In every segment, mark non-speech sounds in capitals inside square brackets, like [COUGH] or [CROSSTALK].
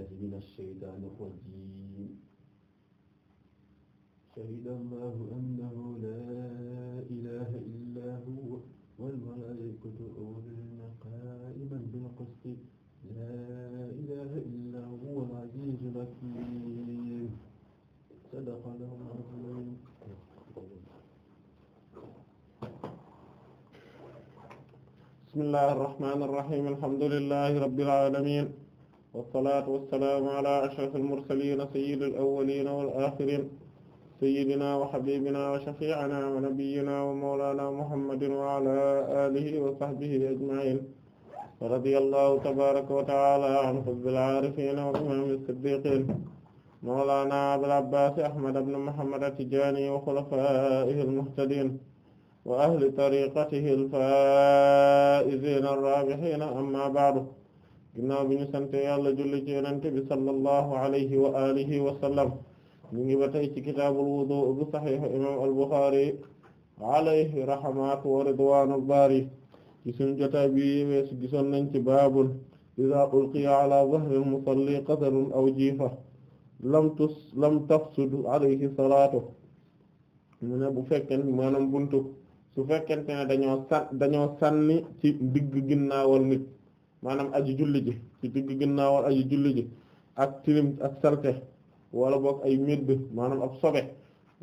بالله من الشيطان الرجيم شهد الله أنه لا إله إلا هو والملائكة أولو العلم قائما بالقسط لا إله إلا هو العزيز الحكيم صدق الله العظيم بسم الله الرحمن الرحيم الحمد لله رب العالمين wasalaatu wasalaamu ala ashraf almursalina sayida alawalina walaxirin sayidina wa xabibina wa shafiana wa nabiyina wa maulana muhammadin wa ala alihi wa sahbihi ajmain wa radi allahu tabaraka wa taala an hubbil aarifina wa imaami siddiqin maulana abil abbas ahmad ibn muhammad at-tijani wa xulafaihi almuhtadin wa ahli tariqatihi alfaizina arrabihina amma ba'du ginnaaw bi ñu sante yàlla julli ci yonent bi sallallahu alayhi wa alihi wa sallam ñu ngi ba tey ci kitaabul wudu bu saxiix imam al-Bukhari alayhi wa ridwanul baari ci suñu jotaay bi weesu gisoon nañ ci baabul iza ulqiya ala zahril musalli qatarun aw jiifa lam tus lam tafsud alayhi salaatu mu ne bu fekkente maanaam buntu su fekkente ne dañoo san ci digg ginnaawal nit maanaam aji julli ji ci digg ginnaawal aji julli ji ak tilim ak salte wala boog ay médd maanaam ab sobe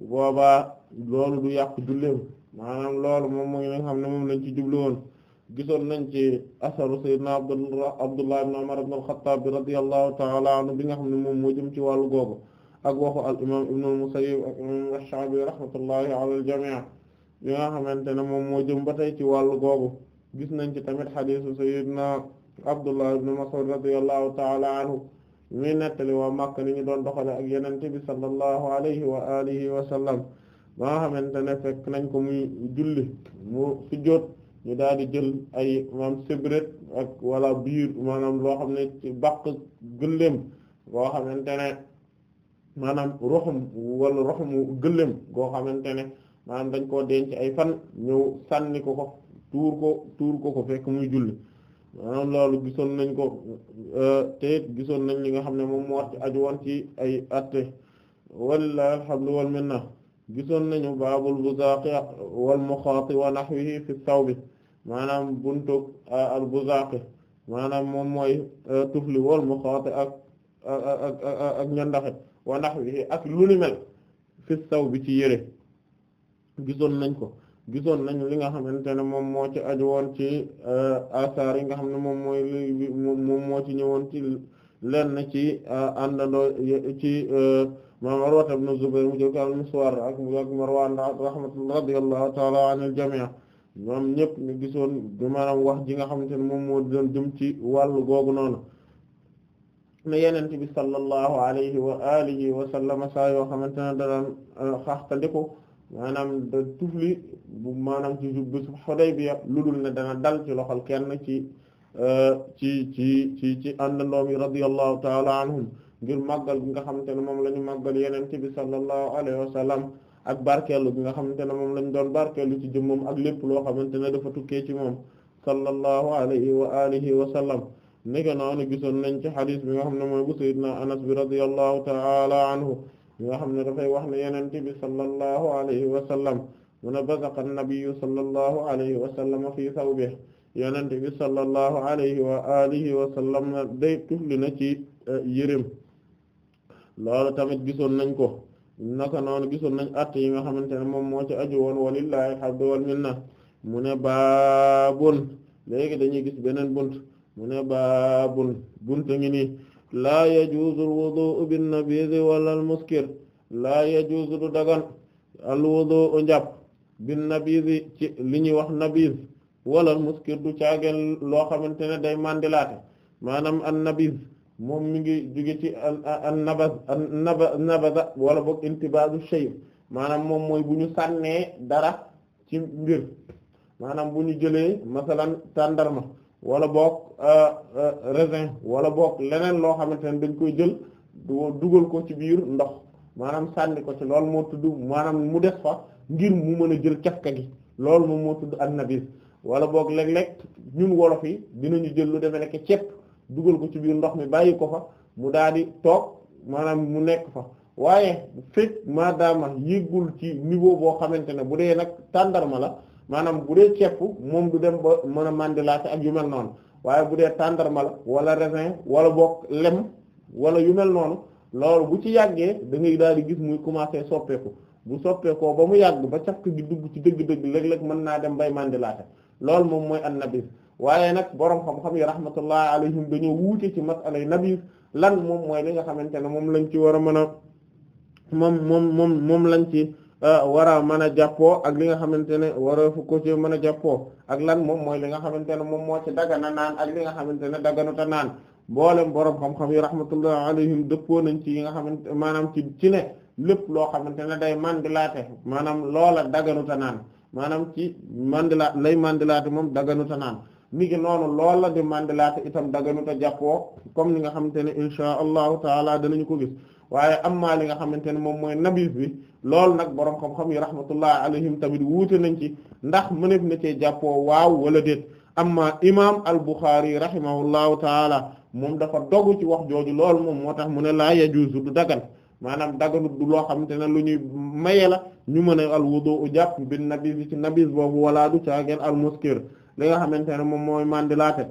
boobaa loolu du yàq julleem maanaam loolu moom mooy nga xam ne moom lañ ci jublu woon gisoon nañ ci asaru sayyidina abdullah ibn umar ibn al-khattab bi radiyallahu ta'ala anhu bi nga xam ne moom moo jëm ci wàllu googu ak waxu al imam ibn al-musayyib ak imam ash al-jami' bi nga xamante ne moom moo jëm ba tey ci wàllu googu gis nañ ci tamit Abdullah ibn Mas'ud radiyallahu ta'ala anhu mi nettali waa Makka ni ñu doon doxale ak Yonent bi sallallahu alayhi wa alihi wa sallam maa xamante ne fekk nañ ko muy julli mu sujjóot ñu daal di jël ay maam sébret ak wala biir maanaam loo xam ne ci bàq gëléem goo xamante ne maanaam roxum wala roxumu gëléem goo xamante ne maanaam dañ koo denc ay fan ñëw sànni ko ko tuur ko tuur ko ko fekk muy julli maanaam loolu gisoon nañ ko euh, te gisoon nañ li nga xam ne moom moo ci aju woon ci ay atte walillahi alhamdu wal minna gisoon nañu baabul buzaaqi wal muxaati wa nahwihi fi sawbi maanaam buntu euh, al buzaaqi maanaam moom mooy euh, tufli wal muxaati ak ak ak ñandaxe wi nahwihi ak lu ni mel fi sawbi ci yére gisoon nañ ko gisoon nañu li nga xamante ne moom moo ci aju woon ci euh, asaar yi nga xam ne moom mooy li moo ci ñëwoon ci lenn ci euh, àndandoo ci euh, ma Urwa ibn Zubayr mu jël ko al-Miswar ak ak Marwan rahmatullah radiyallahu ta'ala anil a ñoom ñëpp ñu gisoon maanaam wax ji nga xamante ne moom moo doon jëm ci wàllu googu noonu ne yenente bi sallallahu alayhi wa alihi wa a sallama saa yoo xamante ne daan xaxtandiku maanaam da tufli bu maanaam ci bésub Xudaybiya lu dul ne dana dal ci loxol kenn ci euh, ci ci ci ci àndandoom yi radiyallahu taala anhum ngir màggal bi nga xamante ne moom la ñu màggal yeneen bi sallallahu alayhi wa sallam ak barkeelu bi nga xam ne moom lañ doon barkeelu ci jëmmam ak lépp loo xamante ne dafa tukkee ci moom sallallahu alayhi wa alihi wa sallam nega noonu gisoon nañ ci xadis bi nga xam ne mooy bu sayyidina Anas bi radiyallahu taala anhu ñi nga xam ne dafay wax ne yonent bi sallallahu alayhi wa sallam mu ne bazaqa an-nabiyyu sallallahu alayhi wa sallam fi thawbihi yonent bi sallallahu alayhi wa alihi wa sallam day tufli na ci eh, yërëm loolu tamit gisoon nañ ko naka noonu gisoon nañ att yi nga xamante ne moom moo ci aju woon walillahi alhamdu wal minna mu ne baabun léegi dañuy gis beneen bunt mu ne baabun bunt ngi nii laa yajuuzu alwudu'u binnabizi wala almuskir laa yajuuzu du dagan alwudu'u njàpp binnabizi ci li ñuy wax nabiz wala almuskir du caageen loo xamante ne day mandilaate maanaam an nabiz moom mi ngi jóge ci an nabaza wala boog intibazu shay maanaam moom mooy bu ñu sànnee dara ci mbir maanaam bu ñu jëlee masalan tàndarma wala boog euh, euh, raisin wala boog leneen loo xamante ne dañ koy jël dugal ko ci biir ndox maanaam sànni ko ci loolu moo tudd maanaam mu des fa ngir mu mën a jël cafka gi loolu moom moo tudd an nabis wala boog léeg-léeg ñun wolof yi dinañu jël lu demee nekk ceeb dugal ko ci biir ndox mi bàyyi ko fa mu daal di toog maanaam mu nekk fa waaye fekk maadaama yëggul ci niveau boo xamante ne bu dee nag tàndarma la maanaam bu dee ceeb moom du dem ba mën a mandilaate ak yu mel noonu waaye bu dee tàndarma la wala raisin wala bokk lem wala yu mel noonu loolu bu ci yàggee da daal di gis muy commencer soppeeku bu soppeekoo ba mu yàgg ba càkk gi dugg ci dëgg-dëgg léeg-léeg mën naa dem bay mandilaate loolu moom mooy an nabis waaye nag borom xam-xam yi rahmatullahi alayhim dañoo wuute ci masalay nabis lan moom mooy li nga xamante ne moom lañ ci war a mën a moom moom moom moom lañ ci Euh, war a mën a jàppoo ak li nga xamante ne wara fu ko ci mën a jàppoo ak lan moom mooy li nga xamante ne moom moo ci dagana naan nga xamante ne daganuta naan boolem borom xam-xam yi rahmatullah alayhim dëppoo nañ ci yi nga xamante maanaam ci ci ne lépp loo xamante ne day mandilaate maanaam loola daganuta naan maanaam ci mandila lay mandilaate moom daganuta naan ni gi noonu loola di mandilaate itam daganuta jàppoo comme li nga xamante ne insha allahu taala danañu ko gis waaye amma li nga xamante ne moom mooy nabis bi loolu nag borom xam-xam yi rahmatullah alayhim tamit wuute nañ ci ndax mënef na cee jàppoo waaw wala déet amma imam al Bukhari rahimahullahu taala moom dafa dogu ci wax jooju loolu moom moo tax mu ne laa yajuuzu du dagan maanaam daganut du loo xamante ne lu ñuy maye la ñu mën a al wudu jàpp bi nabis bi ci nabis boobu walaa du caageen al muskir li nga xamante ne moom mooy mandilaate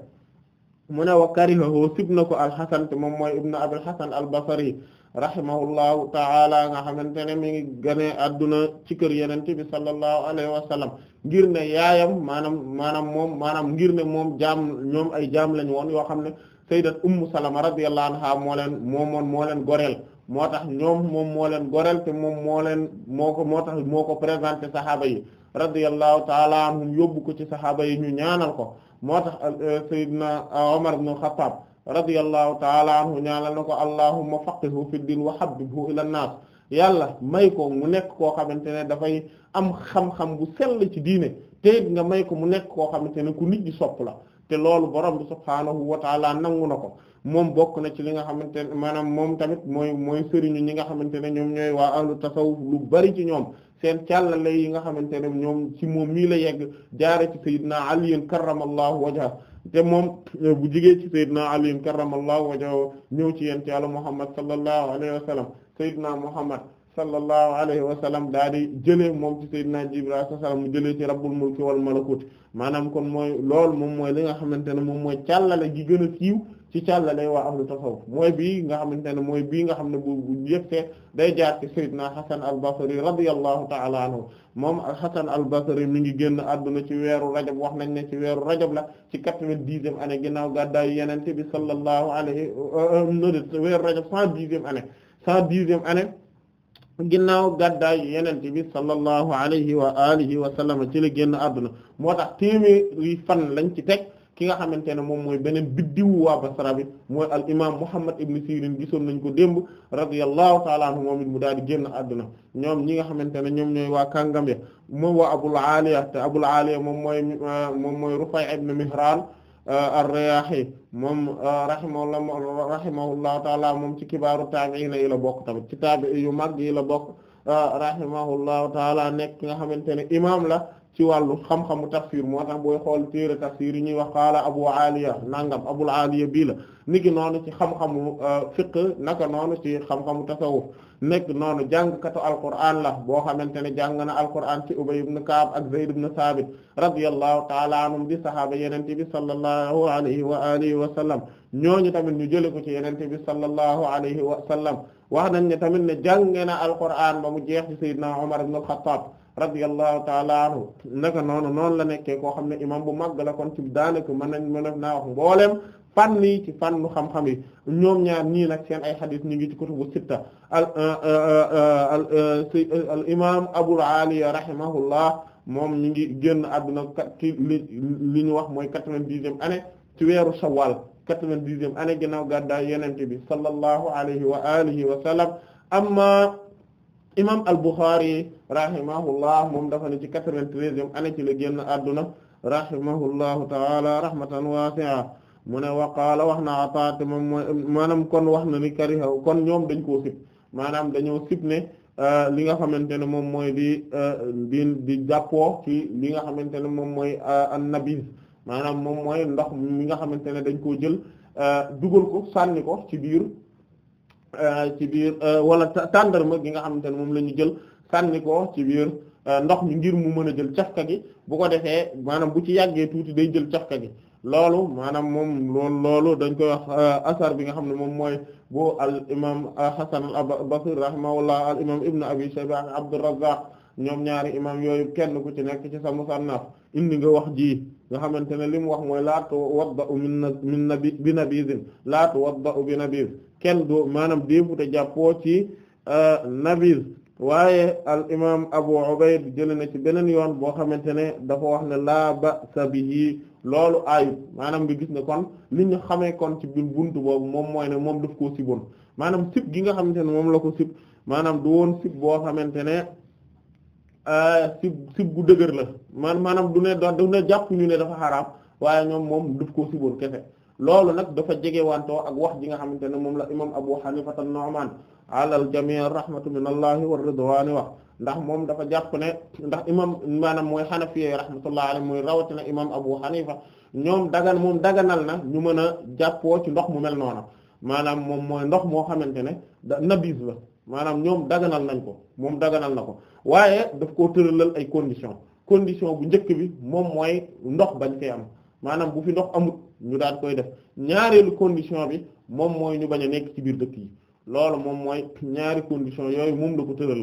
mu ne wa karihahu sib na ko al Hasan moom mooy ibnu Abil Hasan al Basri rahimahullahu taala nga xamante ne mi ngi gane adduna ci kër yenente bi sallallahu alayhi wa sallam ngir ne yaayam maanaam maanaam moom maanaam ngir ne moom jaam ñoom ay jaam lañ woon yoo xam ne sayyidat ummu salama radiyallahu anha moo leen moom moo leen goreel moo tax ñoom moom moo leen goreel te moom moo leen moo ko moo tax moo ko présenté sahaaba yi radiyallahu taala anhum yóbbu ko ci sahaaba yi ñu ñaanal ko moo tax euh, sayyidna Umar ibn Khattab radiyallahu taala anhu ñaanal na ko allahumma faqihhu fi din wa habibhu ila nnaas yàlla may ko mu nekk koo xamante ne dafay am xam-xam bu sell ci diine te it nga may ko mu nekk koo xamante ne ku nit ñi sopp la te loolu borom bi subhaanahu wa taala nangu na ko moom bokk na ci li nga xamante ne maanaam moom tamit mooy mooy sëriñu ñi nga xamante ne ñoom ñooy waa ahlu tasawuf lu bari ci ñoom seen càllale yi nga xamante ne ñoom ci moom mii la yegg jaare ci sayyidina Ali karramallahu wajha te moom euh, bu jigee ci sayyidina Ali karramallahu wajhahu ñëw ci yéen ci Yàlla Muhammad sallallahu alayhi wa sallam sayyidina Muhammad sallallahu wa sallam daal di jëlee moom ci sayyidina Jibril sallallahu alayhi wa sallam mu jëlee ci rabbul mulki wal malakut maanaam kon mooy loolu moom mooy li nga xamante ne moom mooy càllale gi gën ci càllale waa ahlu tasawuf mooy bii nga xamante ne mooy bii nga xam ne bu yëgtee day jaar ci sayyidina Hasan al-Basri radiyallahu ta'ala anhu moom Hasan al-Basri mi ngi génn àdduna ci weeru rajab wax nañ ne ci weeru rajab la ci quatre-vingt-dixième année ginnaaw gàddaayu yenente bi sallallahu alayhi node weeru rajab cent dixième année cent dixième année ginnaaw gàddaayu yenente bi sallallahu alayhi wa alihi wa sallam ci la génn àdduna moo tax téeméeri fan lañ ci teg ki nga xamante ne moom mooy beneen biddiwu waa Basra bi mooy al imam Muhammad ibn Sirin gisoon nañ ko démb radiyallahu ta'ala anhu moom it mu daal di génn àdduna ñoom ñi nga xamante ne ñoom ñooy waa kàngam ya moom waa Abul Aliya te Abul Aliya moom mooy moom mooy Rufay ibn Mihran euh, ar-Riyahi moom euh, rahimahullah rahimahullahu ta'ala moom ci kibaaru taabi'iin yi la bokk tamit ci taabi'i yu mag yi la bokk euh, rahimahullahu ta'ala nekk ki nga xamante ne imam la ci wàllu xam-xamu tafsir moo tax booy xool téere tafsir yi ñuy wax qaala abu aliya nangam abul aliya bii la niki noonu ci xam-xamu euh, fiqh naka noonu ci xam-xamu tasawuf nekk noonu jàngkatu alquran la boo xamante ne jàng na alquran ci ubay ibn kaab ak zayd ibn saabit radiyallahu taala anhum di sahaaba yenente bi sallallahu alayhi wa alihi wa sallam ñooñu tamit ñu jële ko ci yenente bi sallallahu alayhi wa sallam wax nañ ne tamit ne jàng na alquran ba mu jeex ci sayyidina umar ibn al-khattab radiyallahu taala anhu naka noonu noonu la nekkee koo xam ne imam bu màgg la kon ci daanaka mën nañ mën naa wax mbooleem fànn ci fànnu xam-xam yi ñoom ñaar ñii nag seen ay xadis ñu ngi ci kutubu sitta al euh, euh, euh, al imam Abul Ali rahimahullah moom ñu ngi génn àdduna ci li li ñu wax mooy quatre-vingt-dixième année ci weeru Shawwal quatre-vingt-dixième année ginnaaw gàddaay Yonent bi sallallahu alayhi wa alihi wa sallam amma imam al Bukhari rahimahullah moom dafa ne ci quatre-vingt-treizième ci la génn adduna rahimahullahu taala rahmatan wasi'a mu ne waqaala wax na Ataa moom mooy maanaam kon wax na ni kariha kon ñoom dañ koo sib maanaam dañoo sib ne euh, li nga xamante ne moom mooy di euh, di di jàppoo ci li nga xamante ne moom mooy euh, annabiz maanaam moom mooy ndox mi nga xamante ne dañ koo jël dugal ko sànni ko ci biir ci biir wala tàndarma gi nga xamante ne moom la jël sànni ko ci biir euh, ndox mi ngir mu mën a jël cafka gi bu ko defee maanaam bu ci yàggee tuuti day jël cafka gi loolu maanaam moom loolu loolu dañ koy wax euh, asar bi nga xam ne moom mooy bu al imam euh, Hasan al-Basri rahimahullah al imam Ibn Abi Shayba ak Abdurrazzaq ñoom ñaari imaam yooyu kenn ku ci nekk ci sa musannaf indi nga wax ji nga xamante ne li mu wax mooy laa tuwadda'u min min nabi bi nabizin laa tuwadda'u bi nabiz kenn doo maanaam déefute jàppoo ci nabiz waaye al imaam Abu Ubayd jëlee na ci beneen yoon boo xamante ne dafa wax ne laa ba'sa bihi loolu ayut maanaam nga gis ne kon li ñu xamee kon ci biir bunt boobu moom mooy ne moom daf koo siboon maanaam sib gi nga xamante ne moom la ko sib maanaam du woon sib boo xamante ne euh, sib sib gu dëgër la man maanaam du ne du ne jàpp ñu ne dafa xaraam waaye ñoom moom daf koo siboon kese. loolu nag dafa jegewantoo ak wax ji nga xamante ne moom la imam Abu Hanifa an-Nu'man alal jamii rahmatu minallahi wa ridwaani wax ndax moom dafa jàpp ne ndax imam maanaam mooy xanafiyee rahmatullahi alayhi mooy rawatina imam Abu Hanifa ñoom dagan moom daganal na ñu mën a jàppoo ci ndox mu mel noona maanaam moom mooy ndox moo xamante ne da nabiis la maanaam ñoom daganal nañ ko moom daganal na ko waaye daf koo tëralal ay condition condition bu njëkk bi moom mooy ndox bañ fee am maanaam bu fi ndox amut ñu daal koy def ñaareelu condition bi moom mooy ñu bañ a nekk ci biir dëkk yi loolu moom mooy ñaari condition yooyu moom la ko tëral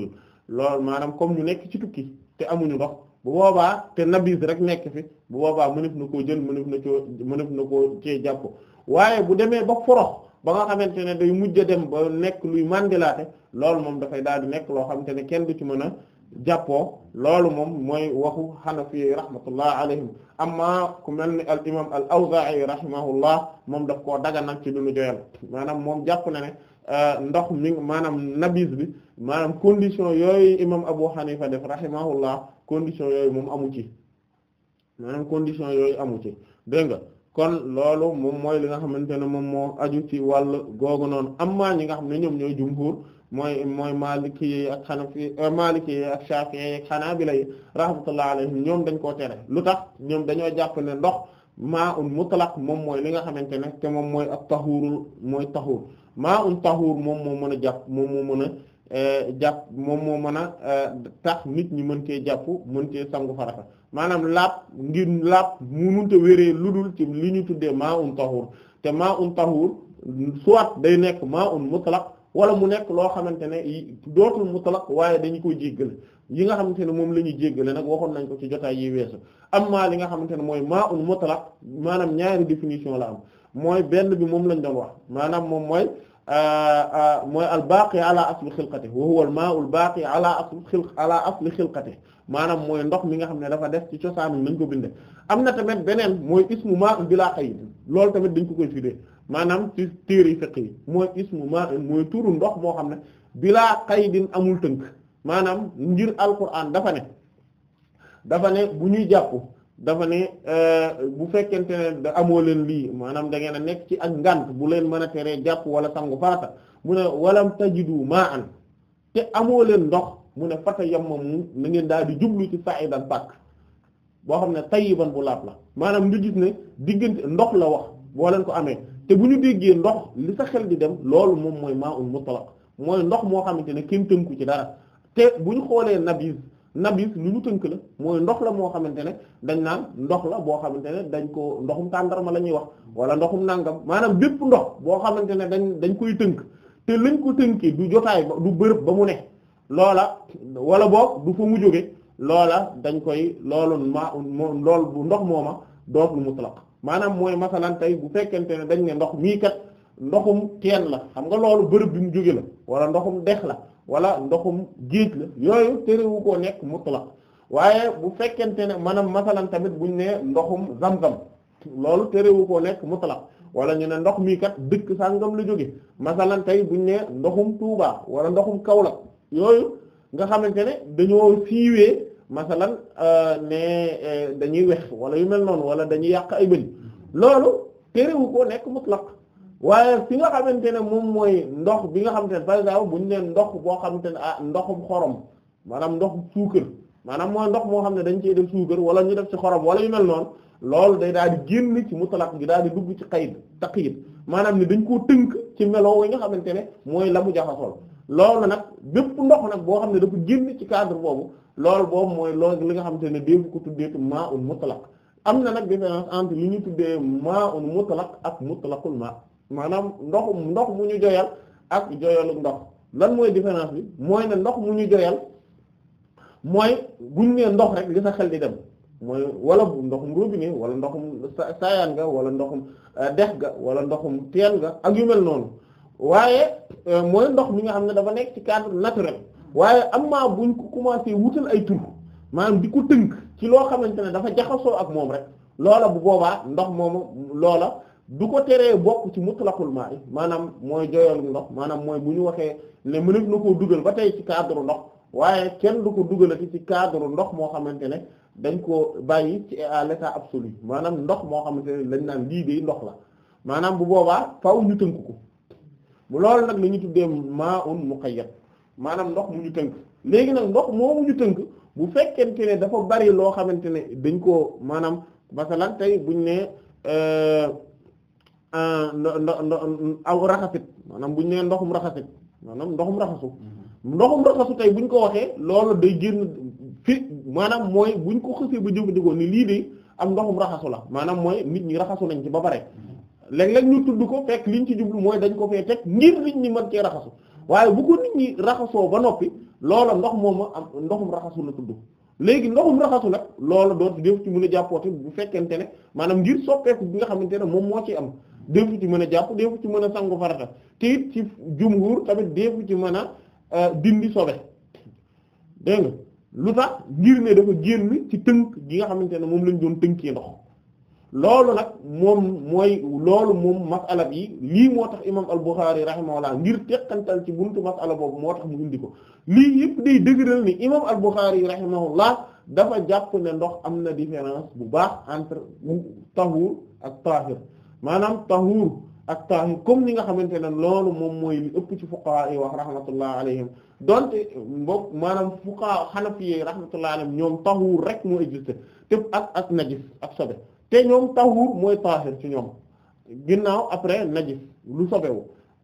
loolu maanaam comme ñu nekk ci tukki te amuñu ndox bu boobaa te nabis rek nekk bu boobaa mënef na koo jël mënef na koo mënef na koo cee jàpp waaye bu demee ba forox ba nga xamante ne day mujj dem ba nekk luy màndilaate loolu moom dafay daal di nekk loo xamante ne kenn du ci mën a jàppo loolu moom mooy waxu xanafi rahmatullah alayhim amma ku mel ni al imam al awzaa'i rahimahullah moom daf koo daga nag ci lu ñu joyal maanaam moom jàpp na ne euh, ndox mi maanaam nabis bi maanaam condition yooyu imam abu xanifa def rahimahullah condition yooyu moom amu ci maanaam condition yooyu amu ci dégg nga kon loolu moom mooy li nga xamante ne moom moo aju ci wàll googu noonu amma ñi nga xam ne ñoom ñooy jumhur mooy mooy maliki euh, yi ak xanafi maliki yi ak shafi'i yi ak xanaabila yi rahmatullah alayhim ñoom dañ koo tere lu tax ñoom dañoo jàpp ne ndox maa un mutlaq moom mooy li nga xamante ne te moom mooy ak taxuurul mooy taxuur maa un taxuur moom moo mën a jàpp moom moo mën a euh, jàpp moom moo mën a euh, tax nit ñi mën cee jàpp mën cee sangu farata maanaam laap ngir laap mu munta wéree lu dul ci li ñu tuddee maa un taxuur te maa un taxuur soit day nekk maa un mutlaq wala mu nekk loo xamante ne dootul mutlaq waaye dañu koy jéggale yi nga xamante ne moom la ñuy jéggale nag waxoon nañ ko ci jotaay yi weesu amma li nga xamante ne mooy maa un mutlaq maanaam ñaari définition la am mooy benn bi moom lañ doon wax maanaam moom mooy euh, euh, mooy al baaqi ala asli xilqati wa huwa al maa ul baaqi ala asli xil ala asli xilqati maanaam mooy ndox mi nga xam ne dafa def ci cosaanum nañ ko binde am na tamit beneen mooy ismu maa bila qayd loolu tamit dañ ko koy firé maanaam ci téere fiqh yi mooy ismu ma mooy turu ndox moo xam ne bilaa qaydin amul tënk maanaam ngir alquran dafa ne dafa ne bu ñuy jàpp dafa ne euh, bu fekkente ne da amoo leen lii maanaam da ngeen a nekk ci ak ngant bu leen mën a teree jàpp wala sangu farata mu ne walam tajidu maa an te amoo leen ndox mu ne fata yammamu na ngeen daal di jublu ci sa'idan pàkk boo xam ne tayyiban bu laab la maanaam nga gis ne diggante ndox la wax boo leen ko amee te bu ñu déggee ndox li sa xel di dem loolu moom mooy maa un mutlaq mooy ndox moo xamante ne kenn tënku ci dara te bu ñu xoolee nabiz nabiz lu ñu tënk la mooy ndox la moo xamante ne dañ naan ndox la boo xamante ne dañ ko ndoxum tàndarma la ñuy wax wala ndoxum nàngam maanaam bépp ndox boo xamante ne dañ dañ koy tënk te lañ ko tënkee du jotaay ba du bërëb ba mu ne loola wala boog du fa mu jóge loola dañ koy loolu ma loolu bu ndox mooma dootul mutlaq maanaam mooy masalan bu fekkente ne dañ ne ndox mii kat ndoxum teen la xam nga loolu bërëb bi mu jóge la wala ndoxum dex la wala ndoxum géej la yooyu terewu koo nekk mutlaq waaye bu fekkente ne maanaam masalan tamit buñ ne ndoxum zam loolu terewu koo nekk mutlaq wala ñu ne ndox mii kat dëkk sàngam la jóge masalan tey buñ ne ndoxum Tuuba wala ndoxum Kaolack yooyu nga xamante ne dañoo fiiwee masalan euh, ne euh, dañuy weex wala yu mel noonu wala dañuy yàq ay bëñ loolu terewu koo nekk mutlaq waaye fi nga xamante ne moom mooy ndox bi nga xamante ne par exemple bu ñu neen ndox boo xamante ne ah ndoxum xorom maanaam ndoxum suukar maanaam mooy ndox moo xam ne dañ cee def suukar wala ñu def ci xorom wala yu mel noonu loolu day daal di génn ci mutlaq gi daal di dugg ci xayit taqyid maanaam ne dañ koo tënk ci meloo yi nga xamante ne mooy la mu jaxasool loolu nag bépp ndox nag boo xam ne dafa génn ci cadre boobu loolu boobu mooy loolu li nga xamante ne déefu ko tuddeetu maa un mutlaq am na nag différence entre li ñu tuddee maa un mutlaq ak mutlaqul maa maanaam ndoxum ndox mu ñu joyal ak joyalu ndox lan mooy différence bi mooy ne ndox mu ñu joyal mooy buñ nee ndox rek li sa xel di dem mooy wala ndoxum robinet wala ndoxum sayaan nga wala ndoxum euh, dex ga wala ndoxum teen ga ak yu noonu waaye euh, mooy ndox mi nga xam ne dafa nekk ci cadre naturel waaye amaa buñ ko commencé wutal ay tur maanaam di ko tënk ci loo xamante ne dafa jaxasoo ak moom rek loola bu boobaa ndox moomu loola du ko teree bokk ci mutlaqul maanaam mooy joyoon ndox maanaam mooy bu ñu waxee ne mënef koo dugal ba tey ci cadre ndox waaye kenn du ko dugalati ci cadre ndox moo xamante ne dañ koo bàyyi ci à l'état absolu maanaam ndox moo xamante ne lañ naan lii de ndox la maanaam bu boobaa faaw ñu tënk ko. loolu nag la ñu tuddee maa un muqayyad maanaam ndox mu ñu tënk léegi nag ndox moomu ñu tënk bu fekkente ne dafa bari loo xamante ne dañ koo maanaam masalan tey buñ ne euh, aw raxasit maanaam buñ ne ndoxum raxasit maanaam ndoxum raxasu mm-hmm. ndoxum raxasu tey buñ ko waxee loolu day génn fi maanaam mooy buñ ko xësee ba jëfandikoo ni lii de am ndoxum raxasu la maanaam mooy nit ñi raxasu nañ ci ba pare mm-hmm. léeg-léeg ñu tudd ko fekk liñ ci jublu mooy dañ ko fee teg ngir nit ñi mën cee raxasu waaye bu ko raxasoo ba noppi loola ndox moom am ndoxum raxasu la tudd léegi ndoxum raxasu nag loola dootu def ci mën a jàppooti bu fekkente ne maanaam ngir soppeeku bi nga xamante ne moom moo ci am defu ci mën a jàpp defu ci mën a sangu farata te it ci jumhur tamit defu ci mën a euh, dindi nga lu tax ngir ne dafa génn ci tënk gi nga xamante ne moom lañ doon tënkee ndox loolu nag moom mooy loolu moom masala bi lii moo tax imam al-Bukhari rahimahullah ngir teqantal ci buntu masala boobu moo tax mu indi ko lii yëpp day dëgëral ni imam al-Bukhari rahimahullah dafa jàpp ne ndox am na différence bu baax entre tahuur ak taahir maanaam tahuur ak taahir comme ni nga xamante ne loolu moom mooy li ëpp ci fuqaha yi wax rahmatullah alayhim dont mbokk maanaam fuqaha hanafi yi rahmatullah alayhim ñoom tahuur rek moo existé te ak ak najis ak te ñoom tahur mooy tahir ci ñoom ginnaaw après najis lu sobewu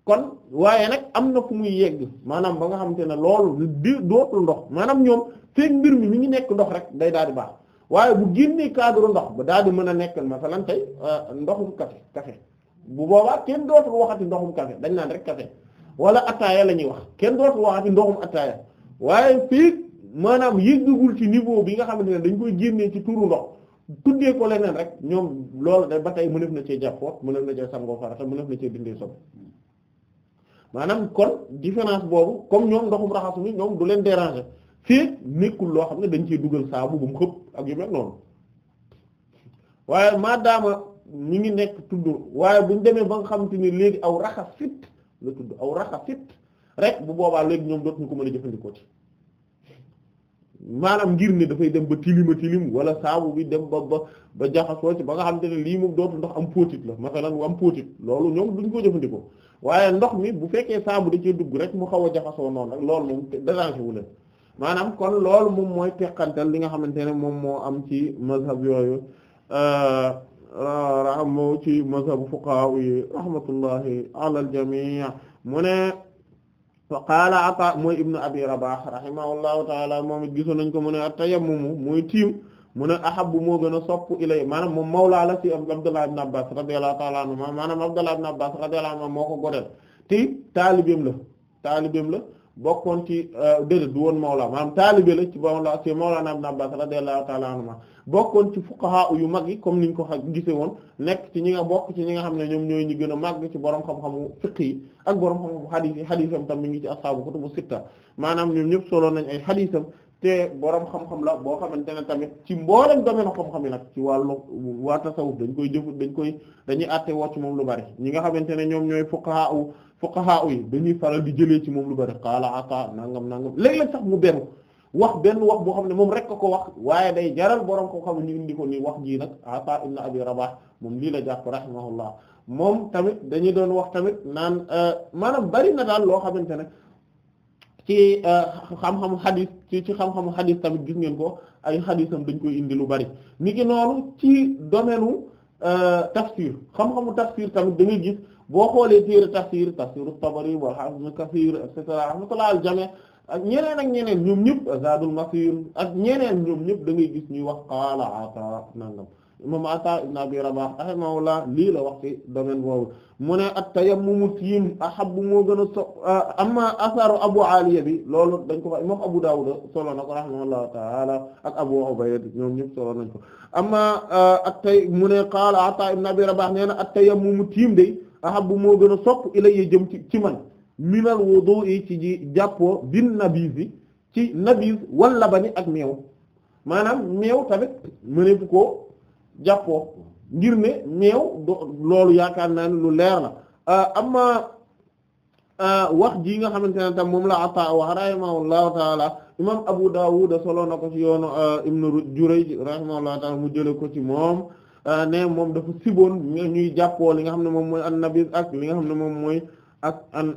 kon waaye nag am na fu muy yegg maanaam ba nga xamante ne loolu di dootul ndox maanaam ñoom feek mbir mi mi ngi nekk ndox rek day daal di baax waaye bu génnee cadre ndox ba daal di mën a nekkal masalan tey euh, ndoxum café café bu boobaa kenn dootul waxati ndoxum café dañ naan rek café wala attaaya la ñuy wax kenn dootul waxati ndoxum attaaya waaye fii maanaam yëggagul ci niveau bi nga xamante ne dañ koy génnee ci turu ndox tuddee ko leneen rek ñoom loolu da ba tey mënef na cee jàppoot mënef na cee sangoo farata mënef na cee dindee sobe maanaam kon différence boobu comme ñoom ndoxum raxasu mu ñoom du leen déranger fii nekkul loo xam ne dañ cee dugal saabu bu mu xëpp ak yu mel noonu waaye maadaama mi ngi nekk tudd waaye buñ demee ba nga xamante ni léegi aw raxasit la tudd aw raxasit rek bu boobaa léegi ñoom dootuñu ko mën a jëfandikoo ci maanaam ngir ne dafay dem ba tilima tilim wala saabu bi dem ba ba ba jaxasoo ci ba nga xam te ne lii moom dootul ndox am potit la masalan am potit loolu ñoom duñ ko jëfandikoo waaye ndox mi bu fekkee saabu da cee dugg rek mu xaw a jaxasoo noonu rek loolu moom dérangé wu leen maanaam kon lool moom mooy teqantal li nga xamante ne moom moo am ci mazhab yooyu raxam ci mazhabu fuqaha yi rahmatullahi ala al mu ne fa qaala ata mooy ibnu abi rabah rahimahullahu taala moom it gisoon nañ ko mu ne at-tayammumu muy tiim mu ne ahabbu moo gën a sopp ilay maanaam moom mawlaa la ci abdullah ibn abbas radiyallahu taala anhu maanaam abdullah ibn abbas radiyallahu ma moo ko godeel te taalibeem la taalibeem la bokkoon ci euh, déedéet du woon mawla maanaam taalibe la ci mawla ci mawlana Ibn Abbas radiyallahu ta'ala bokkoon ci fuqaha yu mag yi comme niñ ko gisee woon nekk ci ñi nga bokk ci ñi nga xam ne ñoom ñooy ñi gën a borom xam-xamu fiqh yi ak borom xam-xamu tam mi ngi ci ashaabu kutubu sitta maanaam ñoom ñëpp solo nañ ay xadisam te borom xam-xam la boo xamante ne tamit ci mboolem domaine xam-xam yi nag ci wàllu waa tasawuf dañ koy jëf koy dañuy àtte woo ci moom lu bari ñi nga xamante ne ñoom ñooy fuqaha fuqaha yi dañuy faral di jëlee ci moom lu bari qaala ata nangam nangam léeg-léeg sax mu benn wax benn wax boo xam ne moom rek ko wax waaye day jaral borom ko xam ñu indi ko ni wax jii nag ata ibn abi rabah moom lii la jàpp rahimahullah moom tamit dañuy doon wax tamit naan euh, maanaam bari na daal loo xamante ne ci euh, xam-xamu xadis ci ci xam-xamu tamit gis ngeen ko ay xadisam dañ koy indi lu bari ni ki noonu ci domaine euh, tafsir xam-xamu tafsir tamit da gis boo xoolee téere tafsir tafsiru Tabari wal Hafiz Kathir et cetera rahmatullah al jami ak ñeneen ak ñeneen ñoom ñëpp Zadul Masir ak ñeneen ñoom ñëpp da ngay gis ñuy wax qaala Ata nangam imam Ata ibn Abi Rabah rahimahullah la wax ci boobu mu ne at-tayammum tiim ahabbu moo gën a so eh, amma asaru Abu Aliya bi loolu dañ ko wax imam Abu Dawud solo na ko ak Abu Ubayd ñoom ñëpp solo nañ ko eh, mu ne qaala Ata ibn Abi Rabah nee na at-tayammum tiim de ahabbu moo gën a sopp ilayya jëm ci ci man minal wudu'i ci ji jàppoo bin nabizi ci nabiz walla bani ak meew maanaam meew tamit mënefu koo jàppoo ngir ne meew loolu yaakaar naa ne lu leer la euh, amma euh, wax jii nga xamante ne tam moom la Ataa wax rahimahullahu taala imaam Abu Dawud solo na ci yoonu euh, Ibn Jurayj rahimahullahu taala mu jële ko ci moom Euh, ne moom dafa siboon ñuy jàppoo li nga xam ne moom mooy an nabiz ak li nga xam ne moom mooy ak an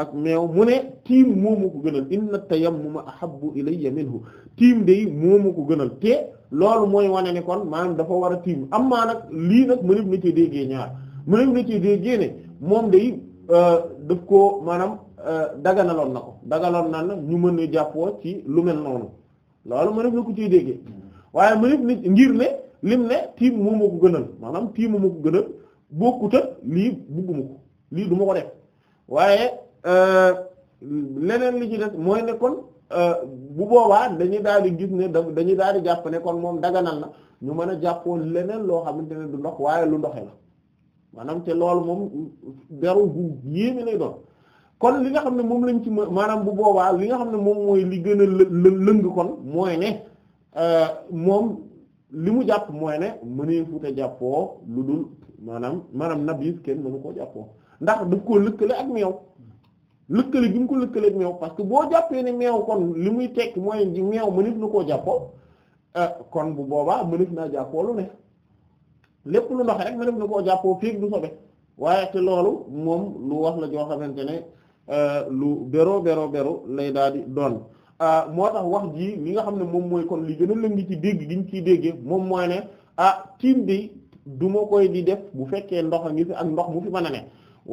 ak meew mu ne tiim moomu ko gënal inna tayammuma ahabbu ilayya minhu tiim day moomu ko gënal te loolu mooy wane ne kon maanaam dafa war a am maa nag lii nag mëneb na ci déggee ñaar mëneb na ci déggee ne moom day euh, daf ko maanaam euh, daganaloon na ko dagaloon na ñu mën a jàppoo ci lu mel noonu loolu mëneb na ko ciy déggee hmm. waaye mëneb na ngir ne lim ne tiim moom moo ko gënal maanaam tiim moo ko gënal bokkut ak lii bugguma ko lii duma ko def waaye euh, leneen li ci des mooy ne kon euh, bu boobaa dañuy daal di gis ne dañuy daal di jàpp ne kon moom daganal na ñu mën a jàppoo leneen loo xam ne du ndox waaye lu ndoxe la maanaam te loolu moom deru bu yéeme lay doon kon li nga xam ne moom lañ ci maanaam bu boobaa li nga xam ne moom mooy li gën a lëng kon mooy ne euh, moom. li mu jàpp mooy ne mënee jàppoo lu dul maanaam maanaam nabiis kenn mënu koo jàppoo ndax daf koo lëkkale ak meew lëkkale bi mu ko lëkkale ak meew parce que boo jàppee ne meew kon li muy tekk mooy meew mënif na koo jàppoo euh, kon bu boobaa mënif naa jàppoo lu ne lépp lu ndox rek mënif na koo jàppoo féeg du sobe waaye te loolu moom lu wax la joo xamante ne euh, lu béro béro béro lay daal di doon Euh, moo tax wax ji li nga xam ne moom mooy kon li gën a lëng ci dégg gi ñu ciy déggee moom mooy ne ah tiim de du ma koy di def bu fekkee ndox ngi fi ak ndox mu fi mën a ne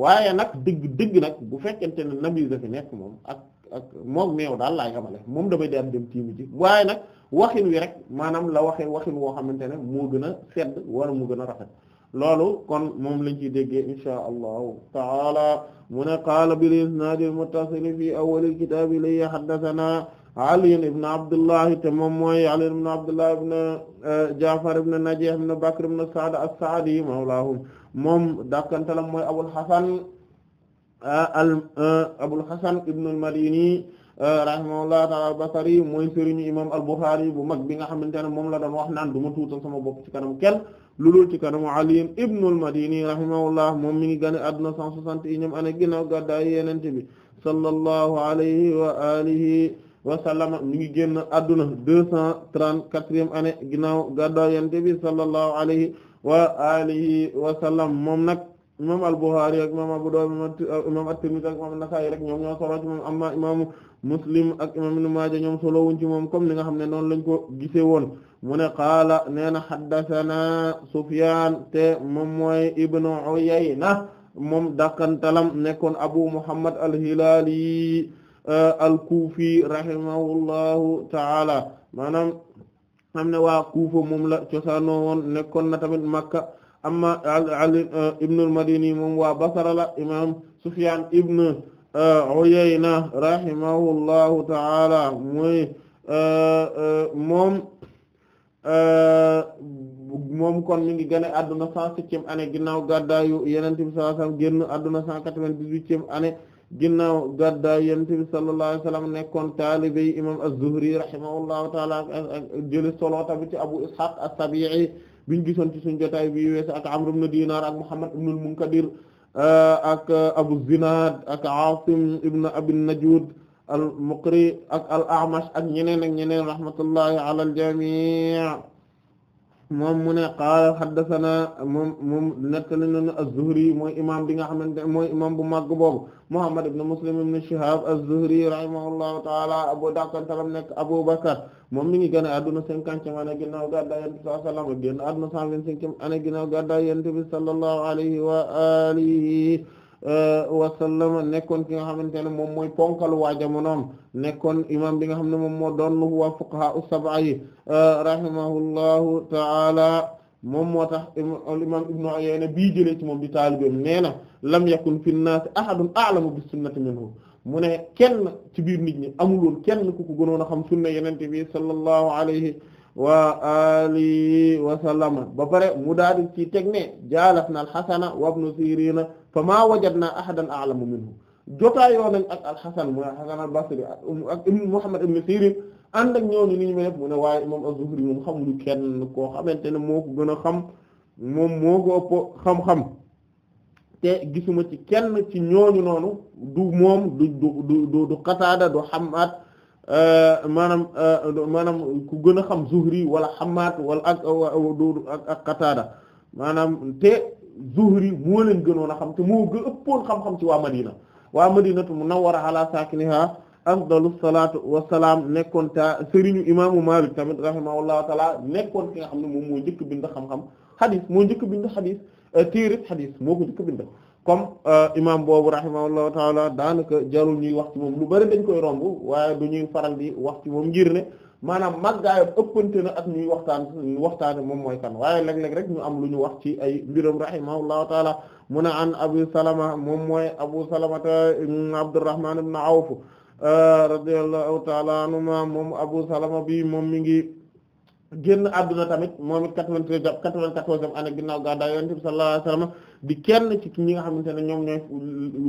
waaye nag dëgg dëgg nag bu fekkente ne nabi da fi nekk moom ak ak moom meew daal laay xamale moom damay daan dem tiim ji waaye nag waxin wi rek maanaam la waxee waxin woo xamante ne moo gën a sedd wala mu gën a rafet loolu kon moom lañ ciy déggee inshaa allahu taala mu ne qaala bil isnaad al muttasil fi awwal al kitaab li haddathana Ali ibn Abdullah te moom mooy Ali ibn Abdullah ibn eh, Ja'far ibn Najih ibn Bakr ibn Sa'd as-Sa'di mawlaahum moom dakkantalam mooy Abul Hasan eh, al eh, Abul Hasan ibn al-Madini rahimahullahu ta'ala al-Basri mooy sëriñu imam al-Bukhari bu mag bi nga xamante ne moom la doon wax naan du ma tuutal sama bopp ci lulul ci kanamu Ali ibnul Madini rahimahullah moom mi ngi gane àdduna 161 ane ginnaaw gàddaay Yonent bi sallallahu alayhi wa alihi wa sallam mi ngi génn àdduna 234 ane ginnaaw gàddaay Yonent bi sallallahu alayhi wa alihi wa sallam moom nag imam al-Bukhari ak imam Abu Dawud imam at-Tirmidhi ak imam an-Nasa'i rek ñoom ñoo solo ci moom muslim ak imam ibn ñoom solo moom comme li nga xam ne noonu lañ ko gisee woon mu ne qaala nee na haddathana Sufyaan te moom mooy ibnu Uyayna moom dakantalam nekkoon Abu Muhammad al-Hilaali euh, al-Kuufi rahimahullahu ta'ala maanaam xam ne waa Kuufa moom la cosaanoo woon nekkoon na tamit Makka amma Ali euh, ibn al-Madini moom waa Basra la imam Sufyaan ibn Uyayna rahimahullahu ta'ala muy moom moom kon mi ngi gane adduna cent septième année ginnaaw gàddaayu Yonent bi sallallahu alayhi wasallam génn adduna cent quatre vingt dix ginnaaw gàddaayu Yonent bi sallallahu alayhi wasallam nekkoon taalibey imam az-Zuhri rahimahullahu ta'ala jëli solo tamit ci Abu Ishaq as-Sabi'i biñ gisoon ci suñu jotaay bi weesu ak Amr ibn Dinar ak Muhammad ibn munkadir Euh, ak euh, Abu Zinad ak Asim ibn Abi Najud al-Muqri ak al-A'mash ak ñeneen ak ñeneen rahmatullahi ala al-jami' moom mu ne qaala haddathana moom moom nettali nañu az-Zuhri mooy imam bi nga xamante mooy imam bu màgg boobu Muhammad ibn Muslim ibn Shihab az-Zuhri rahimahullahu ta'ala abu dakantalam nekk Abu Bakr moom mi ngi gën a adduna cinquantième année ginnaaw gàddaay Yonent bi sallallahu alayhi wa sallam ak génn adduna cent vingt-cinquième année ginnaaw gàddaay Yonent bi sallallahu alayhi wa alihi Euh, wa sallama nekkoon ki nga xamante ne moom mooy ponkal waa jamonoom nekkoon imam bi nga xam ne moom moo doon waa fuqaha as-sab'a yi euh, rahimahullahu ta'ala moom moo tax imam ibnu Uyayna bii jëlee ci moom di taalibeem nee na lam yakun fi nnaasi ahadun a'lamu bis sunnati minhu mu ne kenn ci biir nit ñi amuloon kenn ku ko gënoon a xam sunna yenente bi sallallahu alayhi wa alihi wa sallama ba pare mu daadi ci teg ne jaalasna alxasana wa ibnu sirina fa ma wajadna ahadan a'lamu minhu jotaayoo nañ ak alxasan mooy alxasan albasri um, ak ibnu muhammad ibnu sirin ànd ak ñooñu ni ñu may def mu ne waaye imam az-zuhri moom kenn koo xamante ne moo ko gën a xam moom moo ko ëpp xam-xam te gisuma ci kenn ci ñooñu noonu du moom du du du du qataada du xamaat Euh, maanaam euh, maanaam ku gën a xam Zuhri wala Hammaad wala ak ak Qataada maanaam te Zuhri moo leen gënoon a xam te moo gën ëppoon xam-xam ci waa Madina waa Madinatu Munawwara ala saakiniha afdalu salaatu wa salaam nekkoon ta sëriñu imaamu Maalik tamit rahimahullahu taala nekkoon ki nga xam ne moom moo njëkk bind xam-xam xadis moo njëkk bind xadis euh, téere xadis moo ko njëkk bind. comme euh, imam boobu rahimahullahu taala daanaka jarul ñuy wax ci moom lu bari dañ koy romb waaye du ñuy faral di wax ci moom ngir ne maanaam màggaayam ëppante na ak ñuy waxtaan waxtaane moom mooy kan waaye léeg-léeg rek ñu am lu ñu wax ci ay mbiram rahimahullahu taala mu ne an abu salama moom mooy abu salamata ibn abdurrahman ibn awf euh, radiyallahu taala anhuma moom abu salama bi moom mi ngi génn àdduna tamit moom it quatre-vingt-treize quatre-vingt-quatorzième année ginnaaw gàddaay yonent bi di kenn ci ñi nga xamante ne ñoom ñooy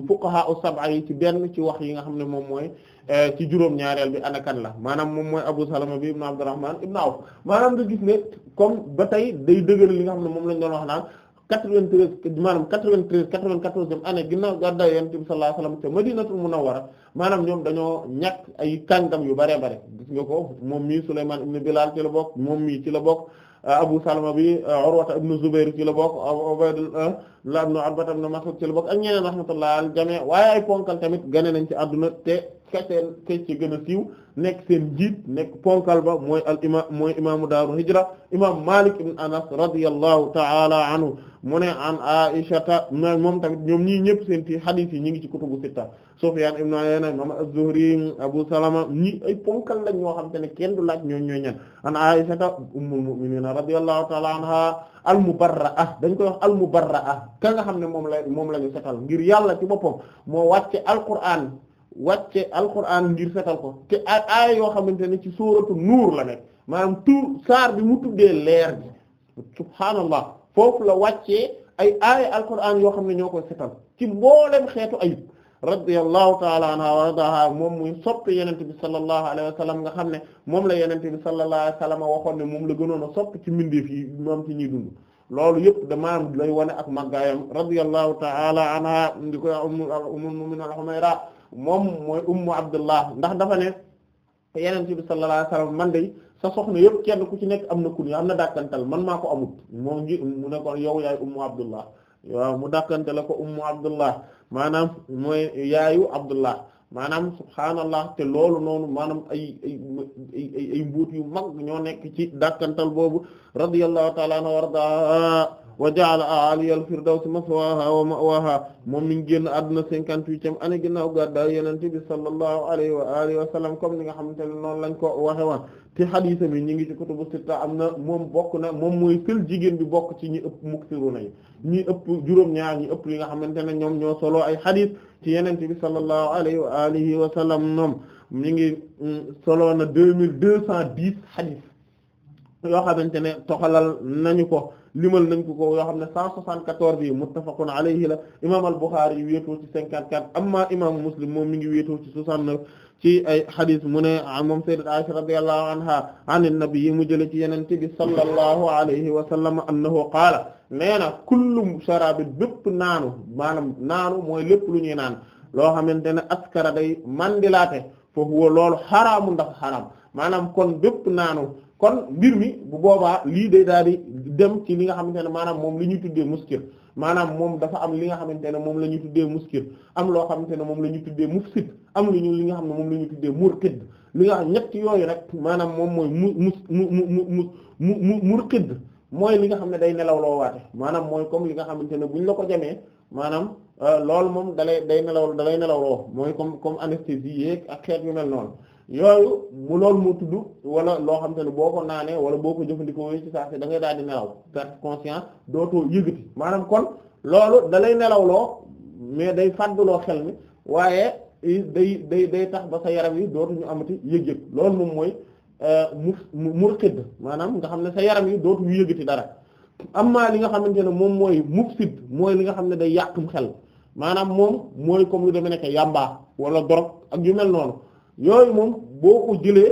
fuqaha as-sab'a yi ci benn ci wax yi nga xam ne moom mooy eh, ci juróom-ñaareel bi anakan la maanaam moom mooy Abu Salama bi ibn Abdurrahman ibn Awf maanaam nga gis ne comme ba tey day dëgër li nga xam ne moom lañ doon wax naan 93 maanaam 93 94e année ginnaaw gàddaay Yonent bi sallallahu alayhi wasallam te Madinatul Munawwara maanaam ñoom dañoo ñàkk ay kàngam yu bare bare gis nga ko moom mii Sulaymaan ibn Bilaal ci la bokk moom mii ci la bokk Euh, Abu Salama bi euh, Urwata ibn Zubayr ci la bokk Ubaydullah euh, ibn Utba ibn Mas'ud ci la bokk ak ñeneen rahmatullah al waaye ponkal tamit gane nañ ci àdduna te kateen ke ci gën a siiw nekk seen njiit nekk ponkal ba mooy al imam mooy imaamu daaru hijra imam Malik ibn Anas radiyallahu ta'ala anhu mu ne an Aisha moom tamit ñoom ñii ñëpp seen ti hadith yi ñi ngi ci kutubu sitta Sufyan ibn Uyayna imam az-Zuhri Abu Salama ñi ay ponkal lañ ñoo xam ne kenn du laaj ñooñ ñooy ñan an Aisha ummul mu'minin radiyallahu ta'ala anha al-mubarra'a dañ koy wax al-mubarra'a ka nga xam ne moom la moom la ñu setal ngir yàlla ci boppam moo wàcce al-Qur'an wàcce al-Qur'an ngir setal ko te ay yoo xamante ne ci suuratu nuur la nekk maanaam tur saar bi mu tuddee leer bi subhaanallah la wàccee ay aaya al-Qur'an yoo xam ne ñoo koy setal ci mboolem xeetu ayib radiyallahu taala anha wa ardaha moom muy sopp yenente bi sallallahu alayhi wa nga xam ne moom la yenente bi sallallahu alayhi wa sallam moom la gënoon a sopp ci mbindeef yi moom ci ñuy dund loolu yëpp damaa lay wane ak màggaayam radiyallahu taala anha di koy umm, umm moom mooy ummu abdullah ndax dafa ne bi sallallahu alayhi man day sa soxna yëpp kenn ku ci nekk am na kun am na dàkkantal man maa ko amut moom ngi mu ne ko yow yaay ummu abdullah waaw mu dàkkante la ko ummu abdullah maanaam mooy yaayu Abdullah maanaam subhaanallah te loolu noonu maanaam ay ay ay ay mbuut yu mag ñoo nekk ci dàkkantal boobu radiyallahu ta'ala anhu warda wa ja'ala ma firdawsi maswaha wa ma'waha moom mi ngi génn àdduna cinquante-huitième année ginnaaw gàddaay Yonent bi sallallahu alayhi wa alihi wa salaam comme ni nga xamante ne noonu lañ ko waxe woon ci xadiis bi ñi ngi ci kutubu sitta am na moom bokk na moom mooy kël jigéen bi bokk ci ñi ëpp muksiruna yi ñi ëpp juróom-ñaar ñi ëpp li nga xamante ne ñoom ñoo solo ay xadiis ci Yonent bi sallallahu alayhi wa alihi wa sallam ñoom mi ngi mm, solo na deux mille deux cent dix xadiis yoo xamante ne toxalal nañu ko limal nañ ko ko xam ne cent soixante-quatorze yi muttafaqun alayhi la imam al-Bukhari yi wéetoo ci cinquante-quatre amma imam Muslim moom mi ngi wéetoo ci soixante ci ay xadis mu ne moom sayyidat Aisha radiyallahu anha an an-nabi yi mu jële ci yenente bi sallallahu alayhi wa sallam annahu qaala nee na kullu sharabin bépp naanu maanaam naanu mooy lépp lu ñuy naan loo xamante ne askara day mandilaate fa huwa lool xaraamu ndax xaraam maanaam kon bépp naanu kon mbir mi bu boobaa lii day daal di dem ci li nga xamante ne maanaam moom li ñuy tuddee muskir maanaam moom dafa am li nga xamante ne moom la ñuy tuddee muskir am loo xamante ne moom la ñuy tuddee mufsid am lu ñu li nga xam ne moom la ñuy tuddee murqidd li nga xam ñett yooyu nag maanaam moom mooy mu mu mu mu mu mu murqidd mooy li nga xam ne day nelaw loo waate maanaam mooy comme li nga xamante ne buñ la ko jamee maanaam euh, loolu moom dalay day nelaw dalay nelaw loo mooy comme comme anesthésie yeeg ak xeet yu mel noonu yooyu mu loolu mu tudd wala loo xam te ne boo ko naanee wala boo ko jëfandikoo ci saa si da ngay daal di nelaw perte conscience dootoo yëgati maanaam kon loolu dalay lay nelawloo mais day fàdduloo xel mi waaye day day day tax ba sa yaram yi dootuñu amati yëg-yëg loolu moom mooy euh, mu murqid maanaam nga xam ne sa yaram yi dootuñu yëgati dara amma li nga xamante ne moom mooy mufsid mooy li nga xam ne day yàqum xel maanaam moom mooy comme lu demee nekk yàmbaax wala dorog ak yu mel noonu yooyu moom boo ko jëlee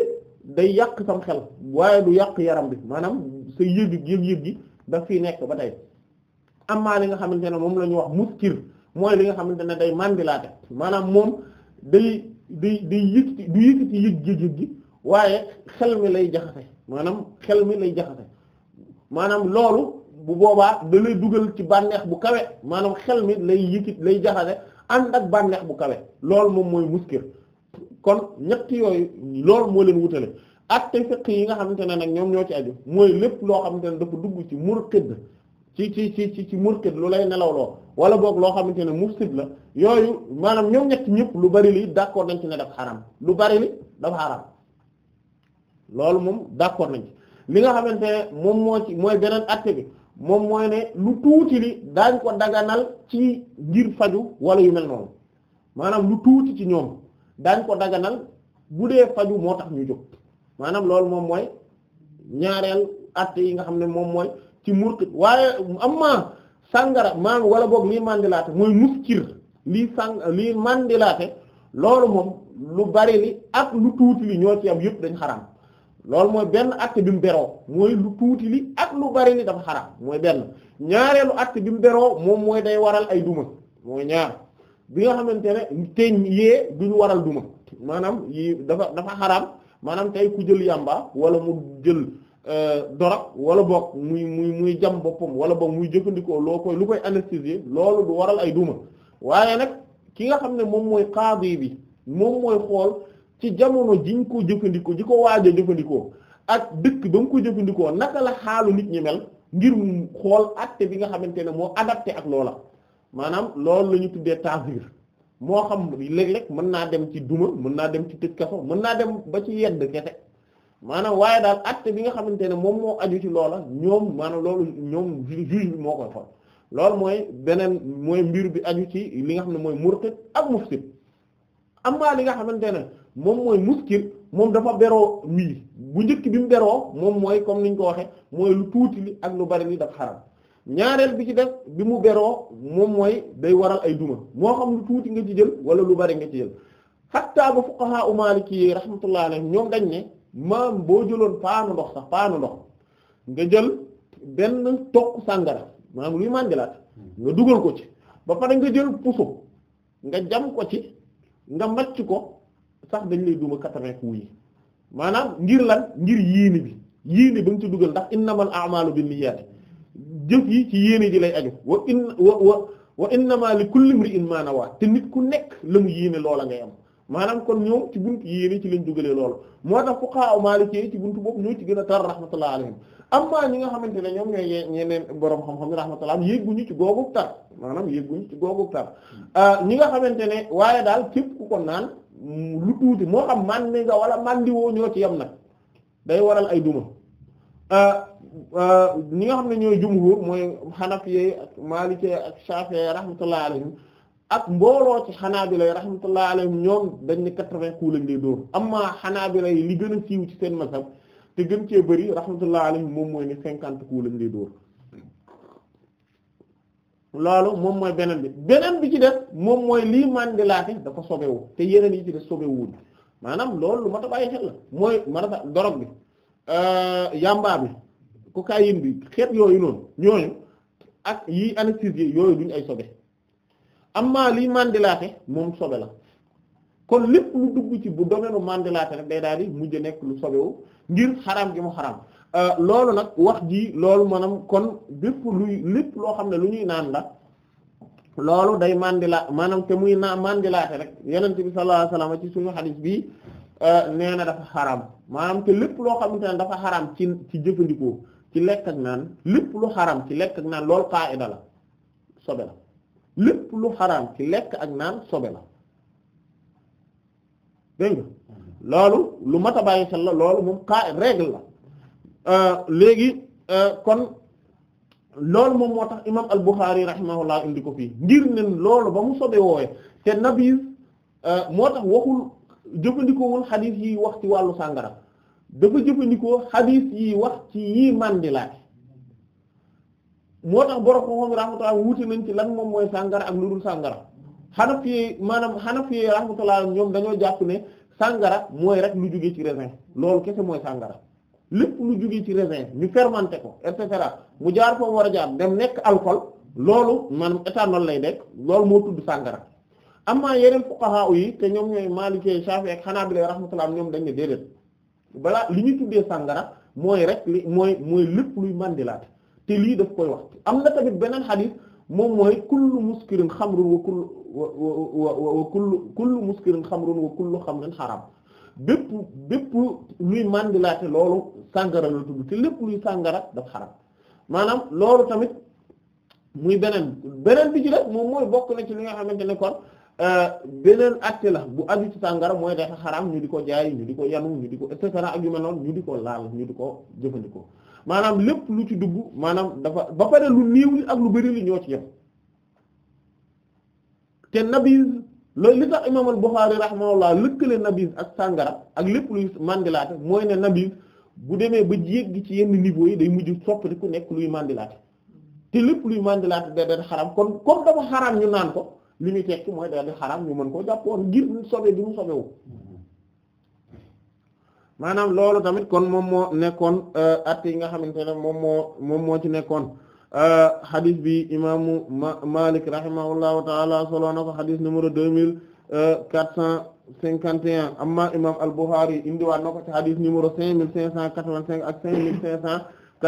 day yàq sam xel waaye du yàq yaram bi maanaam sa yëg yëg-yëg gi daf fiy nekk ba tey amaa li nga xamante ne moom lañu ñuy wax muskir mooy li nga xamante ne day mandilaate maanaam moom day day day yëkkati du yëkkati yëg-yëg gi waaye xel mi lay jaxase maanaam xel mi lay jaxase maanaam loolu bu boobaa da dugal ci bànneex bu kawe maanaam xel mi lay yëkkit lay jaxase ànd ak bànneex bu kawe loolu moom mooy muskir kon ñett yooyu loolu moo leen wutale ak te yi nga xamante ne nag ñoom ñoo ci aju mooy lépp loo xamante ne dafa dugg ci murkid ci ci ci ci ci murkid lu lay nelawloo wala boog loo xamante ne mufsid la yooyu maanaam ñoom ñett ñëpp lu bari li d'accord nañ ci ne dafa xaram lu bari li dafa xaram loolu moom d'accord nañ ci li nga xamante ne moom moo mooy beneen acte bi moom mooy ne lu tuuti li daañ ko daganal ci ngir faju wala yu mel noonu maanaam lu tuuti ci ñoom daañ ko daganal bu dee faju moo tax ñu jóg maanaam loolu moom mooy ñaareel atte yi nga xam ne moom mooy ci murtad waaye am ma sàngara maan wala boog lii mandilaate mooy muskir lii sang lii mandilaate loolu moom lu bari li ak lu tuuti li ñoo ci yëpp dañ xaraam loolu mooy benn acte bi mu lu tuuti li ak lu bari li dafa mooy benn ñaareelu acte bi mu beroo moom mooy day waral ay duma mooy ñaar bi nga xamante ne teeñ yee ñu waral duma maanaam yi dafa dafa xaraam maanaam tey ku jël yàmba wala mu jël euh, dorog wala bokk muy muy muy jam boppam wala boog muy jëfandikoo loo koy lu koy anesthésier loolu du waral ay duma waaye nag ki nga xam ne moom mooy qaadi bi moom mooy xool ci jamono jiñ ko jëfandikoo ji ko waaj a jëfandikoo ak dëkk ba mu ko jëfandikoo naka la xaalu nit ñi mel ngir xool acte bi nga xamante ne moo adapté ak loola maanaam loolu la ñu tuddee tasir moo xam léeg-léeg mën naa dem ci duma mën naa dem ci tëj kaso mën naa dem ba ci yedd kete maanaam waaye daal acte bi nga xamante ne moom moo aju ci loola ñoom maanaam loolu ñoom juge bi moo koy loolu mooy beneen mooy mbir bi aju ci li nga xam ne mooy murtad ak mufsid amma li nga xamante ne moom moom dafa beroo wii bu njëkk bi mu beroo moom mooy comme niñ ko waxe mooy lu tuuti li ak lu bari li daf xaram ñaareel bi ci def bi mu beroo moom mooy day waral ay duma moo xam lu tuuti nga ci jël wala lu bari nga ci jël xattaa ba fuqaha u maliki yi rahmatullah alayhim ñoom dañ ne maam boo jëloon paanu ndox sax paanu ndox nga jël benn toq sàngara maam luy màndilaat nga dugal ko ci ba pare nga jël puso nga jam ko ci nga macc ko sax dañ lay duma quatre-vingts maanaam ngir lan ngir yiini bi yiini ba nga ci dugal ndax in innamal a'malu binniyati jëf yi ci yéene ji lay aju wa in wa wa wa innama li kulli imri'in ma nawa te nit ku nekk la mu yéene loola ngay am maanaam kon ñoom ci buntu yéene ci lañ dugalee loolu moo tax fuqaha maliki ci buntu boobu ñoo ci gën a tar rahmatullah alayhim amma ñi nga xamante ne ñoom ñooy ñeneen borom xam-xam yi rahmatullah yégguñu ci googu tar maanaam yégguñu ci googu tar hmm. ah, ñi nga xamante ne waaye daal képp ku ko naan lu tuuti moo xam man ni nga wala man di woo ñoo ci yem nag day waral ay duma ah, ni nga xam ne ñooy jumhur mooy xanafiye ak maalikee ak shafiye rahmatullah alayhim ak mbooloo ci xanaa bi xanaabila rahmatullah alayhim ñoom dañ ne quatre-vingts coups lañ lay dóor amaa xanaabila yi li gën a siiw ci seen mazhab te gën cee bëri rahmatullah alayhim moom mooy ne cinquante coups lañ lay dóor loolu moom mooy beneen bi beneen bi ci def moom mooy lii màndilaate dafa sobewu te yeneen yi ci def sobewuñ maanaam loolu lu ma ta bàyyi xel la mooy ma dafa dorog bi euh, yamba cocaïne bi xeet yooyu noonu ñooñu ak yi anesthésie yooyu duñ ay sobe amma liy màndilaate moom sobe la kon lépp lu dugg ci bu domaine mandilaate rek day daal di mujj nekk lu sobewu ngir xaraam gi mu xaraam euh, loolu nag wax ji loolu maanaam kon bépp luy lépp loo xam ne lu ñuy naan la loolu day mandila maanaam te muy naa mandilaate rek yenente bi sallallahu alayhi wasallam suñu xadiis bi euh, nee na dafa xaraam maanaam te lépp loo xamante ne dafa xaraam ci ci jëfandikoo ci lekk ak naan lépp lu xaram ci lekk ak naan loolu qaida la sobe la lépp lu xaram ki lekk ak naan sobe la dégg loolu lu mat a bàyyi xel la loolu moom qa règle la euh, léegi euh, kon loolu moom moo tax imam al-Bukhari rahimahullah indi ko fii ngir ne loolu ba mu sobe woowe te nabi euh, moo tax waxul jëfandikoowul xadiis yi wax ci wàllu sàngara dafa jëfandikoo xadiis yi wax ci yii màndilaate moo tax borom xam-xam rahmatullah wuute nañ ci lan moom mooy sàngara ak lu dul sàngara Hanafi yi maanaam Hanafi yi rahmatullah ñoom dañoo jàpp ne sàngara mooy rek lu jógee ci raisin loolu kese mooy sàngara lépp lu jógee ci raisin ñu fermenté ko et cetera mu jaar foofu war a jaar dem nekk alcool loolu maanaam éthanol lay nekk loolu moo tudd sàngara amaa yeneen fuqaha yi te ñoom ñooy Maliki Shafi'i ak Hanabila rahmatullah ñoom dañ ne déedéet balaa li ñuy tuddee sàngara mooy rek li mooy mooy lépp luy màndilaat te lii daf koy wax am na tamit beneen xadis moom mooy kullu muskirin xamrun wa kullu wa wa wa kullu kullu muskirin xamrun wa kullu xamrin xaram bépp bépp luy màndilaate loolu sàngara la tudd te lépp luy sàngara daf xaram maanaam loolu tamit muy beneen beneen bi ci moom mooy bokk na ci li nga xamante ne kon Euh, beneen acte la bu aju ci sàngara mooy dafa xaraam ñu di ko jaay ñu di ko yanu ñu di ko et cetera ak yu ñu di ko laal ñu di ko jëfandikoo maanaam lépp lu ci dugg maanaam dafa ba pare lu néew li ak lu bari li ñoo ci yem te nabiz loolu li tax imaam al-Bukhari rahimahullah lëkkale nabiz ak sàngara ak lépp luy mandilaate mooy ne nabiz bu demee ba jéggi ci yenn niveau yi day mujj soppati ku nekk luy mandilaate te lépp luy mandilaate da da xaraam kon comme dafa xaraam ñu naan ko li ñu tekki mooy daal di xaram ñu mën koo jàppoon ngir sobe bi mu sobewu maanaam loolu tamit kon moom moo nekkoon euh, at yi nga xamante ne moom moo moom moo ci nekkoon xadis euh, bi imaamu Malik rahimahullahu taala solo na ko xadis numéro deux mille euh, quatre cent cinquante et un amma imaam al-Bukhari indiwaat na ko ci xadis numéro cinq mille cinq cent quatre-vingt-cinq ak cinq mille cinq cent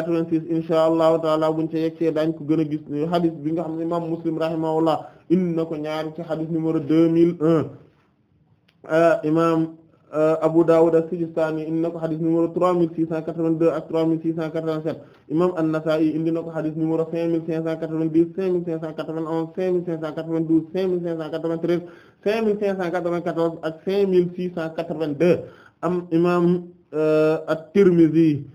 86 insha allahu taala buñ ca yegsee dañ ko gën a gis hadith bi nga xam ne imam muslim rahimahullah indi na ko ñaari ci hadith numéro 2001 ah, imam ah, Abu Dawud as-Sijistani indi na ko hadith numéro 3682 ak 3687 imam an-Nasa'i indi na ko hadith numéro 5590 5591 5592 5593 5594 ak 5682 am imam ah, at-Tirmidhi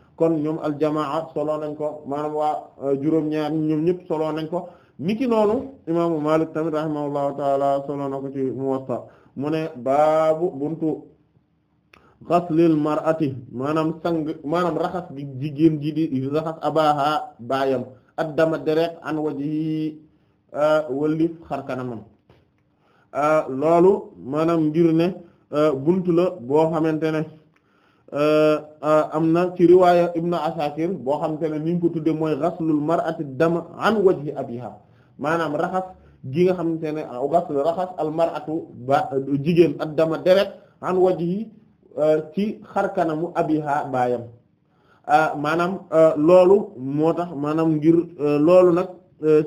kon ñoom aljamaa solo nañ ko maanaam waa euh, juróom-ñaar ñoom ñëpp solo nañ ko niki noonu imaamu Maalik tamit rahimahullahu taala solo na ko ci Muwatta mu ne baabu buntu xaslil mar'ati maanaam sang maanaam raxas gi jigéen ji di raxas abaha baayam addama deret an wajhi euh, wallif xar kanamam euh, loolu maanaam ngir buntu la boo xamante ne Euh, euh, am na ci riwaaya Ibn Asakir boo xamante ne ni ñu ko tuddee mooy ghaslul mar'ati dama an wajhi abiha maanaam raxas gi nga xamante ne ghasl raxas al mar'atu ba jigéen ak dama deret an wajhi euh, ci xar kanamu abiha baayam maanaam loolu moo tax maanaam ngir loolu nag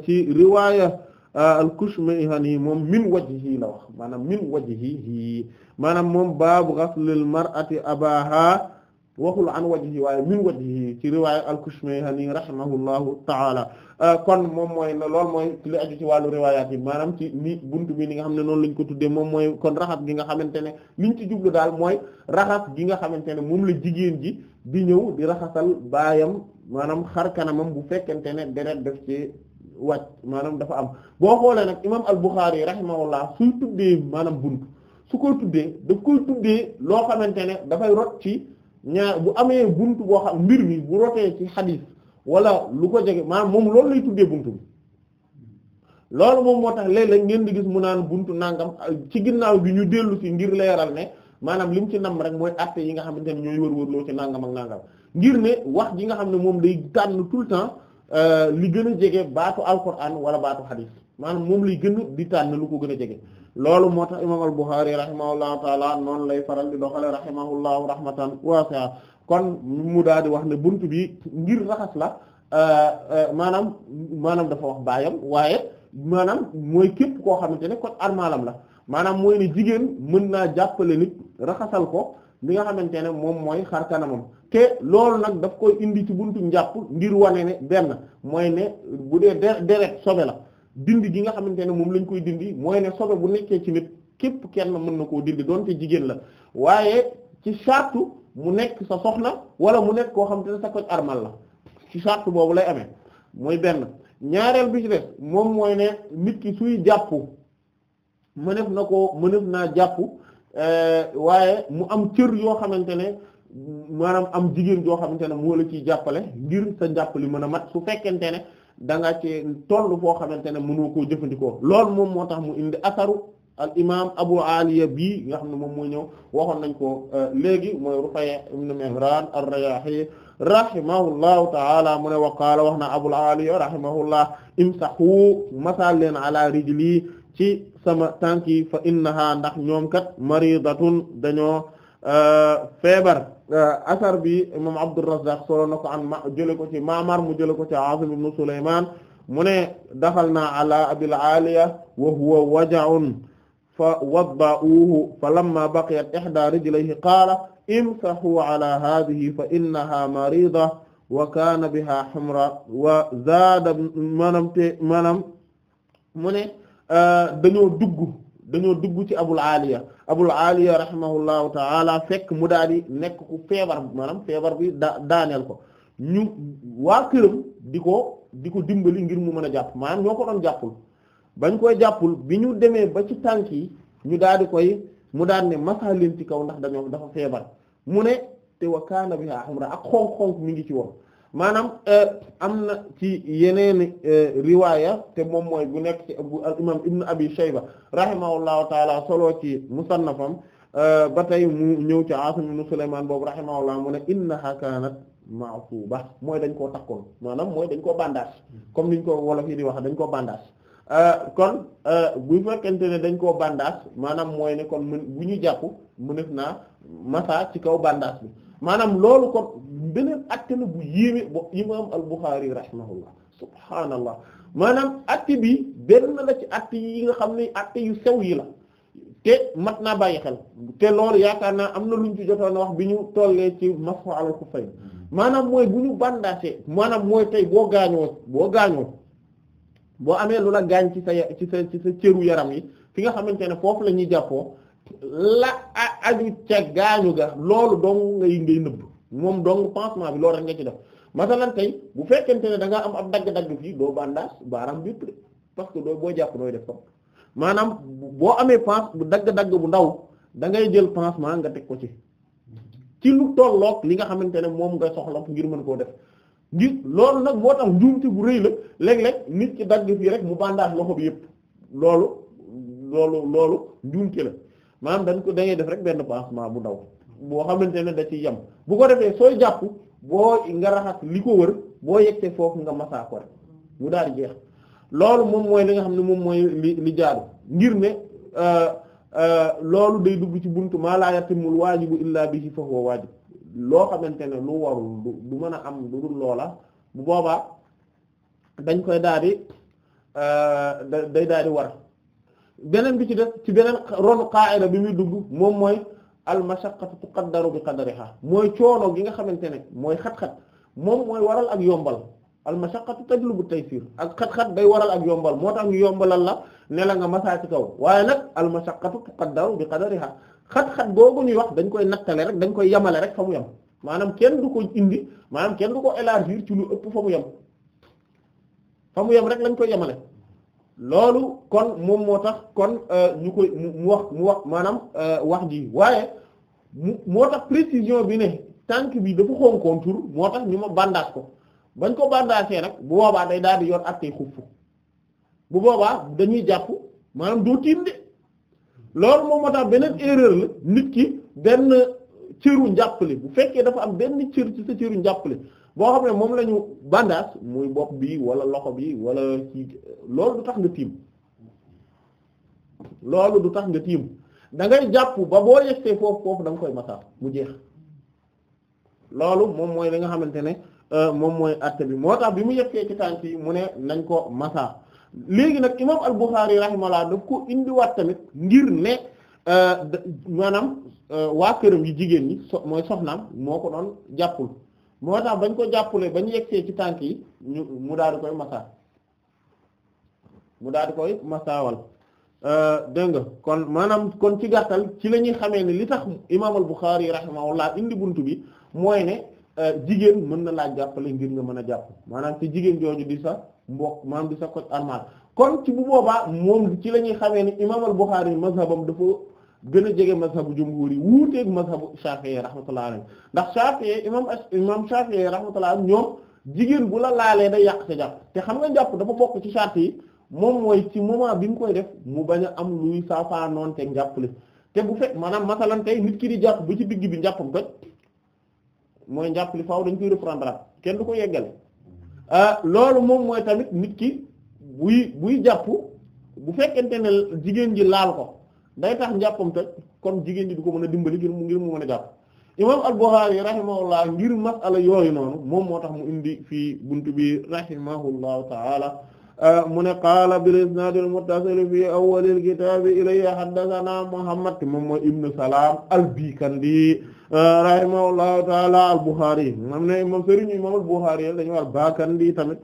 ci riwaaya Ah, al-Kushmihani moom min wajhi la wax maanaam min wajhihi maanaam moom baabu ghaslil mar'ati abaha waxul an wajhi waaye min wajhi ci riwaaya al-Kushmihani rahimahullahu ta'ala ah, kon moom mooy ne loolu mooy li aju ci wàllu riwaayaat yi maanaam ci ni buntu bi ni nga xam ne noonu lañ ko tuddee moom mooy kon raxas gi nga xamante ne liñ ci jublu daal mooy raxas gi nga xamante ne moom la jigéen ji di ñëw di raxasal baayam maanaam xar kanamam bu fekkente ne deret def ci wàcc maanaam dafa am boo xoolee nag imaam al-Bukhari rahimahullah suy tuddee maanaam bunt su koy tuddee daf koy tuddee loo xamante ne dafay rot ci ñaar bu amee bunt boo xam mbir mi bu rotee ci xadiis wala lu ko jege maanaam moom loolu lay tuddee bunt bi loolu moom moo tax léeg ngeen di gis mu naan bunt nangam ci ginnaaw bi ñu dellu si ngir leeral ne maanaam lim ci nam rek mooy atte yi nga xamante ne ñooy wër-wër loo ci nangam ak nangam ngir ne wax ji nga xam ne moom day tànn tout le temps Euh, li gën a jege baatu alquran wala baatu xadis maanaam moom lay gën di tànn lu ko gën a jege loolu moo tax imaam al-Bukhari rahimahullahu taala noonu lay faral di doxale rahimahullahu rahmatan wasi'a kon mu daal di wax ne bunt bi ngir raxas la euh, euh, maanaam maanaam dafa baayam waaye maanaam mooy képp koo xamante ne kon armaalam la maanaam jigéen mën naa jàppale nit raxasal ko li nga xamante ne moom mooy xar kanamam te loolu nag daf koy indi ci buntu njàpp ngir wane ne benn mooy ne bu dee deret sobe la dindi gi nga xamante ne moom lañ koy dindi mooy ne sobe bu nekkee ci nit képp kenn mën na koo dindi doonte jigéen la waaye ci sartu mu nekk sa soxna wala mu nekk koo xamante ne sa koc armal la ci sartu boobu lay amee mooy benn ñaareel bi ci des moom mooy ne nit ki suy jàpp mënef na koo mënef naa jàpp eh, waaye mu am cër yoo xamante ne maanaam am jigéen joo xamante ne moo la ciy jàppale ngir sa jàppali mën a mat su fekkente ne da nga ci toll foo xamante ne mënoo ko jëfandikoo loolu moom moo tax mu indi asaru al imam Abu Aliya bii nga xam ne moom moo ñëw waxoon nañ ko euh, léegi mooy Rufay ibn Mihran ar-Riyahi rahimahullahu taala mu ne waqaala wax na Abu Aliya rahimahullah imsahu masal leen ala rijli ci sama tànk yi fa innaha ndax ñoom kat maridatun dañoo euh, feebar Euh, asar bi moom Abdurrazzaq solo na ko an ma jële ko ci Ma'mar mu jële ko ci Aasim ibn Sulaymaan mu ne daxal naa ala abil aliya wa huwa waja'un fa wadda'uuhu fa lamma baqiyat ihdaa rijlayhi qaala imsahu ala haadihi fa innaha marida wa kaana biha humra wa zaada maanaam te maanaam mu ne euh, dañoo dugg dañoo dugg ci abul aliya abul aliya rahimahullahu taala fekk mu daal di nekk ku feebar naam feebar bi daaneel ko ñu waa këram di ko di ko dimbali ngir mu mën a jàpp maanaam ñoo ko doon jàppul bañ koy jàppul bi ñu demee ba ci tànk yi ñu daal di koy mu daal ne masa leen ci kaw ndax dañoo dafa feebar mu ne te wa kaana biha humra ak xonk-xonk mi ngi ci woon maanaam euh, am na ci yeneeni euh, riwaaya te moom mooy bu nekk ci al imam ibn abi shayba rahimahullahu taala solo ci musannafam euh, ba tey mu ñëw ci asim ibn sulaymaan boobu rahimahullah mu ne innaha kaanat ma'suba mooy dañ koo takkoon maanaam mooy dañ koo bandage comme niñ ko wolof yi di wax dañ koo bandage kon bu fekkente ne dañ koo bandage maanaam mooy ne kon mën bu ñu jàpp mënef naa massa ci kaw bandage bi maanaam loolu kon beneen acte la bu yéeme bu imam al-Bukhari rahimahullah subhaanallah maanaam acte bi benn la ci acte yi nga xam ne acte yu sew yi la te mat naa bàyyi xel te loolu yaakaar naa am na luñ ci jotoon wax bi ñu tollee ci masfu ala kuffayn maanaam mooy bu ñu bandaasee maanaam mooy tey boo gaañoo boo gaañoo boo amee lu la gaañ ci sa ci sa ci sa cëru yaram yi fi nga xamante ne foofu la ñuy jàppoo la aju ca gaañu ga loolu dong ngay ngay nëbb moom dong pansement bi loolu rek nga ci def masalan tey bu fekkente ne da ngaa am am dagg-dagg fii doo bandage baaraam bi yëpp de parce que doo boo jàpp nooy def ko maanaam boo amee panse bu dagg-dagg bu ndaw dangay jël pansement nga teg ko ci ci lu tolloog li nga xamante ne moom nga soxla ngir mën koo def ngir loolu nag moo tax njuumte bu rëy la léeg-léeg nit ci dagg fii rek mu bandage loxo bi yëpp loolu loolu loolu njuumte la maam dañ ko da def rek benn pansement bu ndaw boo xamante ne da ci yam bu ko defee sooy jàpp boo nga raxas li ko wër boo yegsee foofu nga masaa ko rek mu daal di jeex loolu moom mooy li nga xam ne moom mooy li li jaadu ngir ne euh, euh, loolu day dugg ci buntu maa laa yatimul waajibu illaa bihi fa huwa waajib loo xamante ne lu warul du mën a am lu dul loola bu boobaa dañ koy daal di euh, day daal di war beneen bi ci def ci beneen ronu qaa'ida bi muy dugg moom mooy al mashaqqatu tuqaddaru bi qadariha mooy coono gi nga xamante ne mooy xat-xat moom mooy waral ak yombal al bu tajlubu taysir ak xat-xat day waral ak yombal moo tax ñu yombalal la ne la nga masaa ci kaw waaye nag al mashaqqatu tuqaddaru bi qadariha xat-xat boobu ñuy wax dañ koy nattale rek dañ koy yamale rek fa mu yem maanaam kenn du ko indi maanaam kenn du ko élargir ci lu ëpp fa mu rek lañ koy yemale loolu kon moom moo tax kon euh, ñu koy mu wax mu wax maanaam euh, wax ji waaye mu moo tax précision bi ne tànk bi dafa xonkoon tur moo tax ñu ma bandaas ko bañ ko bandaasee nag bu boobaa day daal di yor attey xuff bu boobaa dañuy jàpp maanaam doo tiim de loolu moom moo tax beneen erreur la nit ki benn cëru njàppale bu fekkee dafa am benn cër ci sa cëru njàppale boo xam ne moom lañu ñu bandage bopp bi wala loxo bi walla ci loolu du tax nga tiim loolu du tax nga tiim dangay ngay jàpp ba boo yegtee foofu foofu da koy masaat mu jeex loolu moom mooy li nga xamante ne euh, moom mooy atte bi moo tax bi mu yegtee ci tànk yi mu ne nañ ko masaa léegi nag imam al-Bukhari rahimahullah daf ko indiwaat tamit ngir ne euh, maanaam euh, waa këram yi jigéen ñi mooy soxnaam moo ko doon jàppul moo tax bañ ko jàppule bañ yegsee ci tànk yi ñu mu daal di koy massa mu daal di koy massawal euh, dégg nga kon maanaam kon ci gàttal ci la ñuy xamee ne li tax imaam al-Bukhari rahimahullah indi bunt bi mooy ne euh, jigéen mën na laa jàppale ngir nga mën a jàpp maanaam ci jigéen jooju di sa mbokk maanaam di sa koc armal kon ci bu boobaa moom ci la ñuy xamee ne imaam al-Bukhari mazhabam dafa gën a jege mazhabu jumhur yi wuuteeg mazhabu Shafi'i rahmatullah alayhi ndax Shafi'i imam imam Shafi'i rahmatullah ñoom jigéen bu la laalee day yàq sa jàpp te xam nga jàpp dafa bokk ci charte yi moom mooy ci moment bi nga koy def mu bañ a am luy saafara noonu te njàppale te bu fekk maanaam masalan nit ki di jàpp ba ci digg bi njàppam toj mooy njàpp li faaw dañ koy reprendre kenn du ko yeggale euh, loolu moom mooy tamit nit ki buy buy jàpp bu fekkente ne jigéen ji laal ko day tax njàppam toj kon jigéen ñi du ko mën a dimbali ngir mu ngir mu mën a jàpp imam al-Bukhari rahimahullah ngir masala yooyu noonu moom moo tax mu indi fii bunt bi rahimahullahu ta'ala euh, mu ne qaala bil isnaad al-muttasil fii awwal al-kitaab ilayhi haddathana moom mooy ibnu Salaam al-Bikandi euh, rahimahullahu ta'ala al-Bukhari mam ne moom sëriñu imam al dañu war Bakandi tamit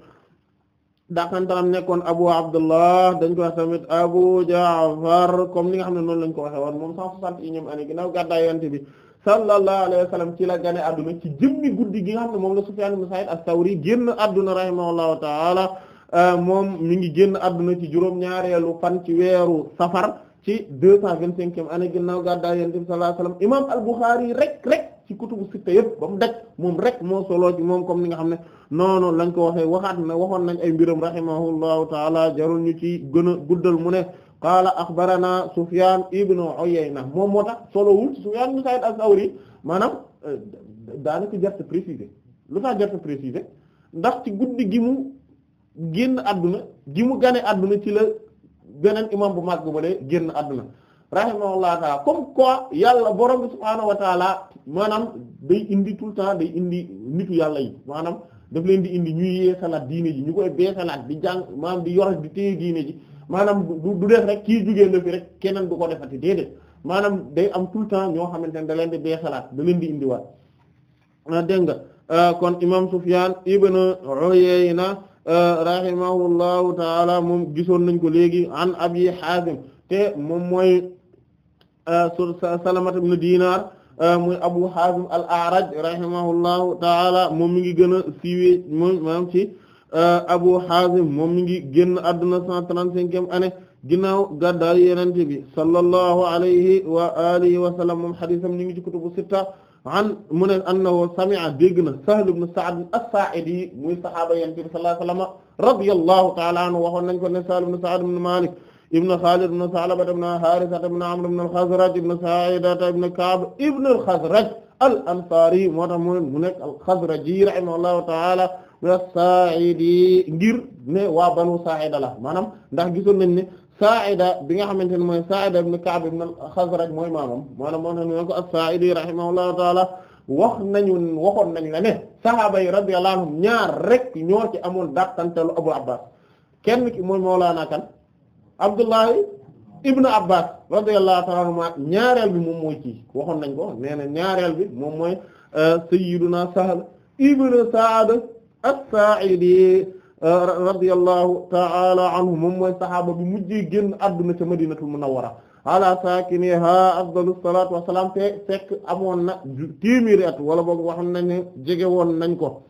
dakantalam nekkoon Abu Abdullah dañ ko wax tamit Abu Ja'far comme ni nga xam ne noonu lañ ko waxe woon moom cent soixante unième année ginnaaw gàddaay yonent bi sallallahu alayhi wa ci la gane adduna ci jëmmi guddi gi nga xam ne moom la Sufyan ibn Sa'id as-Sawri génn adduna rahimahullahu ta'ala euh, moom mi ngi génn adduna ci juróom-ñaareelu fan ci weeru safar ci deux cent vingt-cinquième année ginnaaw gàddaay yonent bi sallallahu alayhi wa sallam imam al-Bukhari rek rek ci kutubu sitta yëpp ba mu daj moom rek moo solo ci moom comme ni nga xam ne noonu lañ ko waxee waxaat na waxoon nañ ay mbiram rahimahullahu taala jarul ñu ci gën guddal mu ne qaala axbarana Sufyaan ibnu na moom moo tax solowul Sufyaan ibnu Sa'iid as-Sawri maanaam euh, daanaka jarte préciser lu tax jarte préciser ndax ci guddi gi mu génn àdduna gi mu gane àdduna ci la beneen imam bu mag ba de génn àdduna rahimahullah taala comme quoi yàlla borom bi subhaanahu wa taala maanaam day indi tout temps day indi nitu yàlla yi maanaam daf leen di indi ñuy yee salaat diine ji ñu koy bee salaat di jàng maanaam di yor di téye diine ji maanaam du def rek ki jugee na rek keneen du ko defati déedéet maanaam day am tout le temps ñoo xamante ne da leen di bee salaat da leen di indiwaat ah, dégg nga ah, kon imam Sufyan ibn Uyayna ah, rahimahullahu taala moom gisoon nañ ko léegi an Abi Hazim te moom mooy Euh, Salamata ibn Dinar euh, muy Abu Hazim al-A'raj rahimahullahu taala moom mi ngi gën a siiwee moom maanaam ci euh, Abu Hazim moom mi ngi génn àdduna cent trente-cinquième année ginnaaw gàddaay Yonent bi sallallahu alayhi wa alihi wa sallam moom hadiisam ñu ngi ci kutubu sitta mu ne annahu sami'a dégg na Sahl ibn Sa'd as-Sa'idi muy sahaaba Yonent bi sallallahu alayhi wa sallam radiyallahu taala anhu ko ne Sahl ibn Sa'd ibn Malik ibn Khalid ibn Salaba ibn Harith ibn Amr ibn al-Khazraj ibn Sa'ida ibn Ka'b ibn al-Khazraj al-Ansari moo tax mu nekk al-Khazraji rahimahullahu ta'ala as-Sa'idi ngir ne waa Banu Sa'ida la maanaam ndax gisoon nañ ne Sa'ida bi nga xamante ne mooy Sa'ida ibn Ka'b ibn al-Khazraj mooy maamam maanaam moo tax ñu ko as-Sa'idi rahimahullahu ta'ala wax nañu waxoon nañ la ne sahaaba yi radiyallahu anhum ñaar rek ñoo ci amoon dàqantelu Abu Abbas kenn ki mooy Mawlaana kan Abdullahi ibn Abbas radiyallahu ta'ala anhuma ñaareel bi moom mooy ci waxoon nañ ko nee ñaareel bi moom mooy euh, sayyiduna Sahl ibn Sa'd as-Sa'idi euh, radiyallahu ta'ala anhu moom mooy saxaaba bi mujjee génn àdduna ca Madinatul Munawwara ala saakinihaa afdalu salaatu wa salaam te fekk amoon na téeméeri at wala boobu waxoon nañ ne jege woon nañ ko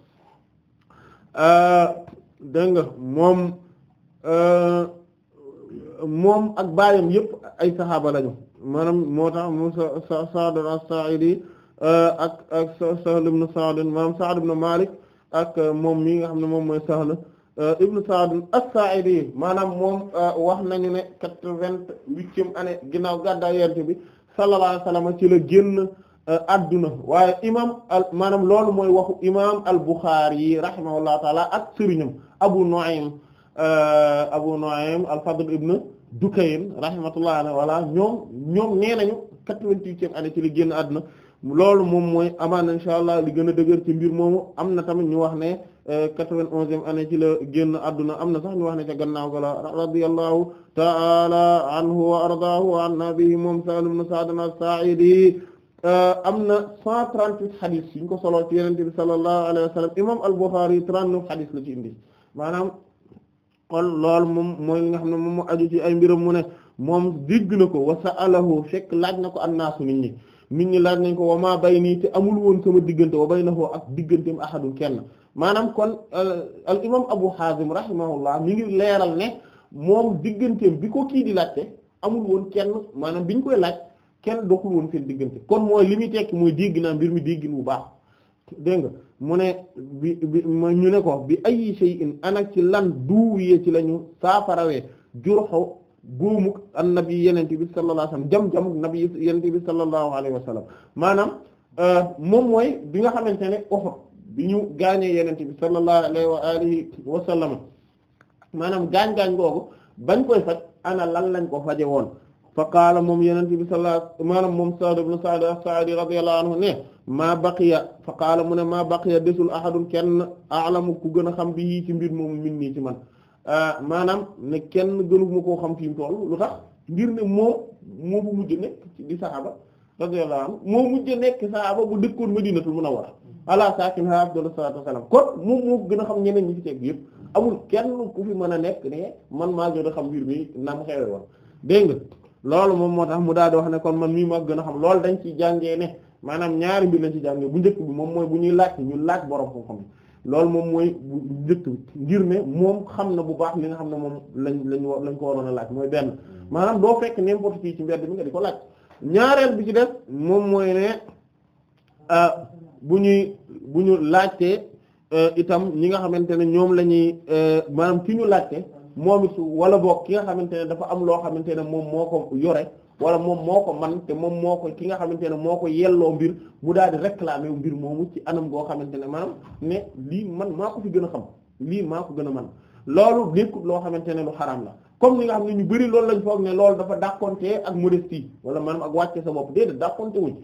euh, dégg moom. moom ak baayam yëpp ay saxaaba lañu maanaam moo tax mu sa Sa'd as-Sa'idi euh, ak ak Sahl ibn Sa'd maanaam Sa'd ibn Malik ak euh, moom mii nga xam ne moom mooy Sahl euh, ibn Sa'd as-Sa'idi maanaam moom wax nañu ne quatre-vingt-huitième année ginnaaw gàddaay Yonent bi sallallahu alayhi wa sallam ci la génn adduna waaye imam al maanaam loolu mooy waxu imam al-Bukhari rahimahullahu taala ak sëriñam Abu Nu'aym Euh, Abu Nu'aym al-Fadl ibn Dukayn rahmatullahi alayhi wala ñoom ñoom nee nañu quatre-vingt-huitième année ci li génn adduna loolu moom mooy amaan insha allah li gën a dëgër ci mbir moomu am na tamit ñu wax ne euh, quatre-vingt-onzième année ci la génn adduna am na sax ñu wax ne ca gannaaw ga la radiyallahu ta'ala anhu wa ardaahu wa anna bihi moom Salim ibn Sa'd as-Sa'idi euh, am na 138 xadis yu ñu ko solo ci Yonent bi sallallahu alayhi wa sallam imam al-Bukhari 39 xadis la ci indi kon loolu moom mooy nga xam ne moom moo aju ci ay mbiram mu ne moom digg na ko wa sa'alahu fekk laaj na ko annaasu nit ñi nit ñi laaj nañ ko wa maa bay nii te amul woon sama diggante wa baynahu ak digganteem ahadun kenn maanaam kon euh, al imam Abu Hazim rahimahullah mi ngi leeral ne moom digganteem bi ko kii di laajte amul woon kenn maanaam biñ koy laaj kenn doxul woon seen diggante kon mooy li muy tekki mooy dégg naa mbir mi déggin bu baax dégg nga mu ne bi ñu ne ko bi ay shay'in ana ci lan duuwiyee ci la ñu saafarawee jurxu góomuk annabi yenent bi sallallahu alayhi wasallam jam-jamuk nabi yenent bi sallallahu alayhi wasallam maanaam euh, moom mooy bi nga xamante ne Uhud bi ñu gaañee yenent bi sallallahu alayhi wa alihi wasallam maanaam gaañ-gaañ googu bañ koy faj ana lan lañ ko faje woon fa qaala moom yenent bi sallallahu maanaam moom Sa'd ibn Sa'd as anhu ne maa baqiya fa qaala mu ne maa baqiya desul ahadun kenn a'lamu ku gën a xam bi yii ci mbir moomu min nii ci man ah, maanaam ne kenn gënu ma xam fi mu lu tax ngir ne moo moo bu mujj nekk di saxaaba radiyallahu anhu moo mujj nekk saxaaba bu dëkkoon Madinatul Munawwara ala sakinha afdalu salaatu wassalaam kon moom moo gën a xam ñeneen ñi fi teg yëpp amul kenn ku fi mën a nekk ne man maa gën xam mbir mi na mu xewe woon dégg nga loolu moom moo tax mu daal di wax ne kon man mii maa gën a xam loolu dañ ci jàngee ne maanaam ñaari mbir lañ ci jàngee bu njëkk bi moom mooy bu ñuy laaj ñu laaj borom xam-xam loolu moom mooy njëkk bi ngir ne moom xam na bu baax li nga xam ne moom lañ lañ lañ ko waroon a laaj mooy benn mm. maanaam doo fekk n'importe qui ci mbedd mi nga di ko laaj ñaareel bi ci def moom mooy ne euh, bu ñuy bu ñu laajtee euh, itam ñi nga xamante ne ñoom la ñuy euh, maanaam ki ñu laajte moom it wala boog ki nga xamante ne dafa am loo xamante ne moom moo ko yore wala moom moo ko man te moom moo ko ki nga xamante ne moo ko yelloo mbir mu daal di réclamer mbir moomu ci anam goo xamante ne maanaam ne lii man maa ko fi gën a xam lii maa ko gën a man loolu nekkul loo xamante ne lu xaraam la comme ni nga xam ne ñu bari loolu lañ foog ne loolu dafa dàqonte ak modestie wala maanaam ak wàcce sa bopp déedéet dàqonte wuñ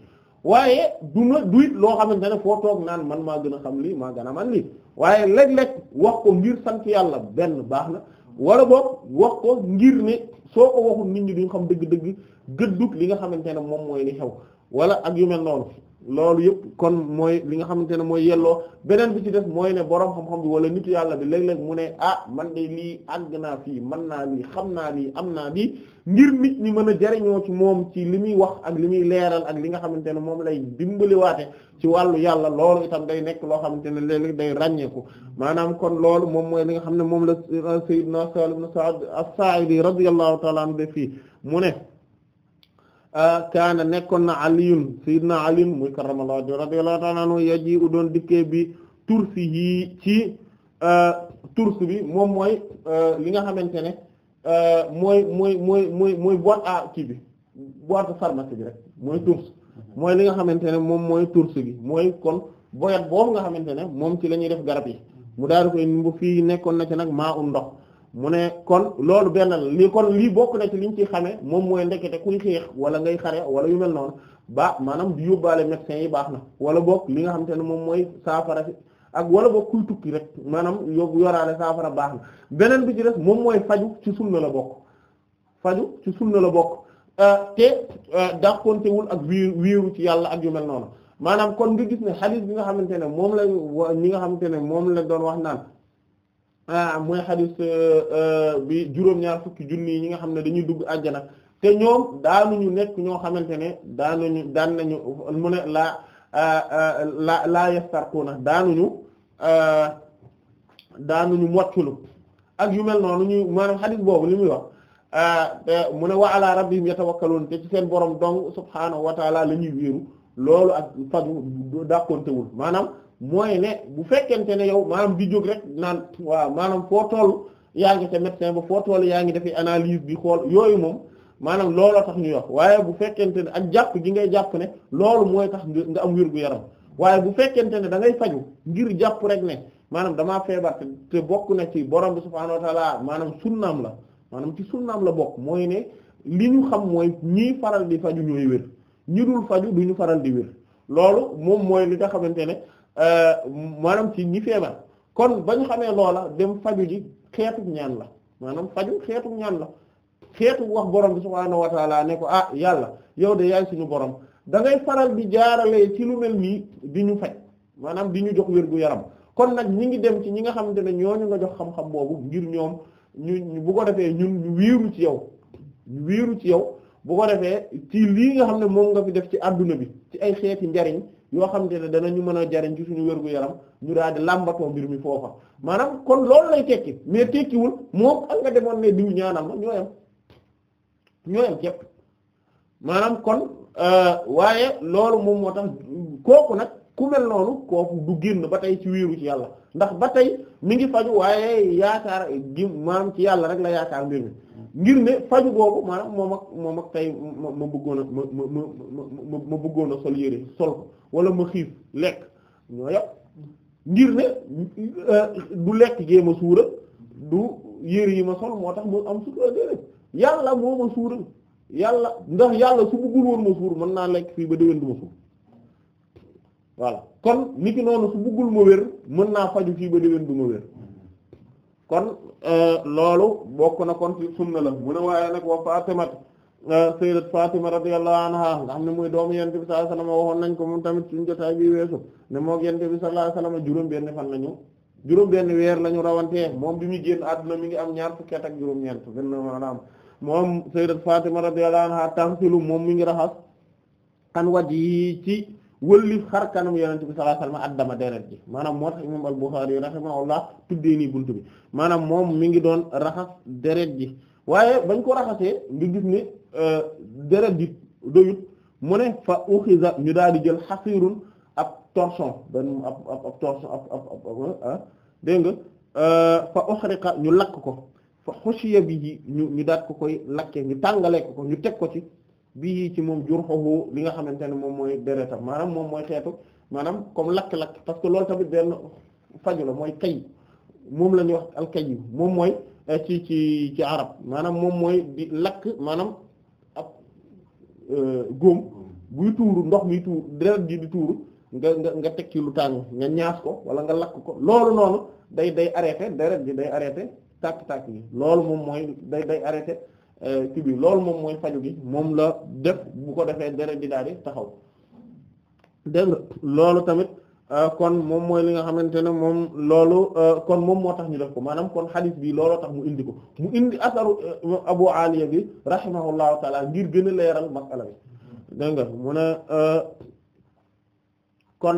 waaye du na loo xamante ne foo toog naan man maa gën a xam lii maa gën a man lii waaye léeg-léeg wax ko mbir sant yàlla benn baax na wala boog wax ko ngir ne soo ko waxul nit ñi duñ xam dëgg-dëgg gëddug li nga xamante ne moom mooy li xew wala ak yu noonu loolu yëpp kon mooy li nga xamante ne mooy yelloo beneen bi ci def mooy ne borom xam-xam bi wala nitu yàlla bi léeg-léeg mu ne ah man de lii àgg naa fii man naa lii xam naa lii am naa lii ngir nit ñi mën a jariñoo ci moom ci li muy wax ak li muy leeral ak li nga xamante ne moom lay dimbaliwaate ci wàllu yàlla loolu itam day nekk loo xamante ne léeg-léeg day ràññeeku maanaam kon loolu moom mooy li nga xam ne moom la sayyidna Sahl ibn Sa'd as-Sa'idi radiyallahu ta'ala anhu fii mu ne Ah, kaana nekkoon na aliyun sayyidina aliyun muy karramallahu radiyallahu ta'ala anhu yaji u doon dikkee bi tursi yi ci ah, tursi bi moom mooy ah, li nga xamante ne mooy mooy mooy mooy mooy boîte à kii bi boîte pharmacie bi rek mooy tursi mooy li nga xamante ne moom mooy tursi bi mooy kon boyat boobu nga xamante ne moom ci la ñuy def garab yi mu daal di fii nekkoon na ci nag maa un ndox mu ne kon loolu benn la lii kon lii bokk na ci ñu ci xame moom mooy ndekete kuy xeex wala ngay xare wala yu mel noonu ba maanaam di yóbbaale médecin yi baax na wala bokk li nga xam te ne moom mooy saafara si ak wala boog kuy rek maanaam yóbbu yoraale saafara baax na beneen bi ci des moom mooy faju ci sunna la bokk faju ci sunna la bokk euh, te euh, dàqontewul ak wii wiiru ci yàlla ak yu mel noonu maanaam kon nga gis ne xadiis bi nga xamante ne moom la ñi nga xamante ne moom la doon wax naan Ah, mooy xadis euh, euh, bi juróom-ñaar fukki junni yi ñi nga xam ne dañuy dugg àjjana te ñoom daanuñu nekk ñoo xamante ne daanuñu daan nañu mu ne laa la euh, laa yastarkuuna daanuñu daanuñu mocculu ak yu mel noonu ñu maanaam xadis boobu li muy wax mu ne wa ala rabbihim yatawakkaluun te seen borom dong subhaanahu wa taala la ñuy wéeru loolu ak faju dàqontewul maanaam mooy ne bu fekkente ne yow maanaam di jóg rek naan waaw maanaam foo toll yaa ngi ca médecin ba foo toll yaa ngi defee analyse bi xool yooyu moom maanaam looloo tax ñu wax waaye bu fekkente ne ak jàpp ji ngay jàpp ne loolu mooy tax nga am wér gu yaram waaye bu fekkente ne da ngay faju ngir jàpp rek ne maanaam damaa feebar te bokk na ci borom bi subhaanahu wa maanaam sunnaam la maanaam ci sunnaam la bokk mooy ne li ñu xam mooy ñiy faral di faju ñooy wér faju du ñu faral di wér loolu moom mooy li nga xamante ne Euh, maanaam ci ñi feebar kon ba ñu xamee loola dem faju ji xeetu ñaan la maanaam faju xeetu ñaan la xeetu wax borom bi subhaanahu wa taala ne ko ah yàlla yow de yaay suñu borom da ngay faral di jaaralee ci lu mel nii di ñu faj maanaam di ñu jox wér gu yaram kon nag ñi ngi dem ci ñi nga xamante ne ñooñu nga jox xam-xam boobu ngir ñoom ñu bu ko defee ñun ñu wiiru ci yow ñu wiiru ci yow bu ko defee ci lii nga xam ne moom nga fi def ci àdduna bi ci ay xeeti njariñ yoo xam ne danañu mën a jariñ ci suñu wérgu yaram ñu daal di làmbatoo mbir mi foofa maanaam kon loolu lay tekki mais tekkiwul moom ak nga demoon ne diw ñaanam la ñoo yam ñoo képp maanaam kon euh, waaye loolu moom moo tax kooku nag ku mel noonu kooku du génn ba tey ci wéeru ci yàlla ndax ba tey mu ngi faju waaye yaakaar gi maam ci yàlla rek la yaakaar mbir mi ngir ne faju boobu maanaam moom ak moom ak tey ma ma bëggoon a ma bëggoon a sol yére sol ko wala ma xiif lekk ñoo yàpp ngir ne euh, du lekk gee ma suura du yére yi ma sol moo tax mu am sutura déedéet yàlla moo ma suural yàlla ndax yàlla su bëggul woon ma suur mën naa lekk fii ba déwén du ma suur voilà kon nit ki noonu su bëggul ma wér mën naa faju fii ba déwén du ma wér kon euh, loolu bokk na kon ci sunna la mu a waaye nag wa Fatima euh, sayyidat Fatima radiyallahu anha nga xam ne muy doomu yonent bi sallallahu alayhi wasallam waxoon nañ ko moom tamit suñu jotaay bi weesu ne moog yonent bi sallallahu alayhi wasallam juróom benn fan lañu juróom benn weer lañu rawantee moom bi muy génn àdduna mi ngi am ñaar fukki at ak juróom-ñeent benn maanaam moom sayyidat Fatima radiyallahu anha tansilu moom mi ngi raxas an waj ci wëlli xar kanam yonent bi sallallahu alayhi wasallam addama deret ji maanaam moo tax imam al-Bukhari rahimahullah tuddee nii bunt bi maanaam moom mu ngi doon raxas deret ji waaye bañ ko raxasee nga gis ni euh, deret ji doyut mu ne fa uxiza ñu daal di jël xasirun ab torchon benn ah, nga euh, fa uxriqa ñu lakk ko fa xushiya bi ñu ñu daat ko koy lakke ñu tàngale ko ko ñu teg ko ci bii ci moom jur xoxu li nga xamante ne moom mooy deretam maanaam moom mooy xeetu maanaam comme lakk-lakk parce que loolu tamit benn faju la mooy kay moom la ñuy wax alkayu moom mooy eh, ci ci ci arab maanaam moom mooy di lakk maanaam ab euh, góom buy tuuru ndox mi tuur deret gi di tuuru nga nga nga teg ci lu tàng nga ñaas ko wala nga lakk ko loolu noonu day day arrêté deret gi day arrêté tàkk-tàkk yi loolu moom mooy day day arrêté ci euh, biir loolu moom mooy faju gi moom la def bu ko defee deret di daal di taxaw dégg nga loolu tamit euh, kon moom mooy li nga xamante ne moom loolu euh, kon moom moo tax ñu def ko maanaam kon xadis bi looloo tax mu indi ko mu indi asaru Abu Aliya bi rahimahullahu taala ngir gën a leeral masala bi dégg nga mu ne kon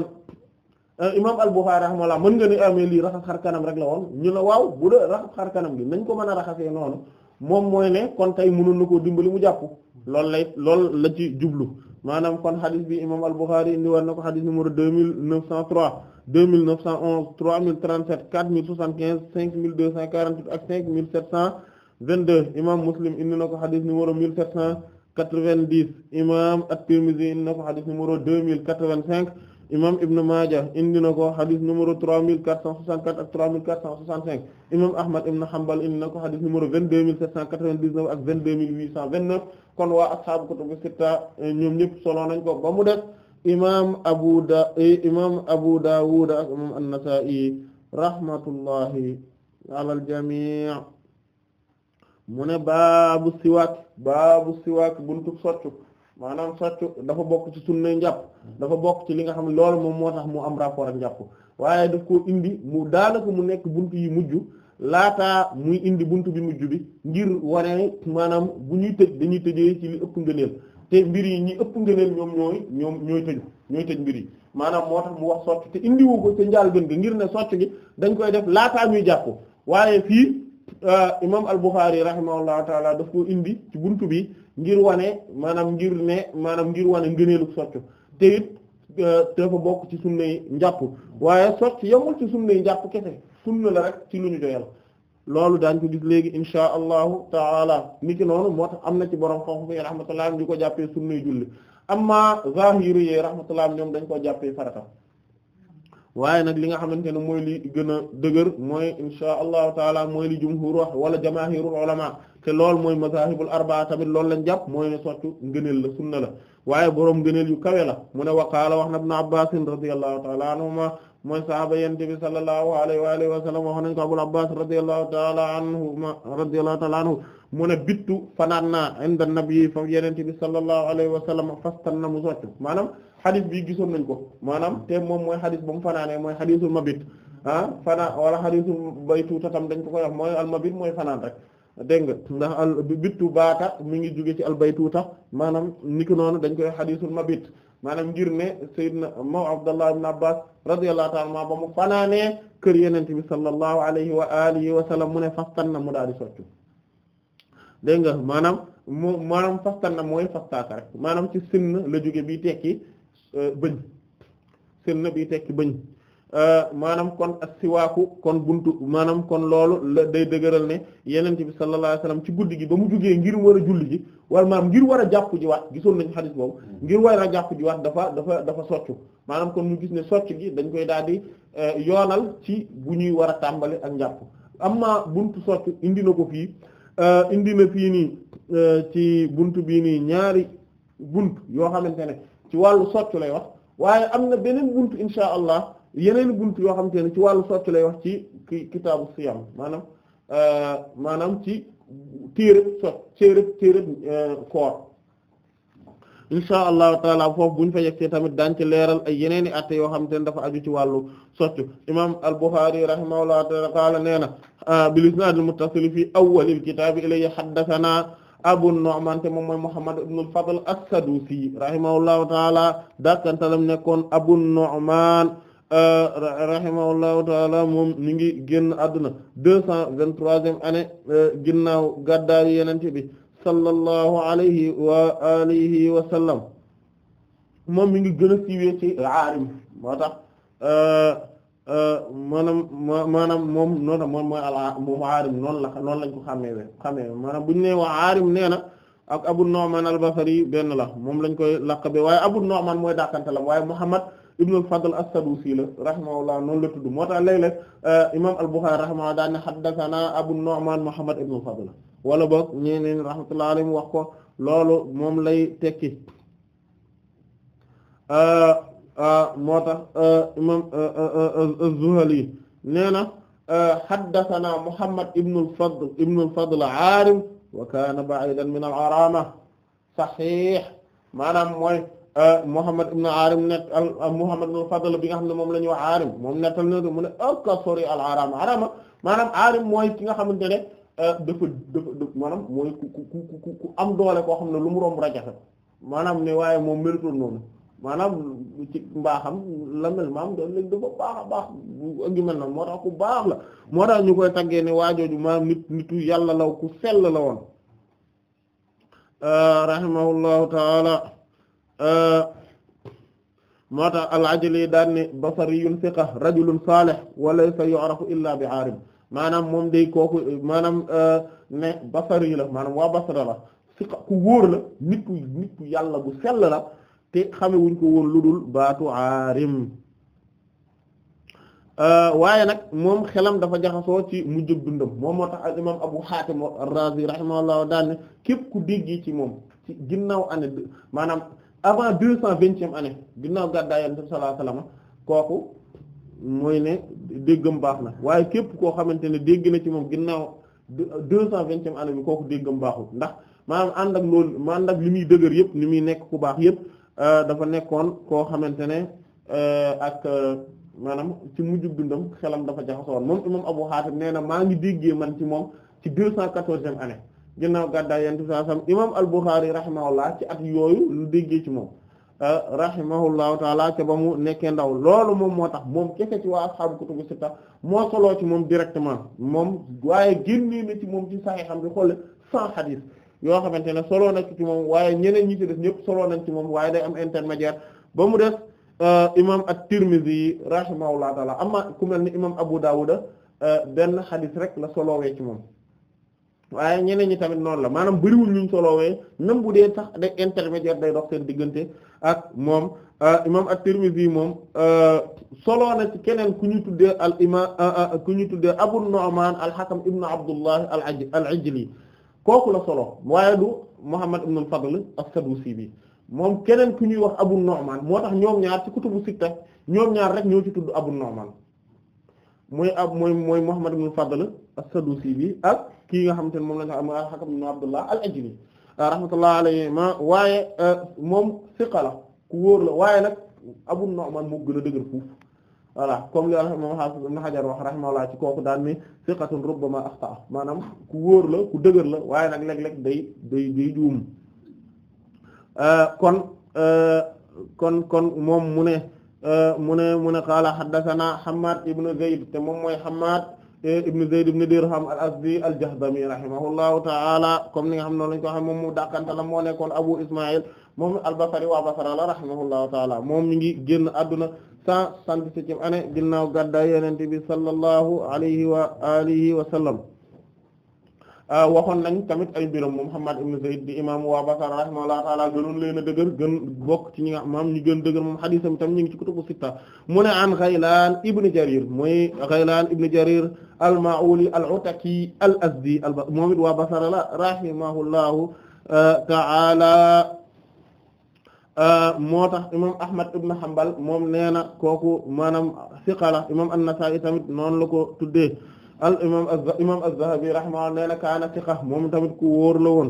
imam al-Bukhari rahimahullah mën nga ne amee ah, lii raxas xar kanam rek la woon ñu ne waaw bu dee raxas xar gi nañ ko mën a raxasee noonu moom mooy ne kon tey mënoon na koo dimbali mu jàpp lool lay lool la ci jublu maanaam kon xadis bi imam al indi war na ko xadis numéro deux mille neuf cent trois deux mille neuf cent onze trois mille trente sept quatre mille soixante quinze cinq mille deux cent quarante huit ak cinq mille sept cent vingt deux imam Muslim indi na ko xadis numéro mille sept cent quatre vingt dix imam at indi na ko xadis numéro deux mille quatre vingt cinq imam Ibn Maaja indi na ko xadis numéro 3464 ak 3465 imam Ahmad Ibn Hanbal indi na ko xadis numéro 22799 ak 22829 kon waa ashaabu kutubu sitta eh, ñoom ñëpp solo nañ ko ba mu def imam Abu Da eh, imam ak imam An-Nasa'i alal jamii mu ne baabu siwaak baabu siwaak buntu soccu maanaam soccu dafa bokk ci sunna dafa bokk ci li nga xam ne loolu moom moo tax mu am rapport ak njàpp waaye daf koo indi mu daanaka mu nekk bunt yi mujj laata muy indi bunt bi mujj bi ngir wane maanaam bu ñuy tëj dañuy tëjee ci li te mbir yi ñi ëpp ngëneel ñoom ñooy ñoom ñooy tëju ñooy tëj mbir maanaam moo tax mu wax socc te indiwu ko ca njaal gën ngir ne socc gi dañ koy def laataa ñuy jàpp waaye fii euh, imam al-Bukhari rahimahullahu taala daf koo indi ci bunt bi ngir wane maanaam ngir ne maanaam ngir wane ngëneelu socc te it euh, dafa bokk ci sunna yi njàpp waaye socc yamul ci sunna yi njàpp kese sunna la rek ci lu ñu doyal loolu daañ ko gis léegi insha allahu taala niki noonu moo tax am na ci borom xam-xam yi rahmatullah di ko jàppee sunnay julli amma zahiri yi rahmatullah ñoom dañ ko jàppee farata nag li nga xamante ne mooy li gën a dëgër mooy insha allahu taala mooy li jumhur wax wala jamaahirul ulama te loolu mooy mazahibul arbaa tamit loolu lañ jàpp mooy ne soccu ngëneel la sunna la waaye boroom gëneel yu kawe la wax ne waqaala wax na ibn Abbaas radiyallahu ta'ala anhuma mooy sahaaba yonent bi sallallahu alayhi wa alihi wa sallam wax nañ ko Abul Abbaas radiyallahu ta'ala anhuma radiyallahu ta'ala anhu mu ne bittu fanaan naa inda nabi fa yonent bi sallallahu alayhi wa fastan na mu socc maanaam xadis bi gisoon nañ ko maanaam te moom mooy xadis ba mu fanaanee mooy xadisul mabit ah fanaan wala xadisul baytu tatam dañ ko koy wax mooy al mabit mooy fanaan rek dégg nga ndax al bittu baata mi ngi jóge ci albaytuuta maanaam ni ki noonu dañ koy xadiisul mabit maanaam ngir ne sayyidna moo Abdallah ibn Abbas radiyallahu ta'ala anhu ba mu fanaanee kër yenente bi sallallahu alayhi wa alihi wa sallam mu ne fastan na mu daal di soccu dégg nga maanaam mu maanaam fastan na mooy fastaaka rek maanaam ci sinn la jóge bi euh, tekki bëñ sinn bi tekki bëñ Euh, maanaam kon assiwaaku kon bunt maanaam kon loolu la day dëgëral ne yenent bi sallallahu alayhi wasallam ci guddi gi ba mu jugee ngir war a julli ji wala ngir war a jàpp ji gisoon nañu xadis boobu hmm. ngir war a jàpp ji waat dafa dafa dafa soccu maanaam kon ñu gis ne soccu gi dañ koy daal di euh, yoonal ci bu ñuy war a tàmbali ak njàpp amma buntu soccu indi na ko fii euh, indi na fii nii ci buntu bii nii ñaari bunt yoo xamante ne ci wàllu soccu lay wax waaye am na beneen buntu insha allah yeneen bunt yoo xamante ne ci wàllu soccu lay wax ci kitaabu siyam maanaam euh, maanaam ci téereb socc téereb téereb euh, koor insha allahu taala foofu buñ fa yegsee tamit daañ ci leeral ay yeneeni atte yoo xamante ne dafa aju ci wàllu soccu imam al-Bukhari rahimahullahu taala qaala nee na euh, bil isnaad al muttasil fi awwalil kitaabi ilayhi haddathana Abu Nu'man te moom mooy Muhammad ibn al-Fadl as-Sadusi rahimahullahu taala daakantalam nekkoon Abu Nu'man Euh, rahimahullahu taala moom mi ngi génn àdduna deux cent vingt-troisième année euh, ginnaaw gàddaayu yenente bi sallallahu alayhi wa alihi wa sallam moom mi ngi gën a siiwee ci aarim moo tax euh, maanaam maanaam moom noonu moom mooy ala moom aarim noon la noonu lañ ko xàmmee we xàmmee maanaam bu ñu nee waa aarim nee na ak Abu Nu'man al benn la moom lañ koy laqabe waaye Abu Nu'man mooy dàkkante la waaye Muhammad Ibn al-Fadl as-Sadusi la rahimahullah noonu la tudd moo tax léeg-léeg euh, imaam al-Bukhari rahimahullah daan ne haddathana Abu Nu'man Muhammad ibn al-Fadl wala boog ñeneen rahmatullahi alayhim wax ko loolu moom lay tekki euh, euh, moo tax imaam az-Zuhali nee na haddathana Muhammad ibn al-Fadl ibn al-Fadl aarim wa kaana ba'idan min al-Arama sahih maanaam mooy. Euh, Muhammad ibn Aarim net Muhammad ibn Fadl bi nga xam ne moom la ñuy wax Aarim moom nettal na mu ne aka oh, sori al arama arama maanaam Aarim mooy ki nga xamante ne euh, dafa dafa maanaam mooy ku ku ku ku am doole koo xam ne lu mu romb rajaxe maanaam ne waaye moom melutoon noonu maanaam ci mbaaxam la mel maam da léegi dafa baax a baax a yu mel noonu moo tax ku baax la moo tax ñu koy taggee ne waajooju maanaam nit nitu yàlla la ku sell la woon euh, rahimahullahu taala moo tax al-Ajli daan ne basariyun thiqa rajulun salih wa laysa yu'rafu illa bi aarim maanaam moom day kooku maanaam uh, ne basari la maanaam waa basara la thiqa ku wóor la nit ku nit ku yàlla bu sell la te xame wuñ ko woon lu dul baatu aarim uh, waaye nag moom xelam dafa jaxasoo ci mujjug dundam moom moo tax al imam Abu Hatim ar-Razi rahimahullahu daan ne képp ku dégg ci moom ci ginnaaw année maanaam avant deux cent vingtième année ginnaaw gàddaay yonent bi sallallahu kooku mooy ne déggam baax na waaye képp koo xamante ne dégg na ci moom ginnaaw deux cent vingtième année bi kooku déggam baaxul ndax maanaam ànd ak loolu ma ànd ak li muy dëgër yëpp li muy nekk ku baax yëpp euh, dafa nekkoon koo xamante ne euh, ak euh, maanaam ci mujjug dundam xelam dafa jaxasoo woon moom imam Abu Hatim nee na maa ngi déggee man ci moom ci deux cent quatorzième année ginnaaw gàddaay yonent bi sallallahu alayhi wasallam imam al-Bukhari rahimahullah ci at yooyu lu déggee ci moom euh, rahimahullahu taala ca ba mu nekkee ndaw loolu moom moo tax moom kese ci waa ashaabu kutubu sitta moo soloo ci moom directement moom waaye génnee na ci moom ci saxiixam bi xoole sans xadiis yoo xamante ne soloo na ci moom waaye ñeneen ñi ci des ñëpp soloo nañ ci moom waaye day am intermédiaire ba mu des euh, imam at-Tirmidhi rahimahullahu taala amma ku mel ni imam Abu Dawud euh, benn xadiis rek la solowee ci moom waaye ñeneen ñi tamit noonu la maanaam bëriwul ñu solowee même bu dee sax day intermédiaire day dox seen diggante ak moom euh, imam at-Tirmidhi moom euh, solo na ci keneen ku ñu tuddee al euh, ku ñu tuddee Abu Nu'man al-Hakam ibn Abdullah al-Ajli kooku la solo waaye du Muhammad ibn al-Fadl as-Sadusi bi moom keneen ku ñuy wax Abu Nu'man moo tax ñoom ñaar ci kutubu sitta ñoom ñaar rek ñoo ci tudd Abu Nu'man mooy ab mooy mooy Muhammad ibn al-Fadl as-Sadusi bi ak kii nga xamante ne moom la ñu am al-Hakam ibn Abdullah al-Ajli rahmatullah alayhi ma waaye euh, moom siqa la ku wóor la waaye nag Abu Nu'man moo gën a dëgër fuuf voilà comme li moom Hafiz Ibn Hajar wax rahimahullah ci kooku daan ni siqatun rubbama axta maanaam ku wóor la ku dëgër la waaye nag léeg-léeg day day day juum euh, kon euh, kon kon moom mu ne mu ne mu ne qaala haddathana Hammad ibn Zayd te moom mooy Hammad ibn Zayd ibn Dirham al-Azdi al-Jahdami rahimahullahu ta'ala comme ni nga xam noonu lañ ko xam moom mu dàqanta la moo nekkoon Abu Ismaïl moom al-Basri waa Basra la rahimahullahu ta'ala moom mi ngi génn adduna cent soixante-septième année ginnaaw gàddaay Yonent bi sallallahu alayhi wa alihi wa sallam Euh, waxoon nañ tamit ay mbiram Muhammad ibn Zayd di imam waa Basra rahimahullahu ta'ala gënoon leen a dëgër gën bokk ci ñi nga maam ñu gën dëgër moom xadiisam tam ñu ngi ci kutubu sitta mu ne an Ghaylan ibn Jarir mooy Ghaylan ibn Jarir al-Ma'uli al-Ataki al-Azdi al moom it waa Basra la rahimahullahu euh, ta'ala euh, moo tax imam Ahmad ibn Hanbal moom nee na kooku maanaam siqa la tamit noonu la ko tuddee al imam imam az-Zahabi rahimahullah nee na kaana thiqa moom tamit ku wóor la woon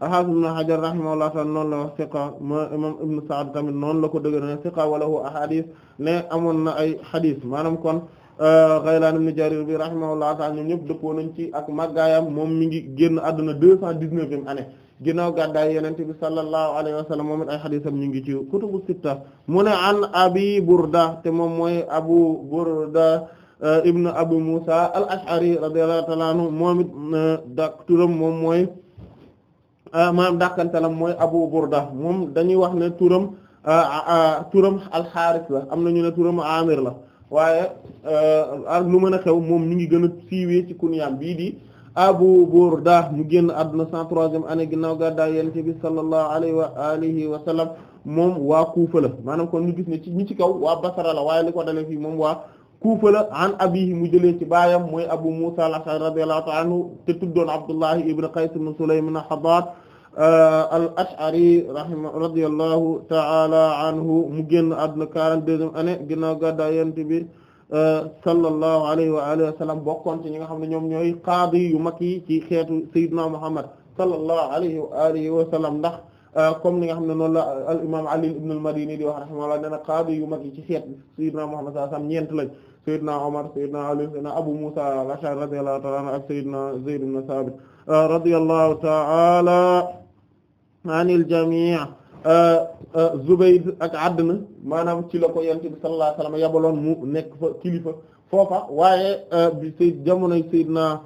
al-Hafiz ibn Hajar rahimahullah ta'ala noonu la wax thiqa ma imam Ibn Sa'd tamit noonu la ko dëgg ne wala wa lahu ahadith ne amoon na ay hadith maanaam kon euh, Ghaylan ibn Jarir bi rahimahullah ta'ala ñoom ñëpp dëppoo nañ ci ak màggaayam moom mi ngi génn àdduna deux cent dix-neuvième année ginnaaw gàddaay yonent bi sallallahu alayhi wa sallam moom it ay xadisam ñu ngi ci kutubu sitta mu ne an abi burda te moom mooy abu burda Euh, ibn Abu Musa al-Ash'ari radiyallahu ta'ala anhu moom it euh, dak turam moom mooy euh, maanaam dàkkantalam mooy Abu Burda moom dañuy wax ne turam turam al-Harith la am na ñu ne turam Amir la waaye ak lu mën na xew moom ñu ngi gën a siiwee ci kunyaam bii di Abu Burda mu génn àdduna cent troisième année ginnaaw gàddaay Yonent bi sallallahu alayhi wa alihi wa sallam moom waa Kuufa la maanaam kon ñu gis ne ci ci kaw waa Basra la waaye li ko dalee fii moom waa Kuufa la an abihi mu jëlee ci baayam mooy Abu Musa al-Ash'ari radiyallahu ta'ala anhu te tuddoon Abdullah ibn Qays ibn Sulaym ibn Haddad euh, al-Ash'ari rahima radiyallahu ta'ala anhu mu génn àdduna 42 année ginnaaw gàddaa yonent bi euh, sallallahu alayhi wa wa sallam bokkoon ci ñi nga xam ne ñoom ñooy qaadi yu mag yi ci xeetu Sayyidina Muhammad sallallahu alayhi wa alihi wa sallam ndax euh, comme ni nga xam ne noonu la al imaam Ali ibn al-Madini wax rahimahullah nee na qaadi yu mag yi ci xeet Sayyidina Muhammad sallallahu alayhi ñeent lañ Seydina Omar Seydina Ali Seydina Abu Musa al-Ash'ari radiyallahu ta'ala anhu ak Seydina Zayd ibn Sabit euh, radiyallahu ta'ala anil jami' euh, euh, Zubayd ak Adna maanaam ci la ko Yonent bi yabaloon mu nekk fa kilifa foofa waaye bi say jamonoy Seydina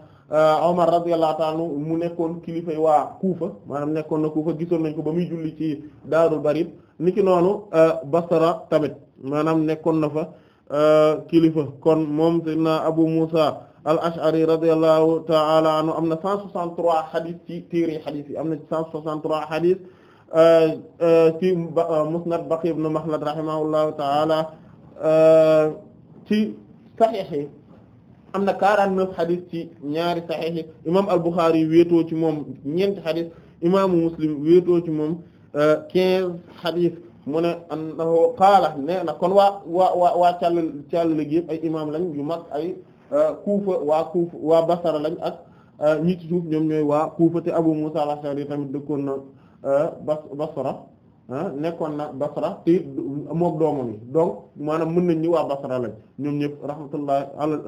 Omar radiyallahu ta'ala anhu mu nekkoon kilifay waa Kuufa maanaam nekkoon na Kuufa gisoon nañ ko ba muy julli ci Daarul Barid niki noonu Basra tamit maanaam nekkoon na fa Euh, kilifa kon moom sayyidina Abu Musa al-Ash'ari radiyallahu ta'ala anhu am na 163 hadith ci téere hadith yi am na 163 hadith euh, euh, ci Musnad Baqi ibn Makhlad rahimahullahu ta'ala ci sahih am na 49 hadith ci ñaari sahih imam al-Bukhari wéetoo moom ñeenti hadith imaamu Muslim wéetoo moom 15 mu ne annahu kaala nee na kon waa waa wa waa càll càll yëpp ay imam lañ yu mag ay euh, kuufa waa kuufa waa basara lañ ak euh, ñi ci suuf ñoom ñooy waa kuufa te abu musa al-ashari tamit dëkkoon na euh, bas basra Ah, nekkoon na Basra te moog doomam yi donc maanaam mën nañ ñi waa Basra lañ ñoom ñëpp rahmatullah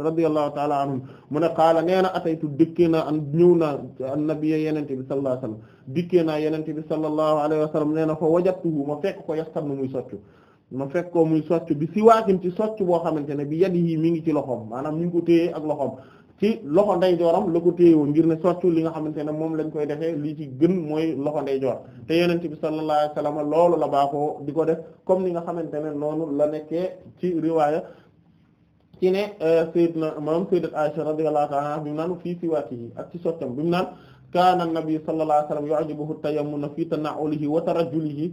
radiyallahu taala anhum mu ne qaala nee na ataytu dikkee naa an ñëw naa annabiyya yenente bi sallallahu alayhi wa sallam dikkee naa yenente bi sallallahu alayhi wa sallam nee na fa wajattuhu ma fekk ko yastan na muy soccu ma fekk ko muy soccu bi siwaakin ci soccu boo xamante ne bi yii mi ngi ci loxoom maanaam mi ngi ko téye ak loxoom ci loxo ndeyjooram la ko téyewoon ngir ne soccu li nga xamante ne moom lañ koy defee li ci gën mooy loxo ndeyjoor te yonent bi sallallahu alayhi wasallam loolu la baaxoo di ko def comme ni nga xamante ne noonu la nekkee ci riwaaya ci ne euh, na maam sayyidat Aisha radiyallahu ta'ala bi mu naan fii siwaatihi ak ci soccam bi mu naan kaana an-nabi sallallahu alayhi na yu'jibuhu at-tayammun fi tana'ulihi wa tarajjulihi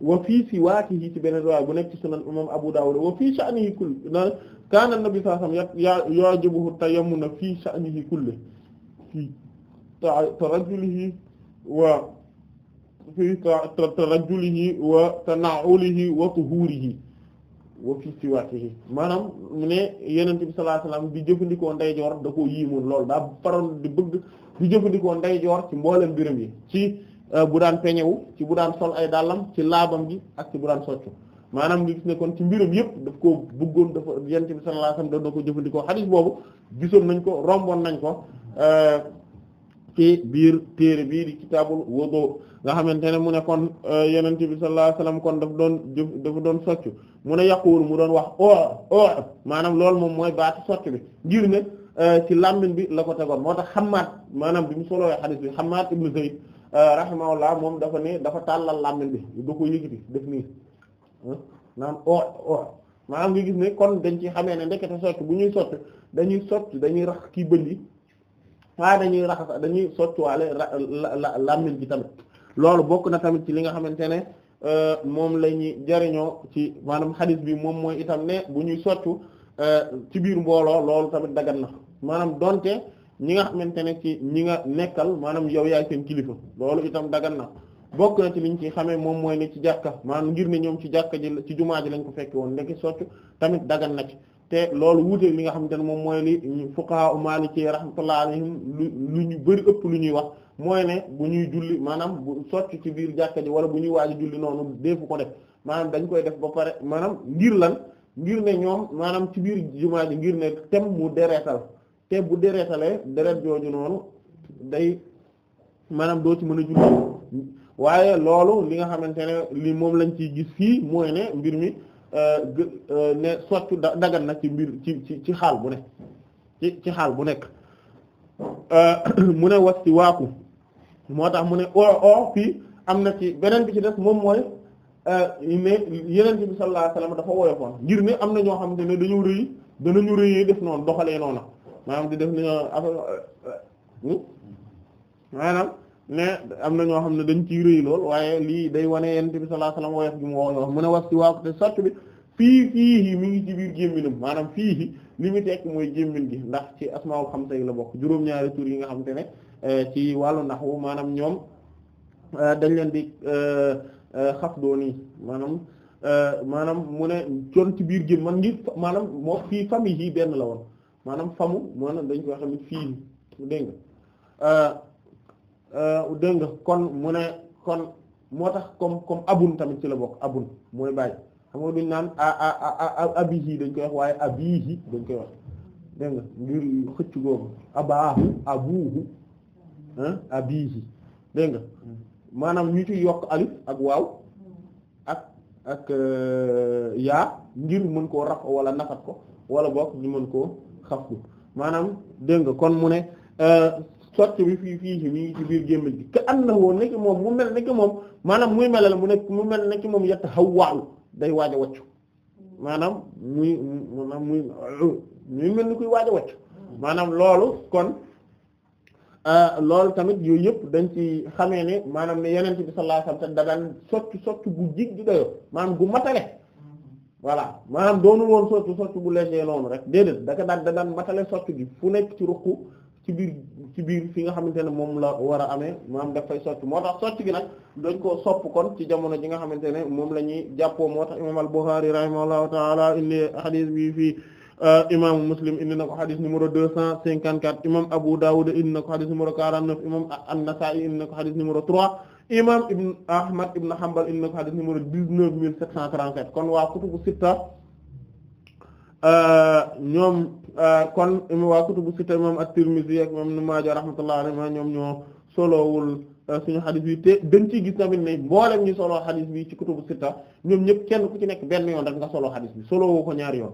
wa fii siwaakihi ci beneen riwaaya bu nekk ci sunan imam Abu Dawud wa fii sha'nihi kulli na kaana ya sallallahu alayhi wa sallam yu'jibuhu tayammunu fii sha'nihi kulli fii tarajjulihi wa fii tarajjulihi wa tana'ulihi wa tuhurihi wa fii siwaakihi maanaam mu ne Yonent bi sallallahu alayhi wa sallam di jëfandikoo ndeyjoor da koo yéemoon lool daa faral di bëgg di jëfandikoo ndeyjoor ci mboolem biram yi Euh, bu daan peñewu ci bu daan sol ay dàllam ci laabam bi ak ci bu daan soccu maanaam nga gis ne kon ci mbirum yëpp daf koo bëggoon dafa yent bi sallallahu alayhi wasallam da na ko jëfandikoo xadiis boobu gisoon nañ ko romboon nañ ko euh, ci biir téere bii di kitaabul wudu nga xamante ne mu ne kon euh, yonent bi sallallahu alayhi wasallam kon daf doon jëf dafa doon soccu mu ne yàquwul mu doon wax oo maanaam loolu moom mooy baatu soccu bi ngir ne ci làmbin bi la ko tegoon moo tax Hammaad maanaam bi mu solowee xadiis bi Hammaad ibn Zayd Euh, rahimahullah moom dafa ne dafa tàllal làmmiñ bi du ko yëgiti def nii naan o o maanaam nga gis ne kon dañ ci xamee ne ndekete sotti bu ñuy sotti dañuy sotti dañuy rax kii bëñ yi waaye ah, dañuy raxas dañuy sottiwaale la làmmiñ bi tamit loolu bokk na tamit ci li nga xamante ne euh, moom la ñuy jariñoo ci maanaam xadis bi moom mooy itam ne bu ñuy sottu euh, ci biir mbooloo loolu tamit dagan na maanaam donte ñi nga xamante ne ci ñi nga nekkal maanaam yow yaay seen kilifa loolu itam dagan na bokk na ci liñ ci xamee moom mooy ne ci jàkka maanaam ngir ne ñoom ci jàkka ji ci jumaa ji lañ ko fekke woon ndeki soccu tamit dagan na ci te loolu wuute li nga xamante ne moom mooy li fuqaha maliki rahmatullah alayhim lu ñu bari ëpp lu ñuy wax mooy ne bu ñuy julli maanaam bu soccu ci biir jàkka ji wala bu ñuy waaj julli noonu deefu ko def maanaam dañ koy def ba pare maanaam ngir lan ngir ne ñoom maanaam ci biir jumaa ji ngir ne tem mu dereetal te bu dereetalee deret jooju noonu day maanaam doo ci mën a julli waaye loolu li nga xamante ne lii moom lañ ciy gis fii mooy ne mbir mi euh, euh, ne soccu dagan na ci mbir ci ci ci xaal bu ne ci ci xaal bu nekk euh, [COUGHS] mu ne was ci waaku moo tax mu ne o o fii am na ci beneen bi ci des moom mooy ne yeneen bi sallallahu alayhi wasallam dafa woyofoon ngir ne am na ñoo xamante ne dañu rëy danañu rëyee def noonu doxalee noonu maanaam di def ni affaire euh, euh, hmm? maanaam ne am na ñoo xam ne dañ ciy rëy lool waaye lii day wane yonent bi sallallahu woyof gi mu wax mu ne wax ci waaw te sott bi fii fii mi ngi ci biir gémminam maanaam fii li mu tekk mooy gémmin gi ndax ci asmaul xamsa yi la bokk juróom-ñaari tur yi nga xam te ne euh, ci wàllu nahwu maanaam ñoom dañ leen di xaf doon yi maanaam maanaam mu ne ci biir gém man ngi maanaam moo fii famille yi benn la woon maanaam famu maanaam dañ koy xam fii dégg nga euh, euh, dégg nga kon mu ne kon moo tax comme comme abun tamit ci la bokk abun mooy bàyyi xam nga duñ naan a a abihi dañ koy wax waaye a bii abihi dañ koy wax dégg nga ngir xëcc googu abaahu a abihi dégg nga maanaam ñu ci yokk alif ak waaw ak ak euh, yaa ngir mën koo raf wala nafat ko wala bokk ñu mën koo xafdu maanaam dégg nga kon mu ne euh, sotti bi fii fii ci mi ci biir gémmiñ gi ka am na woon nekk moom mu mel nekk moom maanaam muy melal mu nekk mu mel nekk moom yett xaw waaw day waaj a waccu maanaam muy maanaam muy mel ni kuy waaja a waccu maanaam loolu kon euh, loolu tamit yooyu yëpp dañ ci xamee ni maanaam ne yeneen bi sallallahu alayhi wasallam da daan sotti sotti bu jig di dayo maanaam gu matale voilà maanaam doonul woon soccu soccu bu léger noonu rek déedéet daka daan da daan matale soccu gi fu nekk ci ruq ci biir fi nga xamante ne moom la war a amee maanaam daf fay soccu moo tax soccu gi nag dañ koo ci jamono ji nga xamante ne moom la ñuy jàppoo moo tax imaam al-Bukhari rahimahullahu ta'ala indi hadith bi fii euh, imaamu Muslim indi na ko hadith numéro deux cent cinquante quatre imam Abu Dawud indi na ko hadith numéro quarante neuf imam An-Nasa'i indi na ko hadith numéro trois imam ibn ahmad ibn hanbal inna ko hadith numéro dix-neuf mille sept cent trente-sept kon waa kutubu sitta euh, ñoom euh, kon waa kutubu sitta imam at-tirmidhi ak imam ibn majah rahmatullahi ma ñoom ñoo solowul euh, suñu hadith bi te dañ ciy gis tamit ne mboolem ñu soloo hadith bi ci kutubu sitta ñoom ñëpp kenn ku ci nekk benn yoon rek nga soloo hadith bi solowoo ko ñaari yoon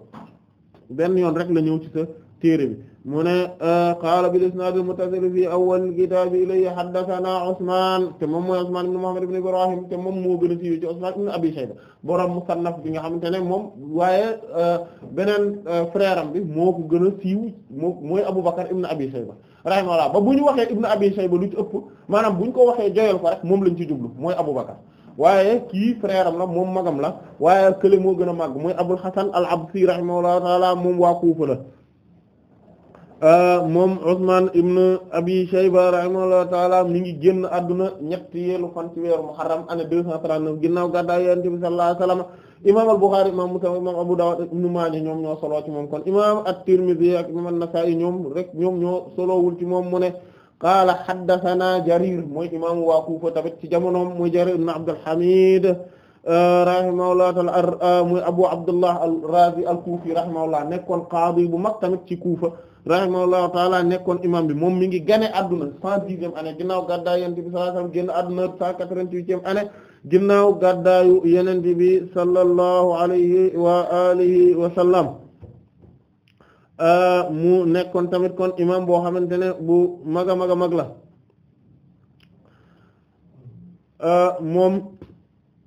benn yoon rek la ñëw ci sa téere bi mu ne eh, qaala bil isnaad al muttasil fi awwal kitaab ilayhi haddathana Usmaan te moom mooy Usmaan ibn Muhammad ibn Ibrahim te moom moo a siiw ci Usmaan ibn Abi Shayba borom bi nga xamante ne moom waaye eh, beneen eh, frère bi moo ko gën a siiw mooy Abu Bakr ibn Abi Shayba rahimahullah ba bu ñu waxee ibn Abi Shayba lu ci ëpp maanaam bu ñu ko waxee joyal ko moom lañu ci jublu mooy Abu Bakr waaye kii frère la moom magam la waaye kële moo gën a màgg mooy Abul Hasan al-Absi rahimahullah taala moom waa Kufa la Euh, moom Usmaan ibn Abi Shayba rahimahullahu taala mi ngi génn àdduna ñetteelu fan ci weeru Muharram année deux cent trente-neuf ginnaaw gàddaay Yonent bi sallallahu alayhi wa imaam al imaam Abu Dawud ibn Maaja ñoom ñoo soloo ci moom kon imaam at imaam an-Nasa'i rek ñoom ñoo solowul ci moom mu qaala haddathana Jarir mooy imaam waa Kufa tamit ci jamonoom moy Jarir ibn Abdul Hamid euh, rahimahullahu taala euh, muy Abu Abdullah al-Razi bu mag tamit ci Kufa rahimahullahu taala nekkoon imam bi moom mi ngi gane adduna cent dixième année ginnaaw gàddaayu yonent bi sallallahu alayhi wasallam ginnaaw gàddaayu yonent bi sallallahu alayhi wa alihi wa sallam euh, mu nekkoon tamit kon imam boo xamante ne bu mag a mag a mag la euh, moom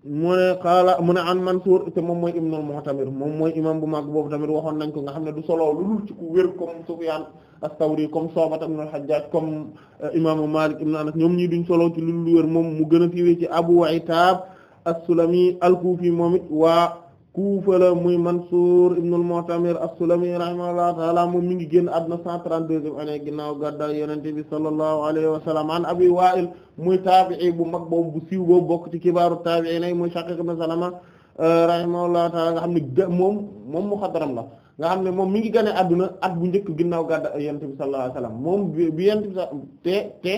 mu ne qaala mu ne an Mansuur te moom mooy ibnul Mu'tamir moom mooy imam bu mag boobu tamit waxoon nañ ko nga xam ne du solo lu dul ci ku wér comme Sufyaan as-Sawri comme Shu'ba ibn al-Hajjaj comme euh, imaamu Maalik ibn Anas ñoom ñii duñ solo ci lu dul wér moom mu gën a fiiwee ci Abu Aytaab as-Sulami al-Kufi moom it waa Kufa la muy Mansuur ibn al-Mu'tamir as-Sulami rahimahullahu ta'ala moom mi ngi génn àdduna 132e année ginnaaw gàddaay Yonent bi sallallahu alayhi wa sallam an Abi Wa'il muy taabi'i bu mag boobu bu siiw boobu bokk ci kibaaru taabi'iin yi muy Shaqiq ibn Salama euh, rahimahullahu ta'ala nga xam ne moom moom muxadram la nga xam ne moom mi ngi gane àdduna at bu njëkk ginnaaw gàddaay Yonent bi sallallahu alayhi wa sallam moom bi Yonent bi te te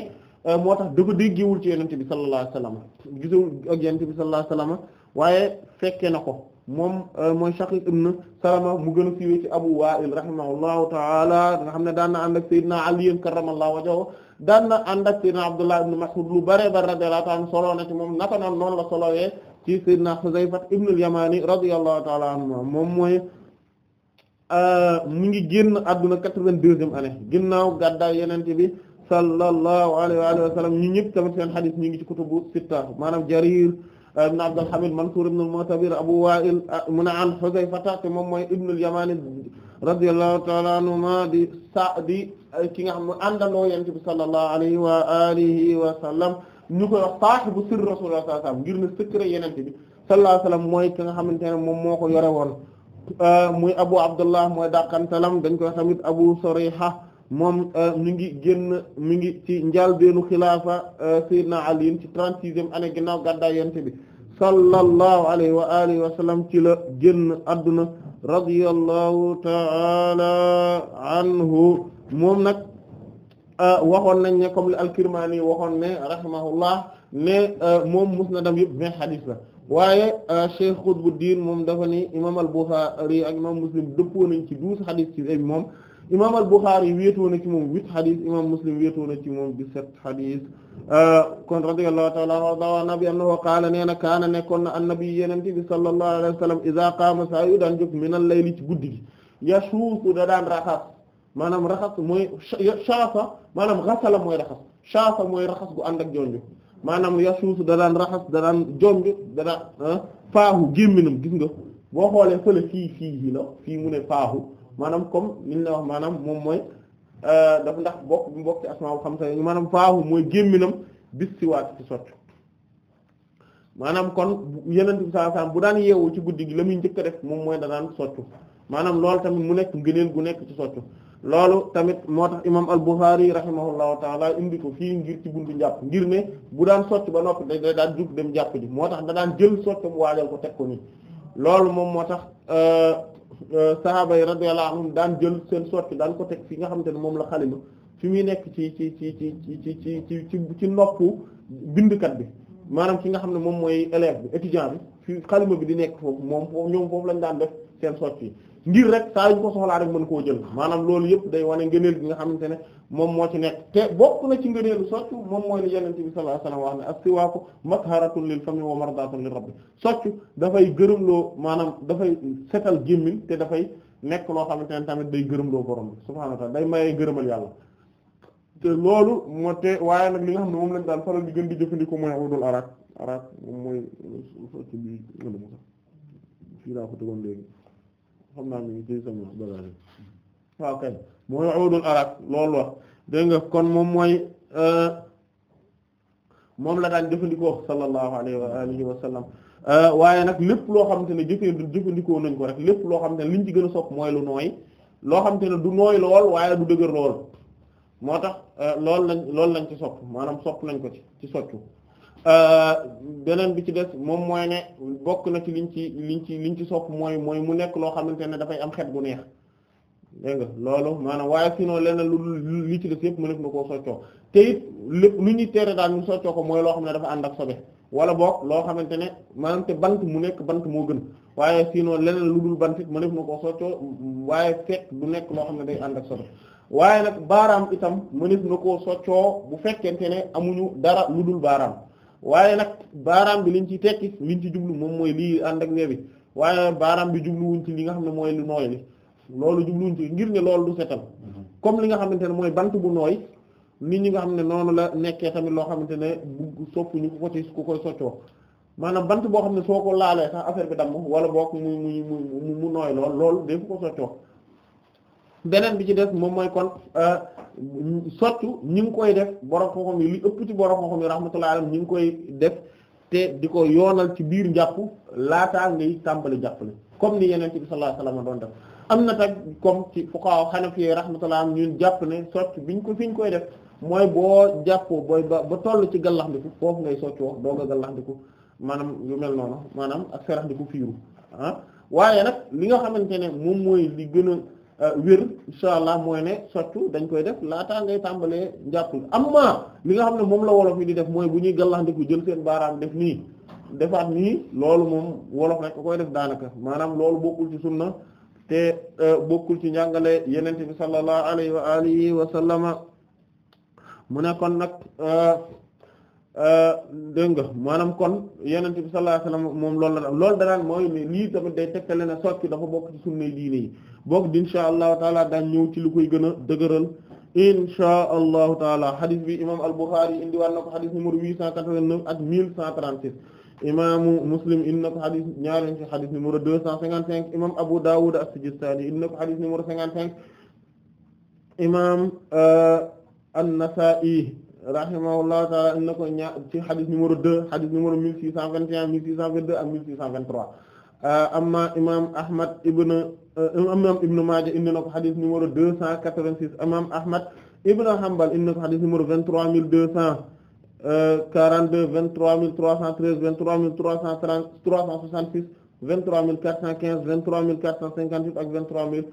euh, moo tax dafa déggiwul ci Yonent bi sallallahu alayhi wa sallam gisewul ak Yonent bi sallallahu alayhi wa sallam waaye fekke na ko moom euh, mooy Shaqiq ibn Salama mu gën a siiwee ci Abu Wa'il rahimahullahu ta'ala nga xam ne daan na ànd ak Seydina Ali karramallahu wajhahu daan na ànd ak Seydina ibn Mas'ud lu bare bare radiyallahu ta'ala solo na ci moom naka noonu noonu la solowee ci Seydina Huzayfa ibn al-Yamani radiyallahu ta'ala anhu moom mooy euh, mu ngi génn àdduna quatre-vingt-deuxième année ginnaaw gàddaay Yonent bi sallallahu alayhi wa sallam ñu ñëpp tamit seen xadiis ñu ngi ci kutubu maanaam Jarir ibn Abdul Hamid Mansuur ibn al-Mu'tabir Abu Wa'il ah, mu an Hudayfata te moom mooy ibn al-Yaman radiyallahu ta'ala anhuma di Sa'di eh, ki nga xam ne àndandoo Yonent bi alayhi wa alihi wa sallam ñu koy wax saahibu sirr Rasulullah sallallahu alayhi wa sallam ngir ne secret Yonent bi sallallahu alayhi wa sallam mooy ki nga xamante ne moom moo ko yore woon eh, muy Abu Abdullah mooy dàqantalam dañ koy tamit Abu Sariha moom eh, mi ngi génn mi ngi ci njàlbéenu xilaafa Seydina Ali ci trente-sixième année ginnaaw gàddaay Yonent sallallahu alayhi wa alihi wa sallam ci la génn adduna radiyallahu ta'ala anhu moom nag euh, waxoon nañ ne comme li al-Kirmani waxoon ne rahimahullah ne euh, moom musnadam yëpp mais xadis la waaye euh, Cheikh Qutbuddin moom dafa ni imam al-Bukhari ak imam Muslim dëppoo nañ ci douze xadis ci moom imam al-Bukhari wéetoo na ci moom huit xadis imam Muslim wéetoo na ci moom dix-sept euh, kon radiyallahu ta'ala anhu wa nabi annahu qaala nee na kaana nekkoon na annabi yenente bi sallallahu alayhi wa sallam iza qaama saa yu daan jóg min al-layli ci guddi gi yasuufu da daan raxas maanaam raxas mooy shaafa maanaam xasala mooy raxas shaafa mooy raxas gu ànd ak jonju maanaam yasuufu da daan raxas da daan jonju da daan ah, faahu gémminam gis nga boo xoolee fële fii fii la fii mu ne faahu maanaam comme li ñu la wax maanaam moom mooy euh, dafa ndax bokk bi bokk ci asmaa'u xamsa maanaam faahu mooy gémminam bis si waat ci soccu maanaam kon yeneen bi sallallahu alayhi bu daan yeewu ci guddi gi la muy njëkk def moom mooy da daan soccu maanaam loolu tamit mu nekk ngëneel gu nekk ci soccu loolu tamit moo tax imaam al-Bukhari rahimahullahu taala indi ko fii ngir ci buntu njàpp ngir bu daan soccu ba noppi da daan jug dem jàpp ji moo tax da daan jël soccu bu waajal ko teg ko nii loolu moom moo tax euh, sahaaba yi radiyallahu anhum daan jël seen sotti daan ko teg fi nga xamante ne moom la xalima fi muy nekk ci ci ci ci ci ci ci ci ci noppu bindkat bi maanaam ki nga xam ne moom mooy élève bi étudiant bi fi xalima bi di nekk foofu moom foofu ñoom foofu lañ daan def seen sotti ngir rek saa yu ko soxlaa rek mën koo jël maanaam loolu yëpp day wane ngëneel nga xamante ne moom moo ci nekk te bokk na ci ngëneelu soccu moom mooy li yenente bi sallallahu alayhi wasallam wax ne as-siwaaku matharatun lil fami wa mardatun lir rabbi soccu dafay gërëmloo maanaam dafay setal gémmiñ te dafay nekk loo xamante day gërëmloo borom bi subhaanahu wa day mayee gërëmal yàlla te loolu moo te waaye li nga xam ne moom lañ daan faral di gën di jëfandikoo mooy dul arak arak moom mooy soccu bi nga dama sax fii laa ko tegoon léegi xam naa mi ngi ci sama bagage waaw kay mooy udul arak loolu wax dégg nga kon moom mooy euh, moom la daan jëfandikoo sallallahu alayhi wa alihi wa sallam euh, waaye nag lépp loo xamante ne jëfe jëfandikoo nañ ko rek lépp loo xamante ne liñ ci gën a sopp mooy lu nooy loo xam xamante ne du nooy lool waaye du dëgër lool moo tax euh, loolu lañ loolu lañ ci sopp maanaam sopp nañ ko ci ci soccu Euh, beneen bi ci des moom mooy ne bokk na ci liñ ci liñ ci liñ ci sopp mooy mooy mu nekk loo xamante ne dafay am xet bu neex dégg nga loolu maanaam waaye sinon leneen lu li ci des yëpp mu nekk na koo soccoo te it lépp ñuy tere daal ñu soccoo ko mooy loo xam ne dafa ànd ak wala boog loo xamante ne maanaam te mu nekk bant moo gën waaye sinon leneen lu dul bant it mu nekk na koo soccoo waaye fekk du nekk loo xam ne day ànd ak sobe waaye nag baaraam itam mu nekk na koo soccoo bu fekkente ne amuñu dara lu dul baaraam. waaye nag baaraam bi liñ ci tekki liñ ci jublu moom mooy lii ànd ak webi waaye baaraam bi jubluwuñ ci li nga xam ne mooy lu nooy loolu jubluwuñ ci ngir ne loolu du setal comme li nga xamante ne mooy bant bu nooy nit ñi nga xam ne noonu la nekkee tamit loo xamante ne bu soppuñu ku ko ci ku koy soccoo maanaam bant boo xam ne soo ko laalee sax affaire bi damm wala boog mu mu mu mu nooy lool loolu daf ko soccoo beneen bi ci des moom mooy kon. Euh, surtout ñi ngi koy def borom xam-xam yi li ëpp ci borom xam yi rahmatullahi alayhim ñi koy def te di ko yoonal ci biir njàpp laataa ngay tàmbali jàppale comme ni yeneen bi sallallahu alayhi wasallam doon def am na tak comme ci fuqaha hanafi rahmatullah ñu jàpp ne socc biñ ko fiñ koy def mooy boo jàppoo booy ba ba toll ci gallax ndiku foofu ngay socc wax doog a gallax maanaam yu mel noonu maanaam ak ferax ndiku fiiru ah. waaye nag li nga xamante ne moom mooy li gën Euh, wér insha allah mooy ne soccu dañ koy def laataa ngay tàmbalee njàpp amma li nga xam ne moom la wolof yi di def mooy bu ñuy gallaxndiku jël seen baaraam def nii defaat nii loolu moom wolof rek koy def daanaka maanaam loolu bokkul ci sunna te euh, bokkul ci njàngale yenente bi sallallahu alayhi wa alihi wa sallama mu ne kon nag euh, Euh, dégg nga maanaam kon yeneen bi sallallahu alayhi wasallam moom loolu la loolu danaan mooy ne lii tamit day tegtale ne soccu dafa bokk ci sunnay diine yi bokk di insha allahu taala daan ñëw ci koy gën a dëgëral insha allahu taala hadith bi imam al-Bukhari indi war na ko hadith numéro 889 ak 1136 imaamu Muslim indi na ko hadith ñaari ci hadith numéro 255 imam Abu Dawud as-Sijistani indi na ko hadith numéro 55 imam euh, an-Nasa'i rahimahullahu taala indi ko ña ci xadis numéro 2 xadis numéro 1621 1622 ak 1623 euh, amma imam Ahmad ibn euh, Ibn Maaja indi na ko xadis numéro 286 imam Ahmad Ibn Hanbal indi na ko xadis numéro 23200. 42 23 313 23 330 366 23 415 23 458 ak 23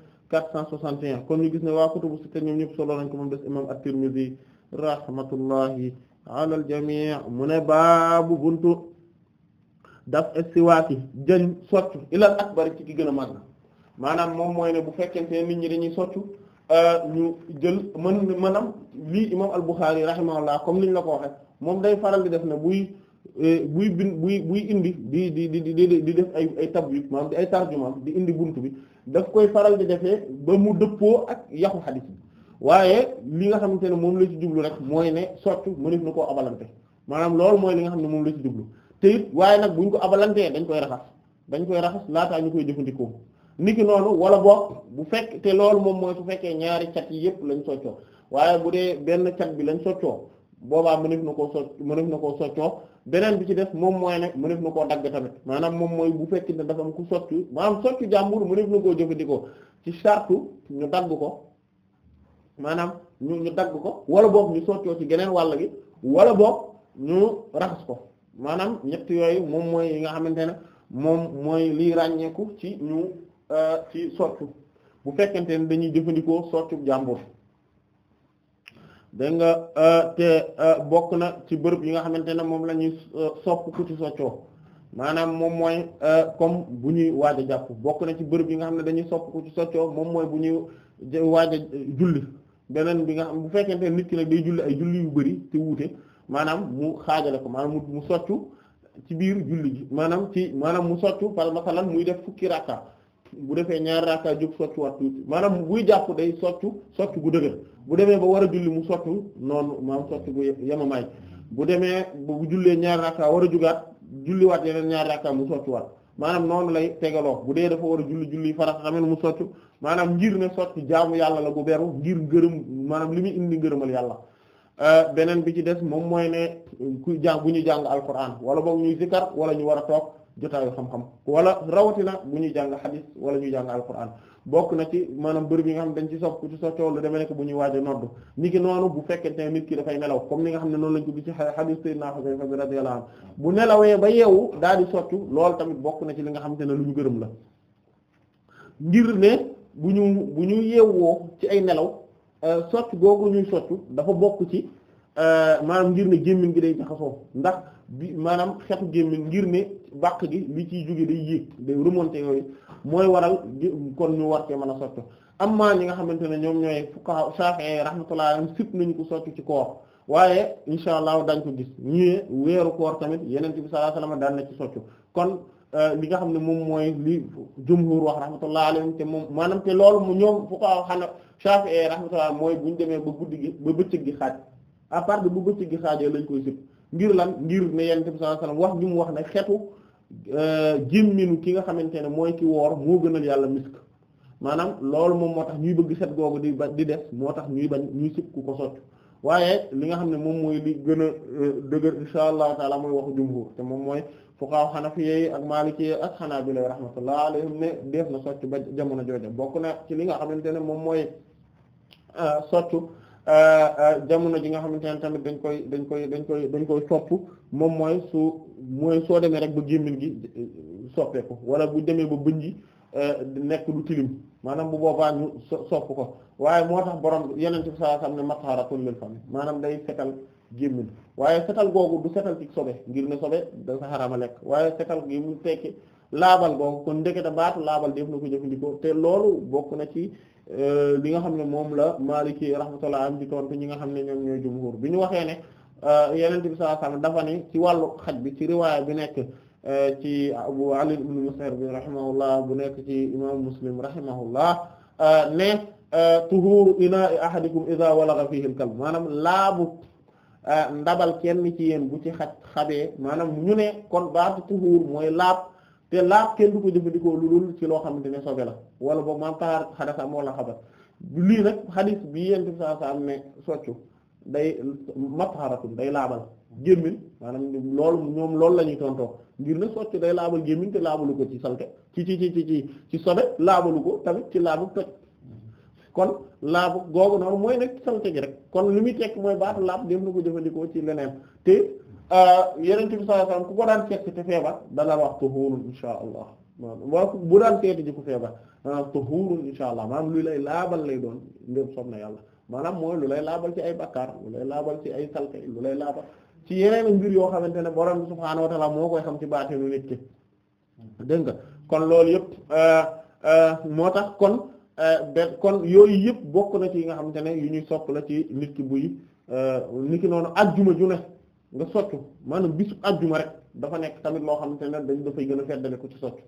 461 kon ñu gis ne waa kutubu sitta ñoom ñëpp solo nañ ko moom des imam at-Tirmidhi rahmatullahi ala al jamii mu ne baabu buntu daf istiwaaki jëñ soccu ilal akbar ci ki gën a mag maanaam moom mooy ne bu fekkente nit ñi dañuy soccu euh, ñu jël mën maanaam lii imam al-Bukhari rahimahullah comme niñ la ko waxe moom day faral di def ne buy euh, buy bin buy buy indi di di di di def ay ay tab yi maanaam di ay tarjumaam di indi bunt bi daf koy faral di defee ba mu dëppoo ak yaxu xadiis bi waaye li nga xamante ne moom la ci jublu rek mooy ne soccu mënef na koo abalante maanaam loolu mooy li nga xam ne moom la ci jublu te waaye nag buñ ko abalantee dañ koy raxas dañ koy raxas laataa ñu koy jëfandikoo niki noonu wala boog bu fekk te loolu moom mooy su fekkee ñaari cat yi yépp lañ soccoo waaye bu dee benn cat bi lañ soccoo boobaa mënef na koo soc mënef na koo soccoo beneen bi ci def moom mooy ne mënef na koo dagg tamit maanaam moom mooy bu fekk ne dafa am ku soccu maanaam soccu jàmbur mënef na koo jëfandikoo ci sartu ñu dagg ko maanaam ñu ñu dagg ko wala boog ñu soccoo ci geneen wàll gi wala boog ñu raxas ko maanaam ñett yooyu moom mooy yi nga xamante ne moom mooy liy ràññeeku ci ñu euh, ci soccu bu fekkente ne dañuy jëfandikoo soccu jàmbur dégg nga euh, te euh, bokk na ci bërëb yi nga xamante ne moom la ñuy sopp ku ci soccoo maanaam moom mooy comme bu ñuy waaj a jàpp bokk na ci bërëb yi nga xam ne dañuy sopp ku ci soccoo moom mooy bu ñuy waaj a julli beneen bi nga xam bu fekkente nit ki nag day julli ay julli yu bëri te wuute maanaam mu xaajale ko maanaam mu soccu ci biir julli gi maanaam ci maanaam mu soccu par masalan muy def fukki rakka bu defee ñaari rakka jóg soccu waat maanaam buy jàpp day soccu soccu gu dëgër bu demee ba war a julli mu soccu noonu maanaam soccu gu yemamaay bu demee bu jullee ñaari rakka war a jugaat julliwaat yeneen ñaari rakka mu soccu waat maanaam noonu lay tegaloo bu dee dafa war a julli julli farax na mu soccu maanaam njiir ne sotti jaamu yàlla la gu beru ngir ngërëm maanaam li muy indi ngërëmal yàlla euh, beneen bi ci des moom mooy ne ku jàng bu ñuy jàng al alquran wala boog ñuy zikar wala ñu war a toog jotaayu xam-xam wala rawatina bu ñuy jàng hadith wala ñuy jàng alquran bokk na ci maanaam bërëb yi nga xam ne dañ ci sopp ci sotti lu demee nekk bu ñuy waaj a noddu ni ki noonu bu fekkente ne nit ki dafay nelaw comme li nga xam ne noonu lañ ko gis ci hadith sayyidina Hudayfa bi radiyallahu anhu bu nelawee ba yeewu daal di sotti loolu tamit bokk na ci li nga xamante ne lu ñu la bu ñu bu ñu yeewoo ci ay nelaw euh, socc googu ñuy soccu dafa bokk ci euh, maanaam ngir ne gémmiñ gi day jaxasoo ndax bi maanaam xetu gémmiñ ngir ne bàq gi li ciy jóge day yéeg day remonter yooyu mooy waral kon ñu war cee mën a soccu amma ñi nga xamante ne ñoom ñooy fuqaha Shafi'i rahmatullah sipp nañu ko soccu ci koor waaye insha allah dañ ko gis ñii weeru koor tamit yeneen bi sallallahu alayhi wasallam daan na ci soccu kon Euh, li nga xam ne moom mooy li jumhur wax rahmatullah alayhim te moom maanaam te loolu mu ñoom fuqaha xana Shafi'i mooy ñu demee ba guddi gi ba bëccëg gi xaaj à part de bu gi xaajee lañ koy sib ngir lan ngir ne yonent bi sallallahu alayhi wax ñu mu wax ne xetu gémminu euh, ki nga xamante ne mooy ki woor moo gënal yàlla misk maanaam loolu moom ñuy bëgg set googu di ba di def moo tax ñuy bañ ñuy sib ko socc li nga xam ne moom mooy li gën a euh, dëgër insha allah taala mooy waxu jumhur te moom mooy fuqaha hanafiyyi ak maliki ak xanaa hanabila rahmatullah alayhim ne def na soccu ba jamono jooja bokk na ci li nga xam ne moom mooy euh, soccu euh, euh, jamono ji nga xamante ne tamit dañ koy dañ koy dañ koy dañ koy sopp moom mooy su mooy soo demee rek ba gémmiñ gi soppeeku wala bu demee ba bëñ gi nekk du tilim maanaam bu boobaa ñu sopp ko waaye moo tax borom yeneen ci sallallahu alayhi wasallam ne matharatun lil fam maanaam day fetal gémmiñ waaye setal googu du setal ci sobe ngir ne sobe dafa xarama lekk waaye setal gi mu tekki laabal googu kon ndekete baatu laabal def na ko jëfandikoo te loolu bokk na ci euh, li nga xam ne moom la Maliki rahmatullah am di tontu ñi nga xam ne ñoom ñooy jumhur bi ñu waxee ne euh, Yonent bi sallallahu alayhi dafa ne ci wàllu xaj bi ci riwaaya bi nekk euh, ci Abu Ali ibn Mus'ab bi rahimahullah bu nekk ci imam Muslim rahimahullah ne tuhuru inaa'i ahadikum idha walagha fihi al-kalb maanaam laabu Euh, ndabal kenn ci yéen bu ci xaj xabee maanaam ñu ne kon baatu tuhuur mooy laab te laab kenn du ko jëfandikoo lu dul ci loo xamante ne sobe la wala boobu maam taxaar xadasa moo la xabar lii nag xadis bi yent bi saa am ne soccu day matxaratum day laabal gémmiñ maanaam loolu ñoom loolu la ñuy tontoo ngir ne soccu day laabal gémmiñ te laabalu ko ci salte ci ci ci ci ci sobe laabalu ko tamit ci laabu toj kon laabu googu noonu mooy nekk saleté gi rek kon li muy tekk mooy baatu laab dem na ko jëfandikoo ci leneen te euh, yeneen bi sallallahu alayhi wasallam ku ko daan seet te feebar dana wax tuhurun insha allah maanaam bu daan seeti ji ku feebar dana wax tuhurun insha allah maanaam lay laabal lay doon ndéem soob na yàlla maanaam mooy lu lay laabal ci ay bakkaar lu lay ci ay saleté lu lay laabal ci yeneen mbir yoo xamante ne borom subhaanahu wa ta'ala moo koy xam ci baatinu nit dégg nga kon loolu yëpp euh, euh, moo tax kon Euh, benn kon yooyu yëpp bokk na ci yi nga xam ne yu ñuy sopp la ci nit buy euh, nit ki noonu ajjuma ju ne nga soccu maanaam bisu ajjuma rek dafa nekk tamit loo xamante ne dañ dafay gën a feddale ko ci soccu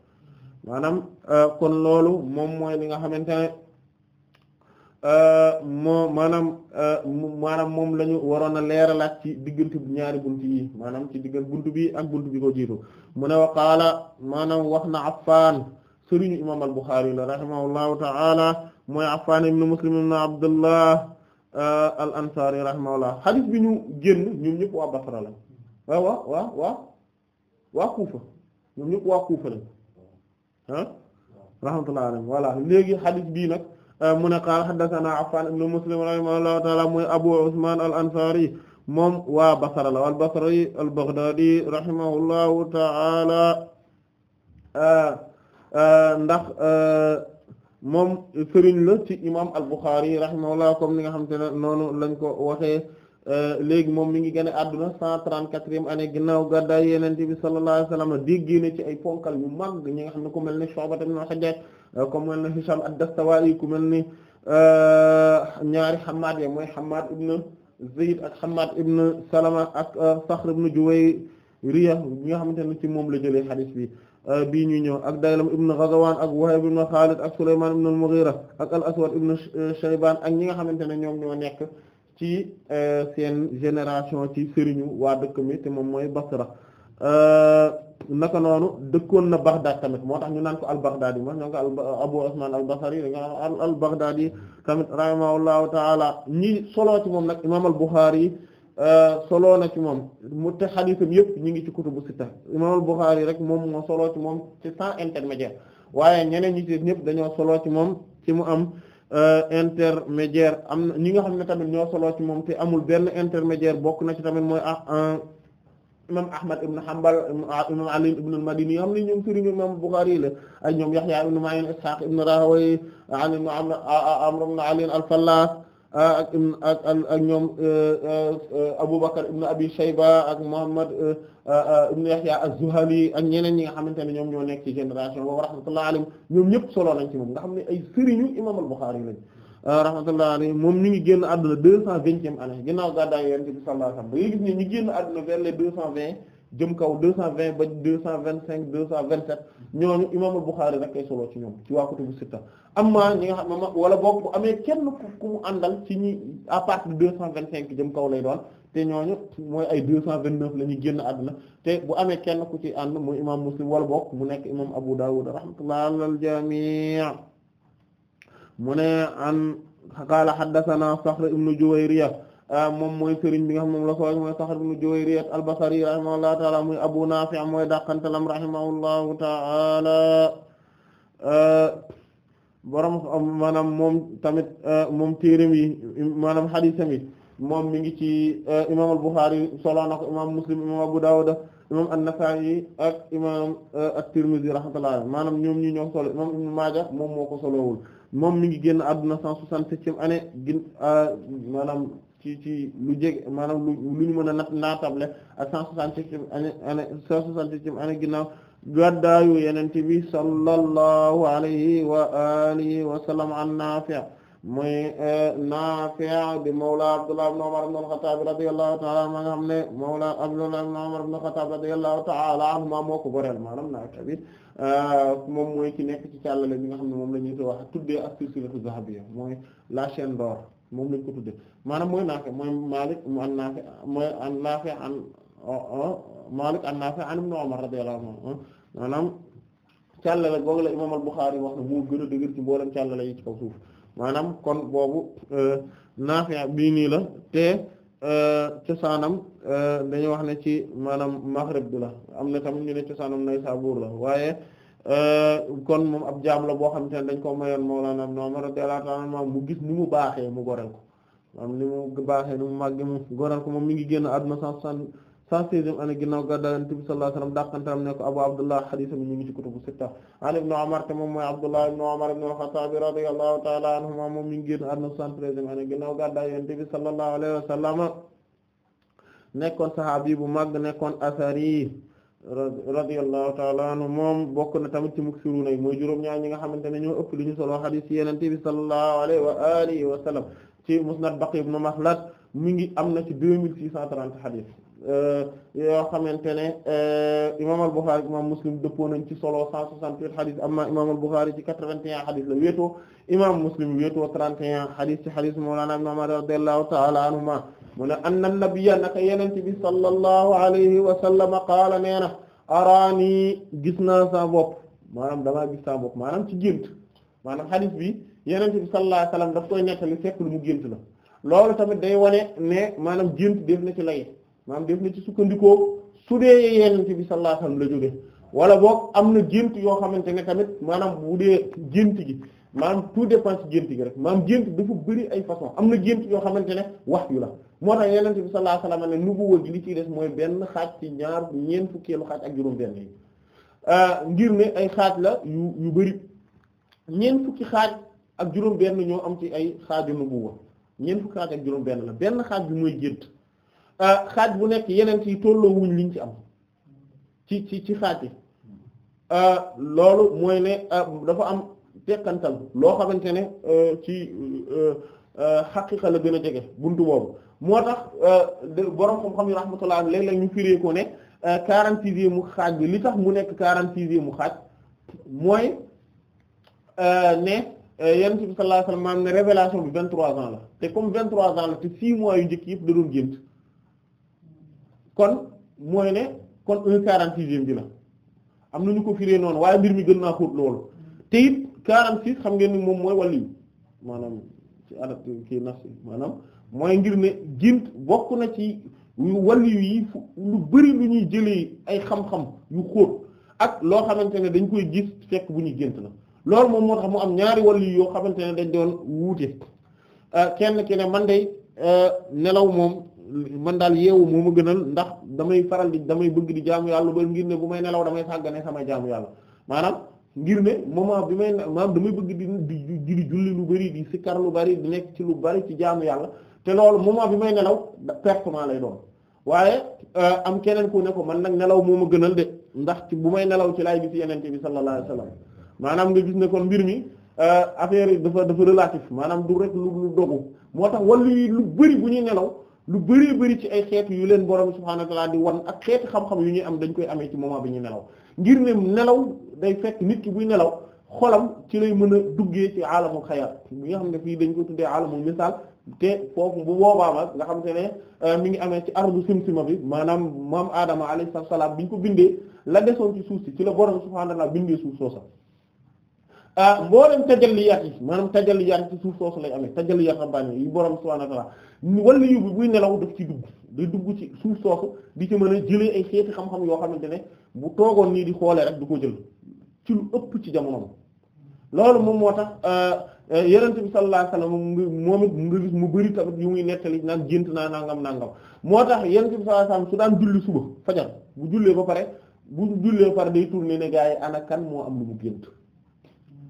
maanaam euh, kon loolu moom mooy li nga xamante ne moo maanaam maanaam moom lañu waroon a leeralaat ci diggante ñaari bunt yi maanaam ci diggante bunt bi ak bunt bi ko jiitu mu ne wa qaala maanaam wax na Affaan sëriñu imam al-Bukhari la rahimahullahu ta'ala mooy Affan ibn Muslim ibn Abdullah euh, al-Ansari rahimahullah xadis bi ñu génn ñoom ñëpp waa Basra la waaw waa waa waa waa Kufa ñoom ñëpp waa Kufa lañ ah rahmatullahi alayhi voilà léegi xadis bii nag euh, mu ne qaala haddathana Affan ibn Muslim rahimahullahu ta'ala mooy Abu Usman al-Ansari moom waa Basra la al-Basri al-Baghdadi rahimahullahu ta'ala euh, Euh, ndax euh, moom sëriñ la ci imam al-Bukhari rahimahullah comme ni nga xamante ne noonu lañ ko waxee euh, léegi moom mi ngi gën a adduna cent trente-quatrième année ginnaaw gàddaay Yonent bi sallallahu alayhi wa sallam dégg na ci ay ponkal yu mag ñi nga xam ne ku mel ni Shu'ba ibn al-Hajjaj ku mel ni Hisham ad-Dastawaa'i ku mel ni ñaari Hammaad ya mooy Hammaad ibn Zayd ak Hammaad ibn Salama ak Saxr ibn Juwayriya ñi nga xamante ne ci moom la jëlee hadith bi Euh, bii ñu ñëw ak Daylam ibn Ghazwan ak Wahib ibn Khalid ak Sulayman ibn mughira ak al-Aswad ibn euh, Shayban ak ñi nga xamante ne ñoom ñoo nekk ci euh, seen génération ci sëriñu waa dëkk mi te moom mooy Basra naka dëkkoon na Baghdad tamit moo tax ñu naan ko al-Baghdadi ma ñoo ko Abu Usman al-Basri da tamit rahimahullahu ta'ala ñi solo ci moom nag imam al Euh, solo na ci moom mu te xadiisam yëpp ñu ngi ci kutubu sitta imaamul Buxaari rek moom moo solo ci moom ci sans intermédiaire waaye ñeneen ñi ci ñëpp dañoo solo ci moom ci mu am euh, intermédiaire am na ñi nga xam ne tamit ñoo solo ci moom te amul benn intermédiaire bokk na ci tamit mooy ah imam Ahmad ibn Hanbal ah, imam Ali ibn al-Madini yi nga xam ne ñoom sëriñu imam Bukhari la ay ñoom Yahya ibn Ma'in Ishaq ibn Rahawayh an ah, ah, Amr ibn Ali al-Fallas ak ak ak ñoom euh, euh, Aboubacar ibn Abi Shayba ak Muhammad euh, ibn Yahya az-Zuhali ak ñeneen ñi nga xamante ne ñoom ñoo nekk ci génération boobu rahmatullahi alayhim ñoom ñëpp solo moom nga ne ay sëriñu imaam al-Bukhari lañ ñu ngi génn àdduna deux cent vingtième année ginnaaw gàddaay Yonent bi sallallahu alayhi wasallam ba gis ne ñu génn àdduna vers les deux cent vingt jëm kaw deux cent vingt ba deux cent vingt cinq deux cent vingt sept ñooñu imaamul Buxaari rek kay solo ci ñoom ci waa kutubu sitta amma ñi nga xam ne wala boog bu amee kenn ku mu àndal ci ñi à partir de deux cent vingt cinq jëm kaw lay doon te ñooñu mooy ay deux cent vingt neuf la ñuy génn àdduna te bu amee kenn ku ci ànd mooy imaam Muslim wala bokk mu nekk imaam Abu Dawud rahmatullah alal jamii mu ne an qaala haddathana Saxr ibnu Juwayriya Ah, moom mooy sëriñ bi nga xam moom la ko mooy Saxr ibn Juwayriyat al-Basri rahimahullahu ta'ala muy Abu Nafi' mooy dàqantalam ah, maanaam moom tamit ah, moom téeram yi maanaam xadiisam yi moom mi ngi ci imaam al-Bukhari solo na ko imaam Muslim imaam Abu Dawud imaam an-Nasa'i ak imaam at-Tirmidhi rahimahullah maanaam ñoom ñi ñoo solo imaam Ibn Maaja moom moo ko solowul moom mi ngi génn àdduna 167e année gin maanaam ci ci lu jege maanaam lu ñu mën a na naatable ak cent soixante-septième année année cent soixante-septième année ginnaaw gàddaayu yenente bi sallallahu alayhi wa alihi wa sallam an Naafi' mooy euh, Naafi' di mawla Abdullah ibn Umar ibn al-Khattab ta'ala anhu nga xam ne mawla Abdullah ibn Umar ibn al-Khattab ta'ala anhu moo ko boreel maanaam Naafi' euh, moom mooy ki nekk ci càllale bi nga xam ne moom la ñuy wax tuddee ak silsilatu zahabiyya mooy la chaîne moom lañ ko tudde maanaam mooy naafi mooy Malik an naafi mooy an naafi an Malik an naafi an ibn Umar radiyallahu anhu ah. maanaam càllale googu la imam wax ne moo gën a dëgër ci mboolem càllale yi ci kaw suuf maanaam kon boobu euh, naafi bii nii la te euh, cosaanam euh, dañu wax ne ci maanaam Maghrib bi la am na tamit ñu ne la waaye Euh, kon moom ab jaam la boo xamante ne dañ ko mayoon Mawlana Ibn Umar radiyallahu ta'ala mu gis ni mu baaxee mu goreel ko maanaam ni mu baaxee ni mu màggee mu goreel ko moom mi ngi génn àdduna cent soixante cent seizième année ginnaaw gàddaay Yonent bi sallallahu alayhi wasallam dàqantaram ne ko Abu Abdullah hadith bi ñu ngi ci kutubu sitta an Ibn Umar te moom mooy Abdullah ibn Umar ibn al-Khattab radiyallahu ta'ala anhuma moom mi ngi génn àdduna soixante-treizième année ginnaaw gàddaay Yonent bi sallallahu alayhi wasallam nekkoon saxaabi bu màgg nekkoon asari radiyallahu taala moom bokk na tamit ci muksiruna yi mooy juróom-ñaar ñi nga xamante ne ñoo ëpp li ñu solo xadiis yi Yonent bi sallallahu alayhi wa alihi wa sallam ci musnad Baqi ibn Makhlad mi ngi am na ci deux mille six cent trente xadiis euh, yoo xamante ne euh, imaam al-Bukhari imaam Muslim dëppoo nañ ci solo cent soixante-huit xadiis amma imaam ci quatre-vingt-un xadiis la wéetoo imaam Muslim wéetoo trente et un xadiis ci xadiis Mawlana Ibn Umar radiyallahu taala anhuma mu ne anna nabiyya naka yenente bi sallallahu alayhi wa sallam qaala nee na araani gis naa sa bopp maanaam damaa gis sa bopp maanaam ci gént maanaam xadis bi yeneen bi sallallahu alayhi wa sallam daf koy nettali fekk lu mu gént la loolu tamit day wane ne maanaam gént def na ci lay maanaam def na ci sukkandikoo su dee yenente bi sallallahu alayhi wa la jóge wala boog am na gént yoo xamante ne tamit maanaam bu dee gént gi maanaam tout dépend ci gént gi rek maanaam gént dafa bëri ay façon am na gént yoo xamante ne wax yu la moo tax yeneen bi sallallahu alayhi wasallam ne nubuwa gi li ciy des mooy benn xaaj ci ñaar ñeent fukkeelu xaaj ak juróom-benn yi euh, ngir ne ay xaaj la yu yu bari ñeent fukki xaaj ak juróom-benn ñoo am ci ay xaaju nubuwa ñeent fukki xaaj ak juróom-benn la benn xaaj bi mooy gént euh, xaaj bu nekk yeneen yi tolloo wuñ liñ ci am ci ci ci xaaj yi euh, loolu mooy ne dafa am tekkantal loo xamante ne ci xaqiqa la gën a jege bunt boobu. moo tax euh, borom xam-xam yi rahmatullah léeg-léeg ñu firee ko ne euh, quarante-sixième mu xaaj bi li tax mu nekk quarante-sixième mu xaaj mooy euh, ne yonent bi sallallahu alayhi wasallam maam ne révélation bi vingt-trois ans la te comme vingt-trois ans la te six mois yu njëkk yëpp da doon gént kon mooy ne kon un quarante-sixième bi la am na ñu ko firee noonu waaye mbir mi gën naa xóot loolu te it quarante-six xam ngeen ni moom mooy wàllu maanaam ci arab kii nas maanaam mooy ngir ne gént bokk na ci wàllu yi lu bari lu ñuy jëlee ay xam-xam yu xóot ak loo xamante ne dañ koy gis fekk bu ñuy gént na loolu moom moo xam mu am ñaari wàllu yoo xamante ne dañ doon wuute euh, kenn ki ne man day euh, nelaw moom man daal yeewu moo ma gënal ndax damay faral di damay bëgg di jaamu yàlla ba ngir ne bu may nelaw damay sàggane sama jaamu yàlla maanaam ngir ne moment bi may maanaam damay bëgg di di julli lu bari di sikkar lu bari di nekk ci lu bari ci jaamu yàlla te loolu moment bi may nelaw pertement lay doon waaye euh, am keneen ku ne ko man nag nelaw moom ma gënal de ndax ci bu may nelaw ci laay gis yeneen bi sallallahu alayhi wasallam maanaam nga gis ne kon mbir mi euh, affaire yi dafa dafa relatif maanaam du lu lu dogu moo tax wàllu yi lu bëri bu ñuy nelaw lu bëree bëri ci ay xeet yu leen borom subhaanahu wa ta'aala di wan ak xeeti xam-xam yu ñuy am dañ koy amee ci moment bi ñuy nelaw ngir ne nelaw day fekk nit ki buy nelaw xolam ci lay mën a duggee ci alamul xayal bi nga xam ne fii dañ ko tuddee alamul misaal te foofu bu boobaa ma nga xam te ne euh, mi ngi amee ci ardu simsima bi maanaam maam Adama alayhi salaam bi ñu ko bindee la desoon ci suuf si ci la borom subhaanahu wa ta'aala bindee suuf soosa ah mboolem tajalliyaat yi maanaam tajalliyaat ci suuf soosu lay amee tajalliyaat rabbaani yi borom subhaanahu wa ta'aala wala yu bi buy nelaw daf ci dugg di dugg ci suuf soosu di ci mën a jëlee ay xeeti xam-xam yoo xamante ne bu toogoon nii di xoole rek du ko jël ci lu ëpp ci jamono loolu Euh, yonent bi sallallahu alayhi wasallam moom it nga gis mu bari tamit yu muy nettali naan gént naa nangam nangam moo tax yonent bi sallallahu alayhi wasallam su daan julli suba fajar bu jullee ba pare bu jullee ba pare day tourner ne gaa yi ana kan moo am lu mu gént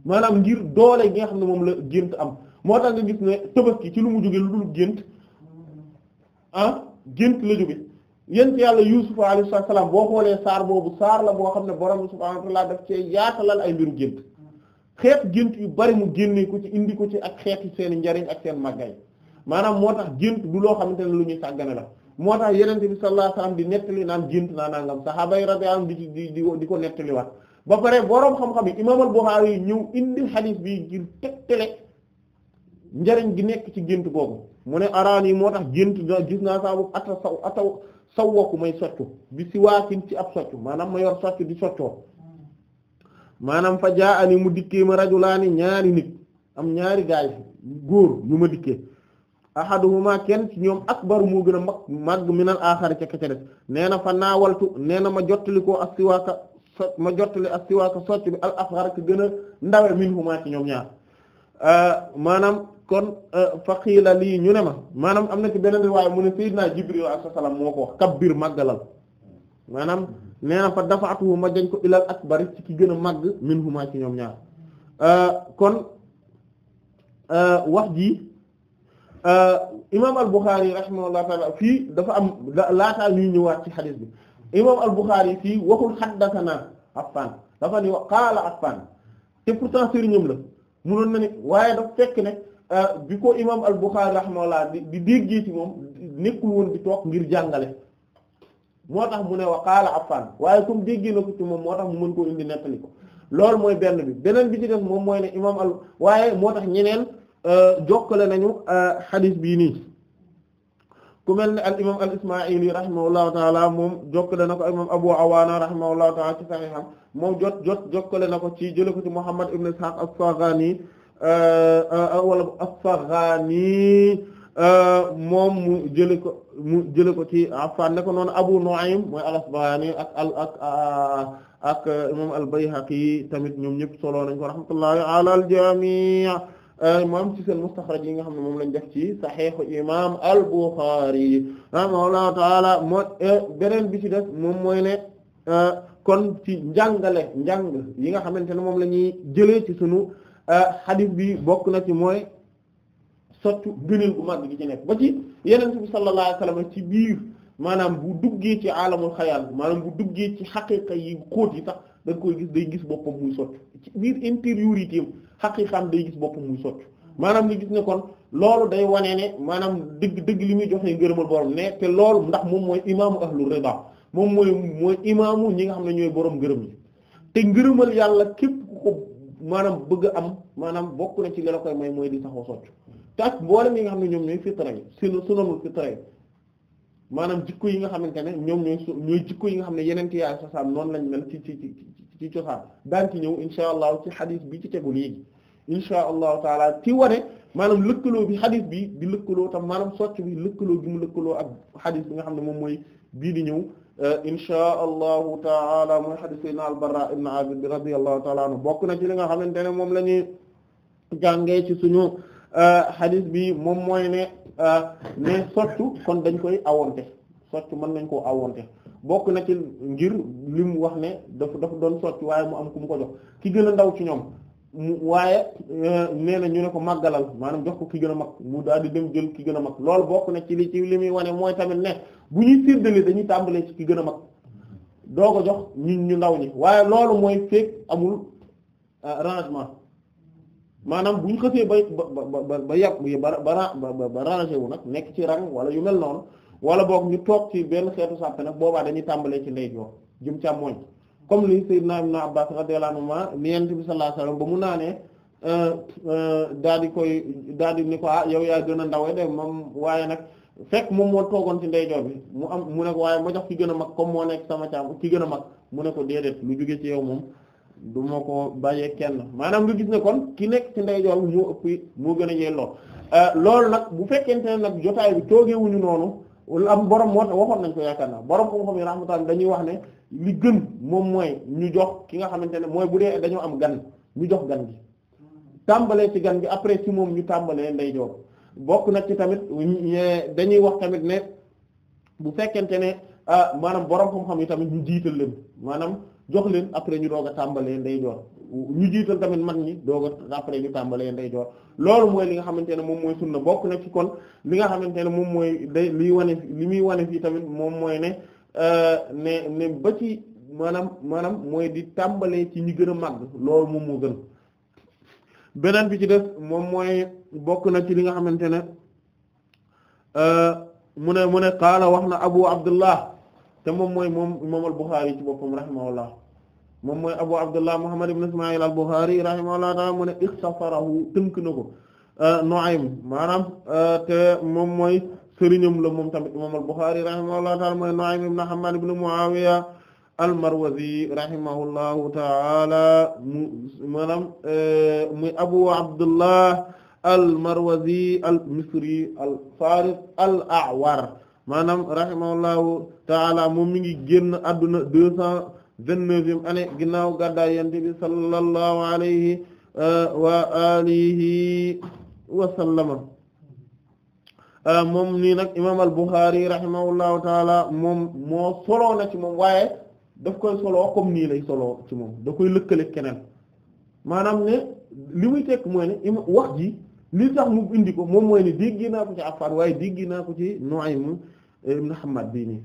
maanaam ngir doole gi xam ne moom la gént am moo tax nga gis ne tabaski ci lu mu jóge lu dul gént ah gént la jóge yent yàlla Yuusuf alayhi salaam boo xoolee saar boobu saar la boo xam ne borom subhaanahu wa ta'aala daf cee yaatalal ay mbiru gént xeet gént yu bari mu génnee ko ci indi ko ci ak xeetu seen njariñ ak seen yi maanaam moo tax gént du loo xam ne lu ñuy sàggane la moo tax yenente bi sallallahu alayhi wasallam di naan gént naa nangam sahaaba yi radiyallahu anhum di di di ko nettaliwaat ba pare boroom xam-xam yi imaam al-Bukhari yi ñëw indi xadiis bi ngir tegtale njariñ gi nekk ci gént boobu mu ne araan yi moo tax gént gis naa saabu ata saw ataw sawwaku may soccu bi si waasin ci ab soccu maanaam ma yor soccu di soccoo maanaam fa jaa ani mu dikkee ma rajulaani ñaari nit am ñaari gaay góor yu ma dikkee ahaduhuma kenn ci ñoom akbaru moo gën a mag mag minal aaxari ca kecca def nee na fa naawaltu nee na ma jottali koo ak siwaaka so ma jottali ak siwaaka socc bi al asghar ka gën a ndawe minhuma ci ñoom ñaar euh, maanaam kon euh, fa xiila lii ñu ne ma maanaam am na ci beneen riwaaya mu ne sayyidina Jibril alayhi salaam moo ko wax kabbir màggalal maanaam nee na fa dafaatuhu ma jañ ko ilal akbari ci ki gën a màgg minhuma ci ñoom ñaar euh, kon euh, wax ji euh, imaam al-Bukhari rahimahullahu taala fii dafa am laataa ñuy ñëwaat ci xadis bi imaam al-Bukhari fii waxul xaddathana Affan dafa ni qaala Affan te pourtant sëriñam la munoon na ni waaye daf fekk ne bi ko imaam al-Bukhari rahimahullah di déggee ci moom nekkul woon di toog ngir jàngale moo tax mu ne wa qaala Affan waaye comme déggee na ko ci moom moo tax mu mën koo indi nettali ko loolu mooy benn bi beneen bi ci def moom mooy ne imaam al waaye moo tax ñeneen euh, jokkale nañu euh, xadiis bii nii ku mel ne al imaam al ismaa'ili rahimahullahu taala moom jokkale na ko imaam Abu Awaana rahimahullahu taala ci saxiixam moom jot jot jokkale na ko ci jële ko ci Muhammad ibn Ishaq as-Saghani euh, wala as-Saghani Euh, moom mu jële ko mu jële ko ci Affan ne ko noonu Abu Nu'aym mooy al-Asbahani ak al ak ak imam euh, al-Bayhaqi tamit ñoom ñëpp solo nañ ko rahmatullahi ala al-jami' euh, moom ci seen mustaxraj yi nga xam ne moom lañ def ci saxiixu imam al-Bukhari rahimahullahu taala moo beneen bi ci def moom mooy ne kon ci njàngale njàng yi nga xamante ne moom la ñuy jëlee ci sunu xadis bi bokk na ci mooy sottu gëneel bu mag gi ci nekk ba ci yeneen bi sallallahu alayhi wasallam ci biir maanaam bu duggee ci alamul xayaal maanaam bu duggee ci xaqiqa yi xóot yi sax da nga koy gis day gis boppam muy sottu ci biir intériorité am xaqiqaam day gis boppam muy sottu maanaam ni gis ne kon loolu day wane ne maanaam dëgg dëgg li muy joxe ngërëmal borom ne te loolu ndax moom mooy imaamu ahlu rida moom mooy mooy imaamu ñi nga xam ne ñooy boroom ngërëm yi te ngërëmal yàlla képp ku ko maanaam bëgg am maanaam bokk na ci li la mooy di saxoo socc tak mboolem yi nga xam ne ñoom ñooy fitra yi su sunanul fitra yi maanaam jikko yi nga xamante ne ñoom ñooy su ñooy jikko yi nga xam ne yeneen ci yaay sosaan noonu lañ mel ci ci ci ci cosaan daan ci ñëw insha allah ci xadis bi ci tegu léegi insha allahu taala ti wane maanaam lëkkaloo bi xadis bi di lëkkaloo tam maanaam socc bi lëkkaloo gi mu lëkkaloo ak xadis bi nga xam ne moom mooy bii di ñëw euh, insha allahu taala mooy xadis sayyidina al-Barra ibn Azib bi radiyallahu taala bokk na ci li nga xamante ne moom la ñuy jàngee ci suñu xadis euh, bi moom mooy ne euh, ne soccu kon dañ koy awonte soccu mën nañ koo awonte bokk na ci ngir li mu wax ne dafa daf doon soccu waaye mu am ku mu ko jox ki gën a ndaw ci ñoom mu waaye euh, nee na ñu ne ko màggalal maanaam jox ko ki gën a mag mu daal di dem jël ki gën a mag loolu bokk na ci li ci li muy wane mooy tamit ne bu ñuy séddale dañuy tàmbalee ci ki gën a mag doo ko jox ñun ñu ndaw ñi waaye loolu mooy fekk amul arrangement maanaam bu ñu xësee bay ba ba ba yàpp ba ba ba rangé wu nag nekk ci rang wala yu mel noonu wala boog ñu toog ci benn xeetu sàppe nag boobaa dañuy tàmbalee ci ndeyjoor jëm càmmooñ comme li Seydina Ibn Abbas radiyallahu anhuma ni Yonent bi sallallahu alayhi wasallam ba mu naanee euh, euh, daal di koy daal di ni ko ah yow yaa gën a ndawe de moom waaye nag fekk moom moo toogoon ci ndeyjoor bi mu am mu ne ko waaye ma jox ki gën a mag comme moo nekk sama càmm ki gën a mag mu ne ko déedéet lu jóge ci yow moom du ma ko bàyyee kenn maanaam nga gis ne kon ki nekk ci ndeyjoor bi moo ëpp moo gën a yelloo euh, loolu nag bu fekkente ne nag jotaay bi toogewuñu noonu wala am borom moo tax waxoon nañ ko yaakaar naa borom ko xam yi rahmatullahi dañuy wax ne li gën moom mooy ñu jox ki nga xamante ne mooy bu dee dañoo am gan ñu jox gan gi tàmbalee ci gan gi après ci moom ñu tàmbalee ndeyjoor bokk nag ci tamit dañuy wax tamit ne bu fekkente ne euh, maanaam borom yi tamit ñu jiital leen maanaam. jox leen après ñu doog a tàmbalee ndeyjoor ñu jiital tamit mag ñi doog a après ñu tàmbalee ndeyjoor loolu mooy li nga xamante ne moom mooy sunna bokk na ci kon li nga xamante ne moom mooy day liy wane li muy wane fii tamit moom mooy ne euh, ne ne ba ci maanaam maanaam mooy di tàmbalee ci ñi gën a màgg moom moo gën beneen bi ci def moom mooy bokk na ci li nga xamante ne euh, mu ne mu ne qaala wax na Abu Abdullah te moom mooy moom imaam al-Bukhari ci boppam rahimahullah moom mooy Abu Abdullah Muhammad ibn Isma'il al-Bukhari rahimahullah taala mu ne ixtasarahu tënk na ko euh, Nu'aym maanaam euh, te moom mooy sëriñam la moom tamit imaam al-Bukhari rahimahullah taala mooy Nu'aym ibn Hammad ibn Muawiya al-Marwazi rahimahullahu taala mu maanaam euh, muy Abu Abdullah al-Marwazi al-Misri al-Faris al-A'war maanaam rahimahullahu taala moom mi ngi génn àdduna deux cent vingt-neuvième année ginnaaw gàddaay yonent bi sallallahu alayhi uh, wa alihi wa uh, moom nii nag imaam al-Bukhari rahimahullahu taala moom moo soloo na ci moom waaye daf koy soloo comme nii lay soloo ci moom da koy lëkkale keneen maanaam ne li tekk mooy ne ima wax ji li tax mu indi ko moom mooy ne dégg naa ko ci Affan waaye dégg naa ko ci Nu'aym ibn xamaat bii nii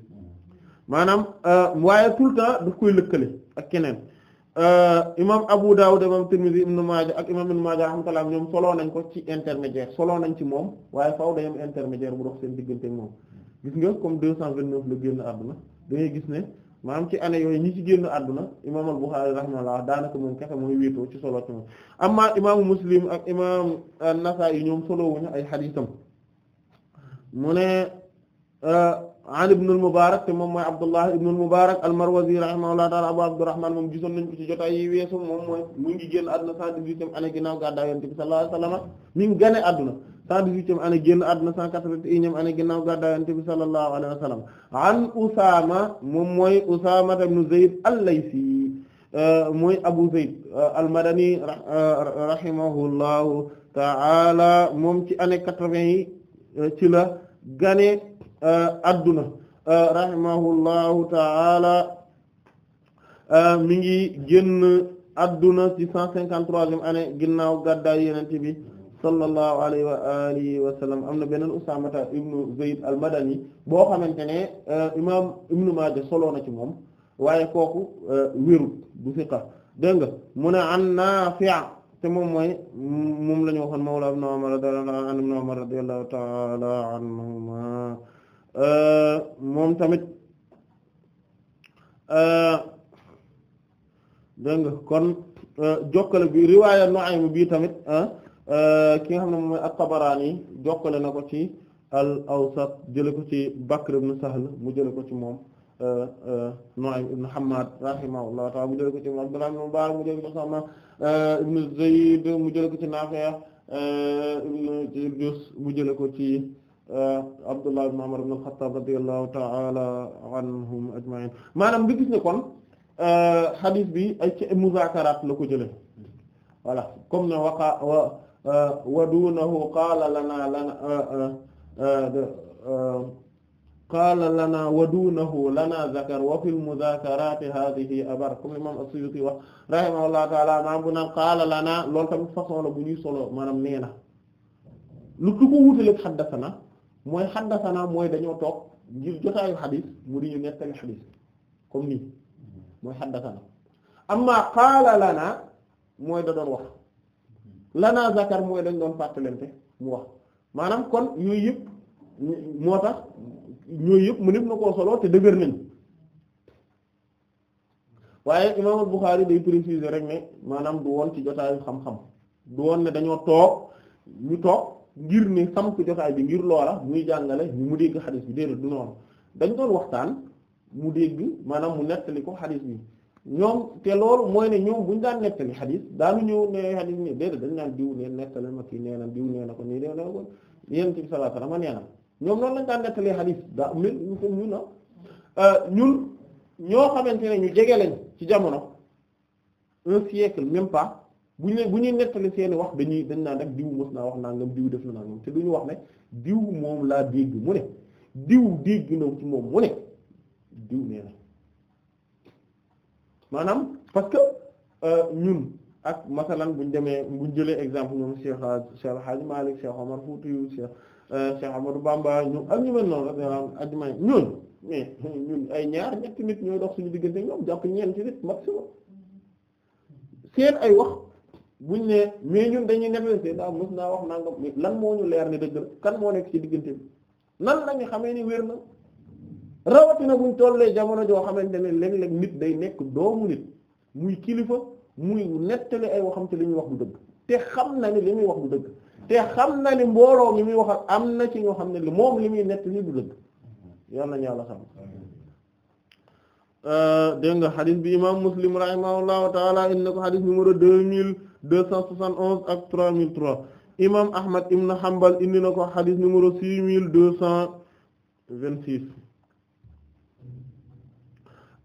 maanaam euh, waaye tout le temps daf koy lëkkale ak keneen euh, imam Abu Dawud imam Tirmidhi ibn Maaja ak imam ibn Maaja rahmatullah ñoom soloo nañ ko ci intermédiaire soloo nañ ci moom waaye faaw day am intermédiaire bu dox seen diggante moom gis nga comme deux cent vingt-neuf la génn àdduna da ngay gis ne maanaam ci année yooyu ñi ci génn àdduna imaam al-Bukhari rahimahullah daanaka moom kese mooy wéetoo ci solo ci moom amma imaamu Muslim ak imaam an yi ñoom solo wuñu ay xadiisam mu ne euh, an ibn al-Mubarak te moom mooy Abdullah ibn al-Mubarak al-Marwazi rahimahullah ta'ala Abu Abdurrahman moom gisoon nañ ko ci jotaay yi weesu moom mooy mu ngi génn àdduna cent dix-huitième année ginnaaw gàddaay Yonent bi sallallahu alayhi wasallam mi ngi gane àdduna 118e année génn àdduna 181e année ginnaaw wa sallam an Usaama moom mooy Usaama ibn Zayd al-Laysi euh, mooy Abu Zayd euh, al-Madani euh, rahimahullahu ta'ala moom ci année 80 yi ci la gane àdduna rahimahullahu mi ngi génn àdduna ci 153e année ginnaaw gàddaay sallallahu wa alihi wa sallam am na beneen Usaamata ibnu Zayd al-Madani boo xamante ne euh, imaam Ibnu Maaja solo na ci moom waaye kooku euh, wérut du fiqa dégg nga mu naa an te moom mooy moom la ñu waxoon mawla Ibnu Umar euh, moom tamit dégg nga kon jokkale bi riwaaya Nu'aym bi tamit Euh, ki nga xam ne moom ak at-Tabarani jokkale na ko ci al-Awsat jële ko ci Bakr ibn Sahl mu jële ko ci moom euh, euh, Nu'aym ibn Hammad rahimahullahu ta'ala mu jële ko ci Abdullah ibn Mubarak mu jële ko ci Sama ibn Zayd mu jële ko ci Nafi' mu jële ko ci Abdullah ibn Umar ibn al-Khattab radiyallahu ta'ala anhum ajma'in maanaam nga gis ne kon hadith bi ay muzaakaraat la ko jële voilà comme ne waqa Uh, wa duunahu qaala uh, uh, qaala lanaa wa duunahu lanaa zakar wa fil muzaakaraati abar comme imam as-Suyuti wax rahimahullahu taala maanaam bu naan qaala lanaa loolu tamit façon la bu ñuy solo maanaam nee na lu ko wutaleg xaddasana mooy xaddasana mooy dañoo toog ngir jotaayu xadis mu di ñu nettali xadis nii mooy xaddasana amma qaala lanaa mooy da doon wax lanaa zakar mooy dañ doon fàttalante mu wax maanaam kon yooyu yëpp moo tax yooyu yëpp mu nekk na koo solo te dëgër nañ waaye imaamul Buxaari day préciser rek ne maanaam du woon ci jotaayu xam-xam du woon ne dañoo toog ñu toog ngir ne samp jotaay bi ngir loola muy jàngale mu dégg xadis bi déedéet du noonu dañ doon waxtaan mu dégg maanaam mu nettali ko xadis bi ñoom te loolu mooy ne ñoom bu ñu daan nettali xadis daanu ñëw ne xadis nii déedéet dañ naan diw ne nettali ma kii nee na diw nee na ko nii nee na ko yéen ci sallallahu alayhi wasallam nee na ñoom noonu lañ daan nettalee xadis daa mel ñu ko ñun ah euh, ñun ñoo xamante ne ñu jege lañ ci jamono un siècle même pas bu ñu bu ñuy nettali seeni wax dañuy dañ naan rek diw mos naa wax nangam diw def na nangam te du ñu wax ne diw moom laa dégg mu ne diw dégg na ci moom mu ne diw nee na. maanaam parce que euh, ñun ak masalan buñ demee buñ jëlee exemple ñoom Cheikh Cheikh Hadj Malick Cheikh Omar Foutiyou Cheikh euh, Cheikh Amadou Bamba ñu ak ñu mel noonu ak ajmaay ñun mais ay ñaar ñetti nit ñooy dox suñu diggante ñoom jàpp ñeenti nit maximum seen ay wax buñ ne mais ñun dañuy nekk see daa mës naa wax nangam lan moo ñu leer ni dëgg la kan moo nekk ci diggante bi nan lañu xamee ni wér na rawatina buñ tollee jamono joo xamante ne léeg-léeg nit day nekk doomu nit muy kilifa muy nettali ay waxam ci li ñuy wax du dëgg te xam na ni li muy wax du dëgg te xam na ni mbooloo mi muy wax am na ci ñoo xam ne li moom li muy nett ni du dëgg yal nañu yàlla xam euh, dégg nga xadis bi imam muslim rahimahullahu taala in na ko xadis numéro deux mille deux cent soixante onze ak trois mille trois imam ahmad ibn hanbal indi na ko xadis numéro six mille deux cent vingt six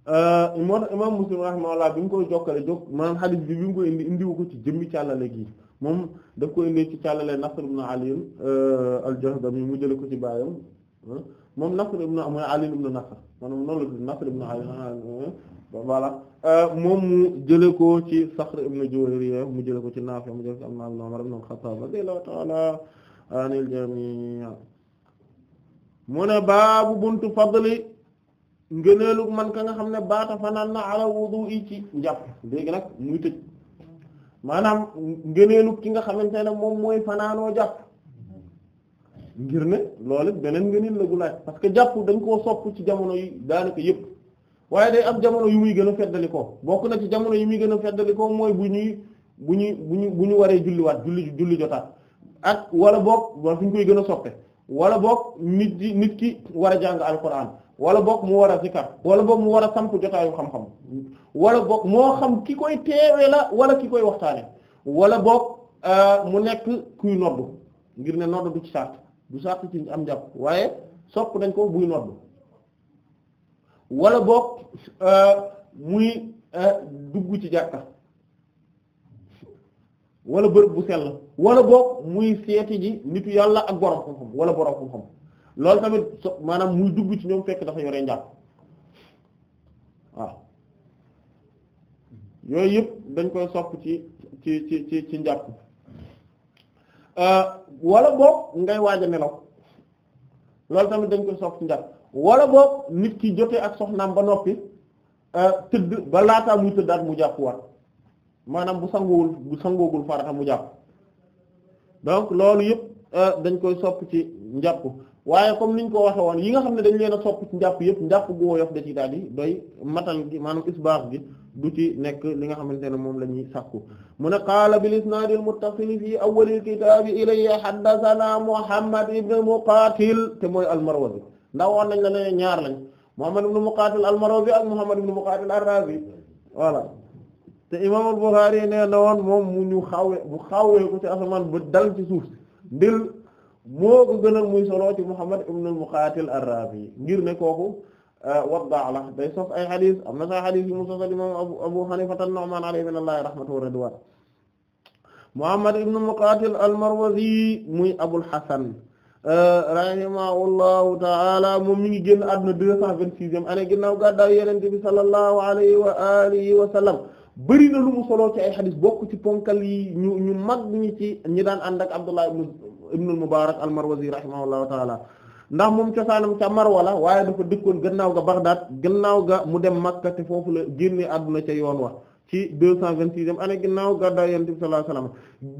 Euh, moo tax imaam Muslim rahimahullah bi mu koy jokkale jóg maanaam xadis bi bi mu koy indi indiwu ko ci jëmmi càllale gi moom daf koy indi ci càllale Nasr ibn Ali euh, al-Jahdami mu jële ko ci baayam moom Nasr ibn mooy Ali ibn Nasr maanaam noonu la tudd Nasr ibn Ali voilà euh, moom mu jële ko ci Saxr ibn Juwayriya mu jële ko ci Naafi mu jële ko am na am na Umar ibn al-Khattab radiyallahu ta'ala anil mu ne baabu buntu fadli ngëneelu man ka nga xam ne baata fanaan na ala wudu yi ci njàpp léegi nag muy tëj maanaam ngëneelu ki nga xamante ne moom mooy fanaanoo jàpp ngir ne loolu beneen ngëneel la gu laaj parce que jàpp dañ koo sopp ci jamono yi daanaka yëpp waaye day am jamono yu muy gën a feddalikoo bokk na ci jamono yi muy gën a feddalikoo mooy bu ñuy bu ñuy bu ñu bu ñu waree julliwaat julli julli jotaat ak wala boog wala fu ñu koy gën a soppe wala boog nit nit ki war a jàng alxuraan wala boog mu war a zikar wala boog mu war a samp jotaayu xam-xam wala boog moo xam ki koy teewe la wala ki koy waxtaane wala boog euh, mu nekk kuy noddu ngir ne noddu du ci sart du sart ci am njàpp waaye sopp dañ ko buy noddu wala boog euh, muy euh, dugg ci jàkka wala bërëb bu sell wala boog muy seeti ji nitu yàlla ak borom xam-xam wala borom xam-xam loolu tamit so maanaam muy dugg ci ñoom fekk dafa yore njàpp waaw yooyu yëpp dañ koy sopp ci ci ci ci ci njàpp euh, wala boog ngay waaj a loolu tamit dañ koy sopp ci wala boog nit ki jotee ak soxnaam ba noppi euh, tëdd ba laataa muy tëddaat mu jàpp waat maanaam bu sangoowul bu sangoogul farata mu jàpp donc loolu yëpp euh, dañ koy sopp ci njàpp waaye comme niñ ko waxe woon yi nga xam ne dañ leen a sopp ci njàpp yëpp njàpp gu woyof da ci daal di doy matal gi maanaam isbaax gi du ci nekk li nga xamante ne moom la ñuy sàkku mu ne qaala bil isnaadil muttasil fi awwalil kitaabi ilayya haddathana muhammad ibn muqatil te mooy almarwazi ndax woon nañ la ne ñaar lañ muhammad ibn muqatil almarwazi ak muhammad ibn muqatil arrazi voilà te imam al bukhari nee na woon moom mu ñu xawee bu xawee ko ci asamaan dal ci moo ko gënal muy solo Muhammad ibn al-Muqatil ar-Razi ngir ne kooku euh, waddaa la day sos ay xadis am na sax xadis yu mu sosal imam Abu Hanifa an-Nu'man alayhi min Allah rahmatu wa Muhammad ibn al-Muqatil al-Marwazi muy Abul Hasan euh, rahimahullahu ta'ala moom mi ngi génn àdduna deux cent vingt-sixième année ginnaaw gàddaay Yonent bi sallallahu alayhi wa alihi wa sallam bëri na lu mu soloo ci ay xadis bokk ci ponkal yi ñu ñu mag ñi ci ñi daan ànd ak Abdullah ibn al-Mubarak al-Marwazi rahimahullahu taala ndax moom cosaanam ca Marwa la waaye dafa dëkkoon gannaaw ga Baghdad gannaaw ga mu dem Makka te foofu la génnee àdduna ca yoon wa ci deux cent vingt-sixième année gannaaw gàddaay Yonent bi sallallahu alayhi wasallam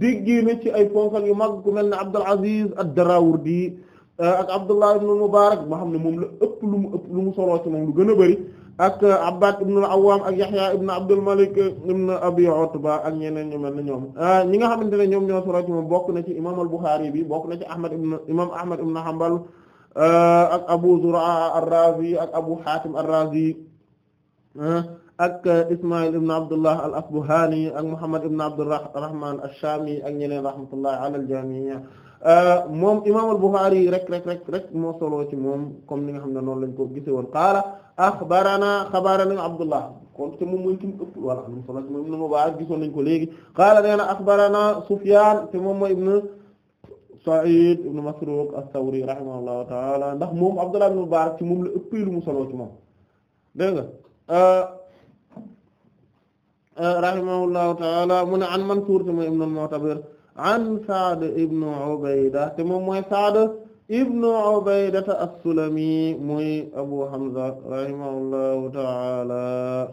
déggee na ci ay ponkal yu mag ku mel ne Abdul Aziz ad-Darawardi euh, ak Abdullah ibn al-Mubarak moo xam ne moom la ëpp lu mu ëpp lu mu soloo ci moom lu gën a bëri ak Abbad ibn al-Awwam ak Yahya ibn Abdul Malik Abi Utba ak ñeneen ñu mel ne ñoom ah, ñi nga xamante ne ñoom ñoo solo ci bokk na ci imam al-Bukhari bi bokk na ci Ahmad ibn imam Ahmad ibn Hanbal ah, ak Abu Zur'a ar ak Abu Hatim ar-Razi ah, ak Ismaïl ibn Abdullah al-Asbahani ak Muhammad ibn Abdurrahman ash-Shami ak ñeneen rahmatullahi ala al-jami' Euh, moom imaam al-Bukhari yi rek rek rek rek moo solo ci moom comme ni nga xam ne noonu lañ ko gise woon qaala axbarana xabarana Abdullah kon te moom mooy ci mu ëpp wala am solo ci moom Ibn Mubarak gisoon nañ ko léegi qaala nee na axbarana Sufyaan te moom mooy ibn Sa'id ibn Masruq as-Sawri rahimahullahu taala ndax moom Abdullah ibn Mubarak ci moom la ëppee lu mu moom dégg nga euh, euh, rahimahullahu taala mu ne an Mansuur te mooy ibn al-Mu'tabar an Sa'd ibn Ubayda te moom mooy saada ibn Ubayda as-Sulami mooy Abu Hamza rahimahullahu ta'ala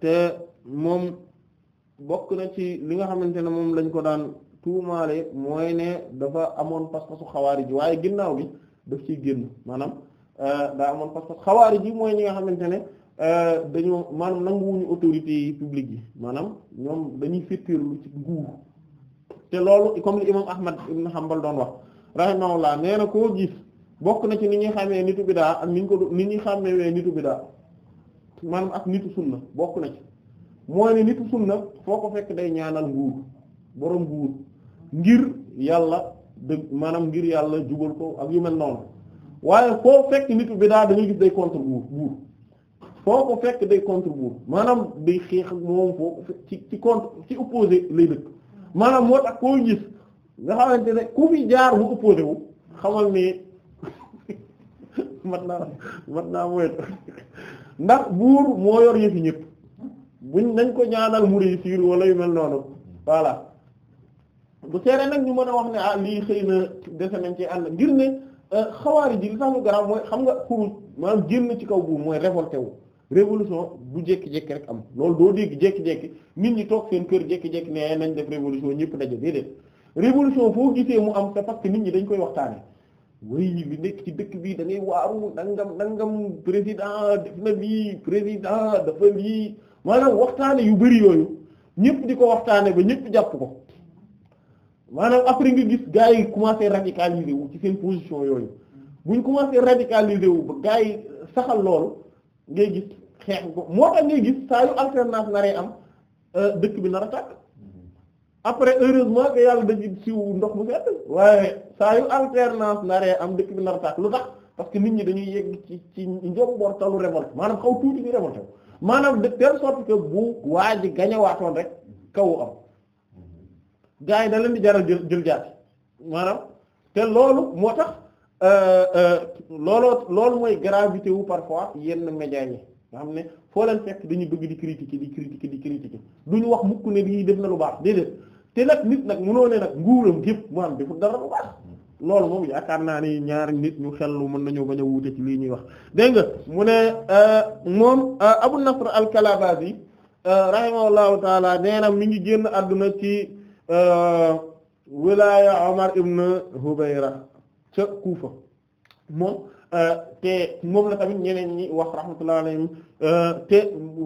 te moom bokk na ci li nga xamante ne moom lañ ko daan tuumaale mooy ne dafa amoon pas-pasu ji waaye ginnaaw gi daf ciy génn maanaam eh, daa amoon pas-pas xawaarij yi mooy ñi nga xamante ne eh, dañoo maanaam nanguwuñu autorités yi publiques yi maanaam ñoom dañuy féttéerlu ci nguur te loolu comme li imam Ahmad ibn xambal doon wax rahimahullah nee na koo gis bokk na ci ni ñuy xamee nitu bidaa ak ni ñu ko ni ñuy xamee nitu bidaa maanaam ak nitu sunna bokk na ci mooy ne nitu sunna foo ko fekk day ñaanal nguur boroom nguur ngir yàlla dëgg maanaam ngir yàlla jubal ko ak yu mel noonu waaye foo fekk nitu bidaa dañuy gis day contre nguur nguur foo ko fekk day contre nguur maanaam day xeex ak moom foo ci ci contre ci opposé lay dëkk maanaam moo tax koo gis nga xamante ne ku fi jaar bu opposé wu xamal ni mat naa mat naa moyet ndax buur moo yor yëfi ñëpp buñ nañ ko ñaanal mu réussir wala yu mel noonu voilà lu seere nag ñu mën a wax ne ah lii xëy na dese nañ ci ànd ngir ne euh, xawaari ji li tax mu garaaw mooy xam nga xuruj maanaam génn ci kaw buur mooy révolté wu révolution bu jékki-jékki rek am loolu doo dégg jékki-jékki nit ñi toog seen kër jékki-jékki ne nañ def révolution ñëpp daje déedéet révolution foo gisee mu am c'est parce nit ñi dañ koy waxtaane way li nekk ci dëkk bi da ngay waaru dangam dangam président def na lii président dafa lii maanaam waxtaane yu bari yooyu ñëpp di ko waxtaane ba ñëpp jàpp ko maanaam après nga gis gars yi commencé radicaliser wu ci seen position yooyu buñ commencé radicaliser wu ba gars yi saxal loolu ngay gis xeex ko moo tax ngay gis saa yu alternance naree am euh, dëkk bi nar a tàkk après heureusement que yàlla dañuy siw ndox mu sedd waaye saa yu alternance naree am dëkk bi nar lu tax parce que nit ñi dañuy yegg ci ci njomboor talu révolte maanaam xaw tuuti ñu révolte maanaam de telle sorte que bu waa ji gañawaatoon rek kawu am gars yi da leen di jaral jël jël maanaam te loolu moo tax Euh, euh, looloo loolu mooy gravité wu parfois yenn médias yi nga xam ne foo leen fekk dañuy bëgg di critiquer di critiquer di critiquer duñu wax mukk ne lii def na lu baax déedéet te nag nit nag mënoo ne nag nguuram gépp mu am defu dara lu baax loolu moom yaakaar naa ni ñaari nit ñu xellu mën nañoo bañ a wuute ci lii ñuy wax dégg nga mu ne euh, moom Abu Nasr al-Kalabazi rahimahullahu taala nee na ngi génn àdduna ci wilaaya Omar ibn Hubayra ca Kufa moom euh, te moom la tamit ñeneen ñi wax rahmatullahi alayhim euh, te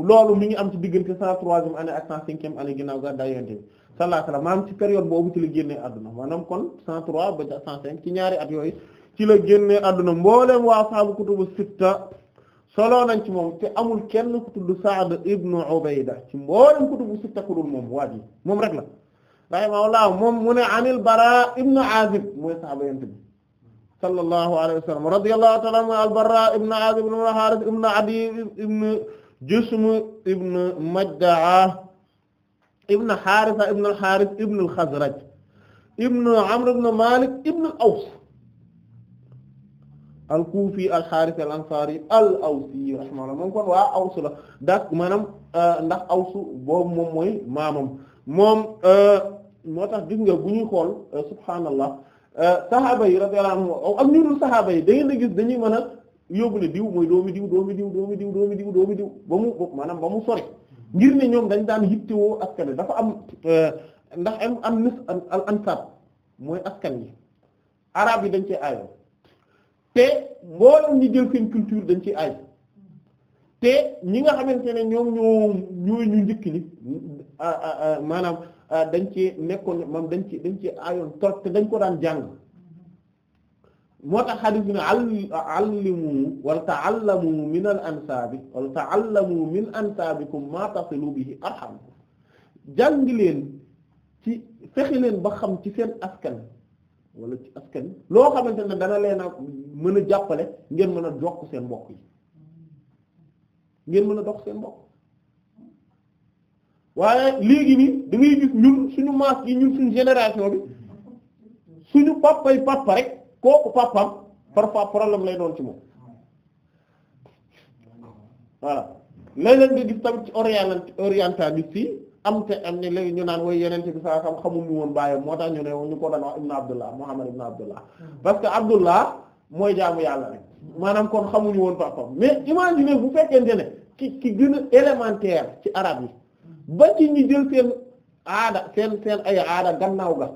loolu mi ngi am ci diggante cent troisième année ak cent cinquième année ginnaaw gàddaay Yonent bi sallallahu alayhi ci boobu ci la génnee àdduna maanaam kon cent trois ba cent ci ñaari at yooyu ci la génnee àdduna mbooleem waa saabu kutubu sitta solo nañ ci moom te amul kenn ku tudd Sa'd ibnu Ubayda ci mbooleem kutubu sitta ku dul moom waa ji moom rek la rahimahullaa moom mu ne anil Bara ibnu Azib mooy saaba Yonent bi sallallahu alayhi wa sallam radiyallahu ta'ala anhu al-Barra ibn Azib ibn al-Harith ibn Adi ibn Jusm ibn Majda'a ibn Haritha ibn al-Harith ibn al-Khazraj ibn Amr ibn Malik ibn al-Aws al-Kufi al-Harith al-Ansari al-Awsi rahimahullah moom kon waa Aws la dak maanaam euh, ndax Aws boobu moom mooy maamam moom euh, moo tax gis nga bu ñuy xool euh, subhaanallah saxaaba yi radiyallahu anhum ak ñu dul saxaaba yi da ngeen di gis dañuy mën a yóbbu ne diw mooy doomi diw doomi diw doomi diw doomi diw doomi diw ba mu maanaam ba mu sori ngir ne ñoom dañ daan yittewoo askan wi dafa am euh, ndax am am nis al ansab mooy askan yi arab yi dañ ci aayoo te mboolem ñi jël seen culture dañ ci aay te ñi nga xamante ne ñoom ñoo ñooy ñu njëkk ni maanaam Euh, dañ ci nekkoon moom dañ ci dañ ci ayoon trop te dañ ko daan jàng moo tax xadis bi ne allimu wala ta'allamu min al ansaabi wala ta'allamu min ansaabikum ma tasilu bihi arham jàng leen ci fexe leen ba xam ci seen askan wala ci askan loo xamante ne dana leen a mën a jàppale ngeen mën a jokk seen mbokk yi ngeen mën a dox seen mbokk waaye léegi nii da gis ñun suñu maas gi ñun suñu génération bi suñu papay papa rek kooku papam parfois problème lay doon ci moom voilà léeg-léeg nga gis tamit ci orient orientaliste yi am te am ne léegi ñu naan woy yeneen bi saa xam xamuñu woon bàyyam moo tax ñu ne ñu ko daan wax ibnu abdullah muhammad ibnu abdullah parce que abdullah mooy jaamu yàlla rek maanaam kon xamuñu woon papam mais imaginez bu fekkente ne ki ki gën a élémentaire ci arabe yi ba ci ñi jël seen aada seen seen ay aada gannaaw ga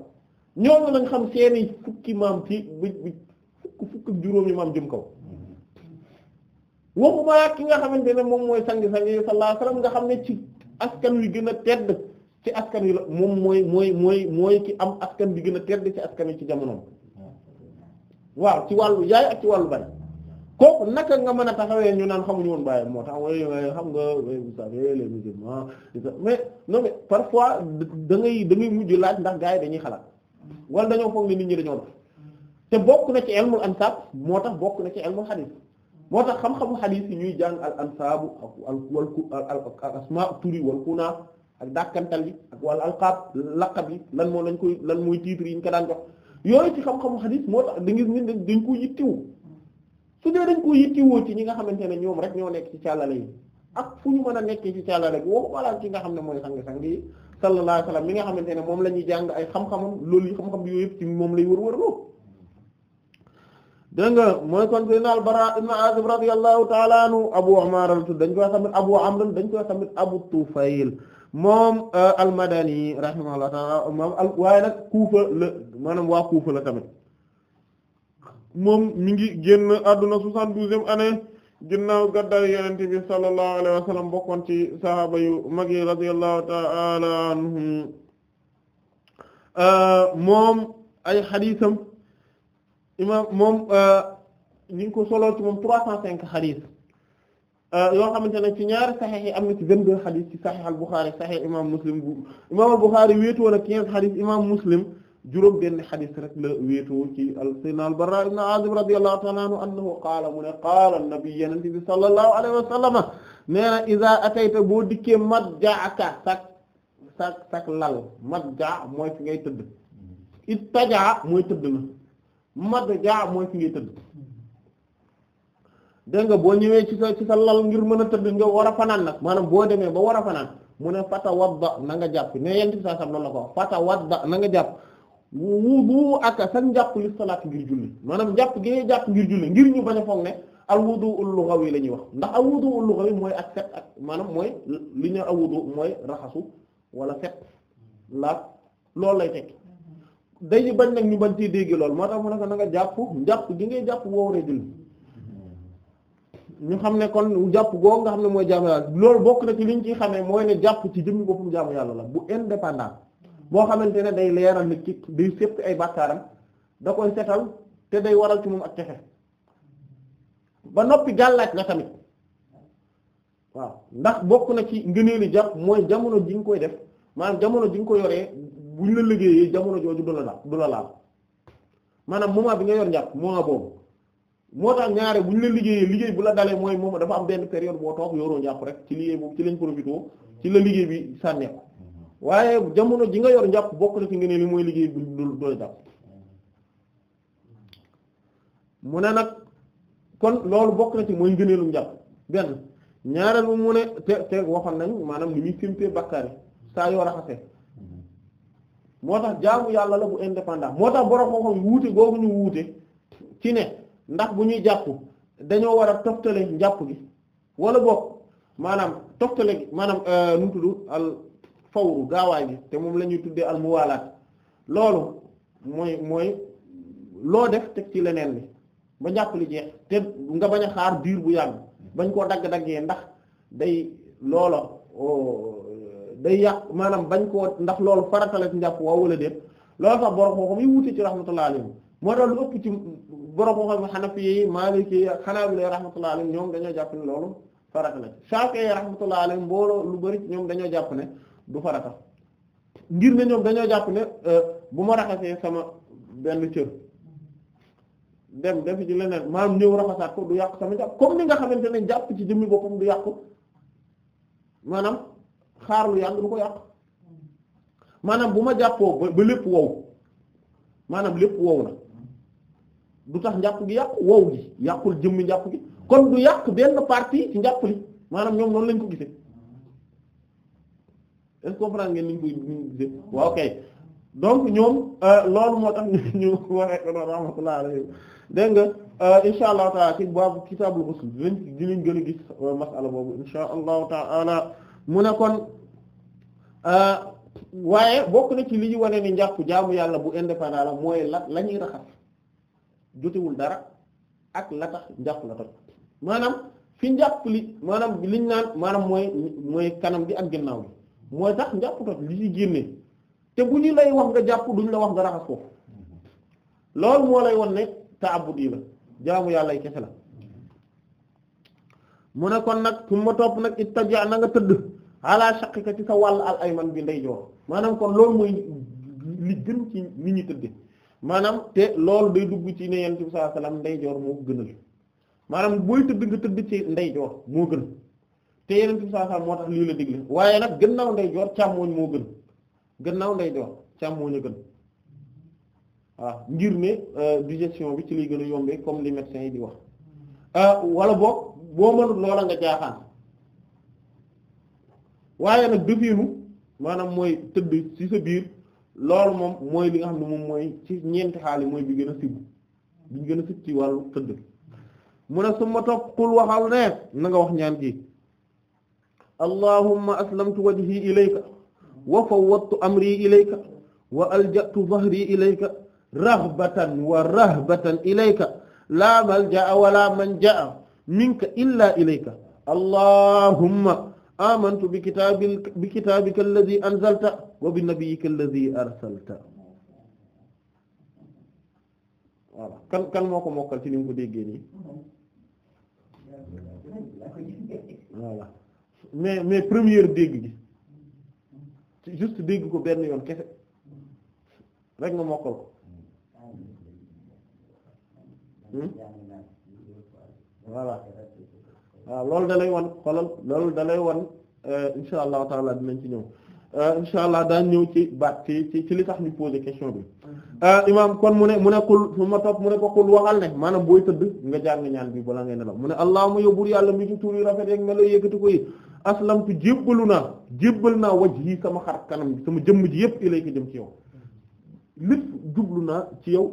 ñoom lañ xam seeni fukki maam ci bi bi fukk fukk juróomi maam jëm kaw waxuma ki nga xamante ne moom mooy sangi-sangi yi sallallahu alayhi wasallam nga xam ne ci askan wi gën a tedd ci askan wi moom mooy mooy mooy mooy ki am askan bi gën a tedd ci askan wi ci jamonoom waaw ci wàllu yaay ak ci wàllu bari kooku naka nga mën a taxawee ñu naan xamuñu woon bàyyi moo tax way xam nga vous savez eh, les musulmans mais non mais parfois da ngay da ngay mujj laaj ndax gaa yi dañuy xalaat wala dañoo foog ne nit ñi dañoo te bokk na ci ilmul ansaab moo tax bokk na ci ilmul xadiis moo tax xam-xamu xadiis yi ñuy jàng al ansaabu ak al asmaa turi wal kunaa ak dàkkantal yi ak wala alqaab laqab yi lan moo lañ koy lan mooy titre yiñ ñu ko daan jox yooyu ci xam-xamu xadiis moo tax da ngis nit dañ ko yittiwu su dee dañ ko yittewoo ci ñi nga xamante ne ñoom rek ñoo nekk ci càllale yi ak fu ñu mën a nekke ci càllale bi waxu walla ci nga xam ne mooy sang-sang yi sallallahu alayhi wasallam mi nga xamante ne moom lañuy jàng ay xam-xamam loolu yi xam-xam yooyu yëpp ci moom lay wër-wër loo dégg nga mooy kon sayyidina al-Bara ibn Azib radiyallahu ta'ala anhu Abu Umar dañ koy tamit Abu Amr dañ koy tamit Abu Tufayl moom euh, al-Madani rahimahullahu ta'ala moom waaye nag Kufa la maanaam waa Kufa la tamit moom mi ngi génn àdduna soixante-douzième année ginnaaw gàddaay yonent bi sallallahu alayhi wa ci sahaaba yu mag yi radiyallahu ta'ala anhum euh, moom ay xadiisam imaam moom ni euh, ngi ko soloo ci moom trois cent cinq xadiis euh, yoo xamante ne ci ñaari saxiix yi am na ci vingt-deux xadiis ci saxiix al Buxaari imaam Muslim bu imaam al Buxaari wéetoo na quinze xadiis imaam Muslim juróom benn xadis rek la wéetoo ci al sayyidina al Barra ibn Azib radiyallahu ta'ala anhu annahu qaala mu ne qaala an-nabi yenente bi sallallahu alayhi wa sallama nee na atayta boo dikkee madja'aka sak sak sak lal madja mooy fi ngay tëdd ittaja mooy tëdd na jaa mooy fi ngay tëdd dégg nga boo ñëwee ci sa ci sa lal ngir mën a tëdd nga war a fanaan nag maanaam boo demee ba wara a fanaan mu ne fatawadda na nga jàpp ne yan bi saa sam la ko fatawadda na nga jàpp wudu ak sax njàpp li salaat ngir julli maanaam njàpp gi ngay jàpp ngir julli ngir ñu bañ a foog ne al wudu ul lughawi la ñuy wax ndax al wudu ul lughawi mooy ak set ak maanaam mooy li ñu al mooy raxasu wala set laat loolu lay tekki dañu bañ nag ñu bañ ci dégg lool moo tax mu ne ko na nga jàpp njàpp gi ngay jàpp boo war a julli ñu xam ne kon jàpp googu nga xam ne mooy jaamu yàlla loolu bokk na ci liñ ciy xamee mooy ne jàpp ci jëmmi boppam jaamu yàlla la bu indépendant boo xamante ne day leeral nit ki day sépp ay bàkkaaram da koy setal te day waral ci moom ak texe ba noppi gàllaaj la tamit waaw ndax bokk na ci ngëneeli jàpp mooy jamono ji nga koy def maanaam jamono ji nga ko yoree ñu la liggéeyee jamono jooju du la laal du la laal maanaam moment bi nga yor njàpp moment boobu moo tax ñaare ñu la liggéeyee liggéey bu la dalee mooy moom dafa am benn période boo toog yoroo njàpp rek ci liggéey boobu ci lañ profité ci la liggéey bi sànneeko waaye jamono ji nga yor njàpp bokk na ci ngëneel li mooy liggéey bi doo jàpp mu ne nag kon loolu bokk na ci mooy ngëneelum njàpp benn ñaareel mu ne te te waxoon nañ maanaam ni muy fimpee bàkkaari saa yoo raxasee moo tax jaamu yàlla la bu indépendant moo tax borom xam-xam wuute googu ñu wuute ci ne ndax bu ñuy jàpp dañoo war a toftale njàpp gi wala boog maanaam toftale gi maanaam euh, nu mu fawru gaawaay bi te moom la ñuy tuddee almuwaalaat loolu mooy mooy loo def teg ci leneen bi ba njàpp li jeex te nga bañ a xaar diir bu yàgg bañ koo dagg-daggee ndax day loola oh, day yàq maanaam bañ koo ndax loolu faratala ci njàpp waaw wala déet loolu sax borom koo xam yi wute ci rahmatullahi moo xam xanafi yi maliki yi xanaabila ñoom dañoo jàpp ne loolu mbooloo lu bari ñoom dañoo jàpp ne du farata ngir ne ñoom dañoo jàpp ne euh, bu ma raxasee sama benn cër dem def ci leneen maam ñëw raxasaat ko du yàq sama jàpp comme ni nga xamante ne jàpp ci jëmmi boppam du yàqu maanaam xaar lu yàgg yàq maanaam bu ma jàppoo ba lépp wow maanaam lépp wow na du tax njàpp gi yàqu wow gi yàqul jëmmi njàpp gi kon du yàq benn partie ci njàpp li maanaam ñoom noonu lañ ko gisee. est-ce que comprendre ngeen ni ñu koy gisee waaw kay donc ñoom euh, loolu moo tax nga euh, insha allahu taala ci baabu kitaabul a gis euh, masala boobu insha allahu taala mu ne kon waaye bokk na ci li ñu wane ni njàpp jaamu yàlla bu indépendant la mooy la la ñuy raxas jotewul dara ak la tax njàpp la tax maanaam fi njàpp li maanaam liñ naan maanaam mooy mooy kanam gi ak ginnaaw gi mooy tax njàpp toj li ci génne te bu ñu lay wax nga jàpp duñu la wax nga raxas ko loolu moo lay won ne ta'abbudi la jaamu yàlla yi kese la mu ne kon nag su ma topp nag ittaja na nga tëdd ala shaqika ci sa wàll al bi ndeyjoor maanaam kon loolu mooy li gën ci nit ñi tëdde maanaam te loolu day dugg ci ne yonent bi sallallahu alayhi wasallam ndeyjoor moo gënal maanaam booy tëdd nga tëdd ci ndeyjoor moo gën te yeneen bi saa moo tax lii la digle waaye nag gannaaw nday joor càmmooñ moo gën gannaaw nday joor càmmooñ a gën waaw ngir ne euh, digestion bi ci liy gën a yombee comme li médecins yi di wax euh, walla boog boo mënul loola nga jaaxaan waaye nag defiinu maanaam mooy tëdd ci sa biir loolu moom mooy li nga xam ne moom mooy ci ñeenti xaali mooy bi gën a sibb bi gën a sib ci wàllu tëdd mu ne su ma topp xul waxal ne na nga wax ñaan gi allahumma aslamtu wajhi ilayka wa fawwadtu amri ilayka wa alja'tu dhahri ilayka raghbatan wa rahbatan ilayka la malja'a wa la manja'a minka illa ilayka allahumma amantu bi kitaabika bi kitaabika alladhi anzalta wa bi nabiyyika alladhi arsalta voilà kan kan moo ko mokkal ci ni mu ko déggee nii voilà mais mais première dégg gi ci juste dégg ko benn yoon kese rek nga mokkal ko hmm? voilà waaw loolu dalay wan xolal loolu dalay wan euh, insha allahu taala dinañ ci ñëw euh, insha allah daan ñëw ci baat ci ci li tax ñu poser question bi euh, imaam kon mu ne mu ne kul su ma topp mu ne ko kul waxal ne maanaam booy tëdd nga jàng ñaan bi balaa ngay nelaw mu ne allahumma yow buur yàlla mi ci tuur yu rafet rek melo yëkkati ko yi aslamtu jébbalu naa jébbal naa waj yi sama xar kanam bi sama jëmm ji yépp ilayka jëm ci yow lépp jublu naa ci yow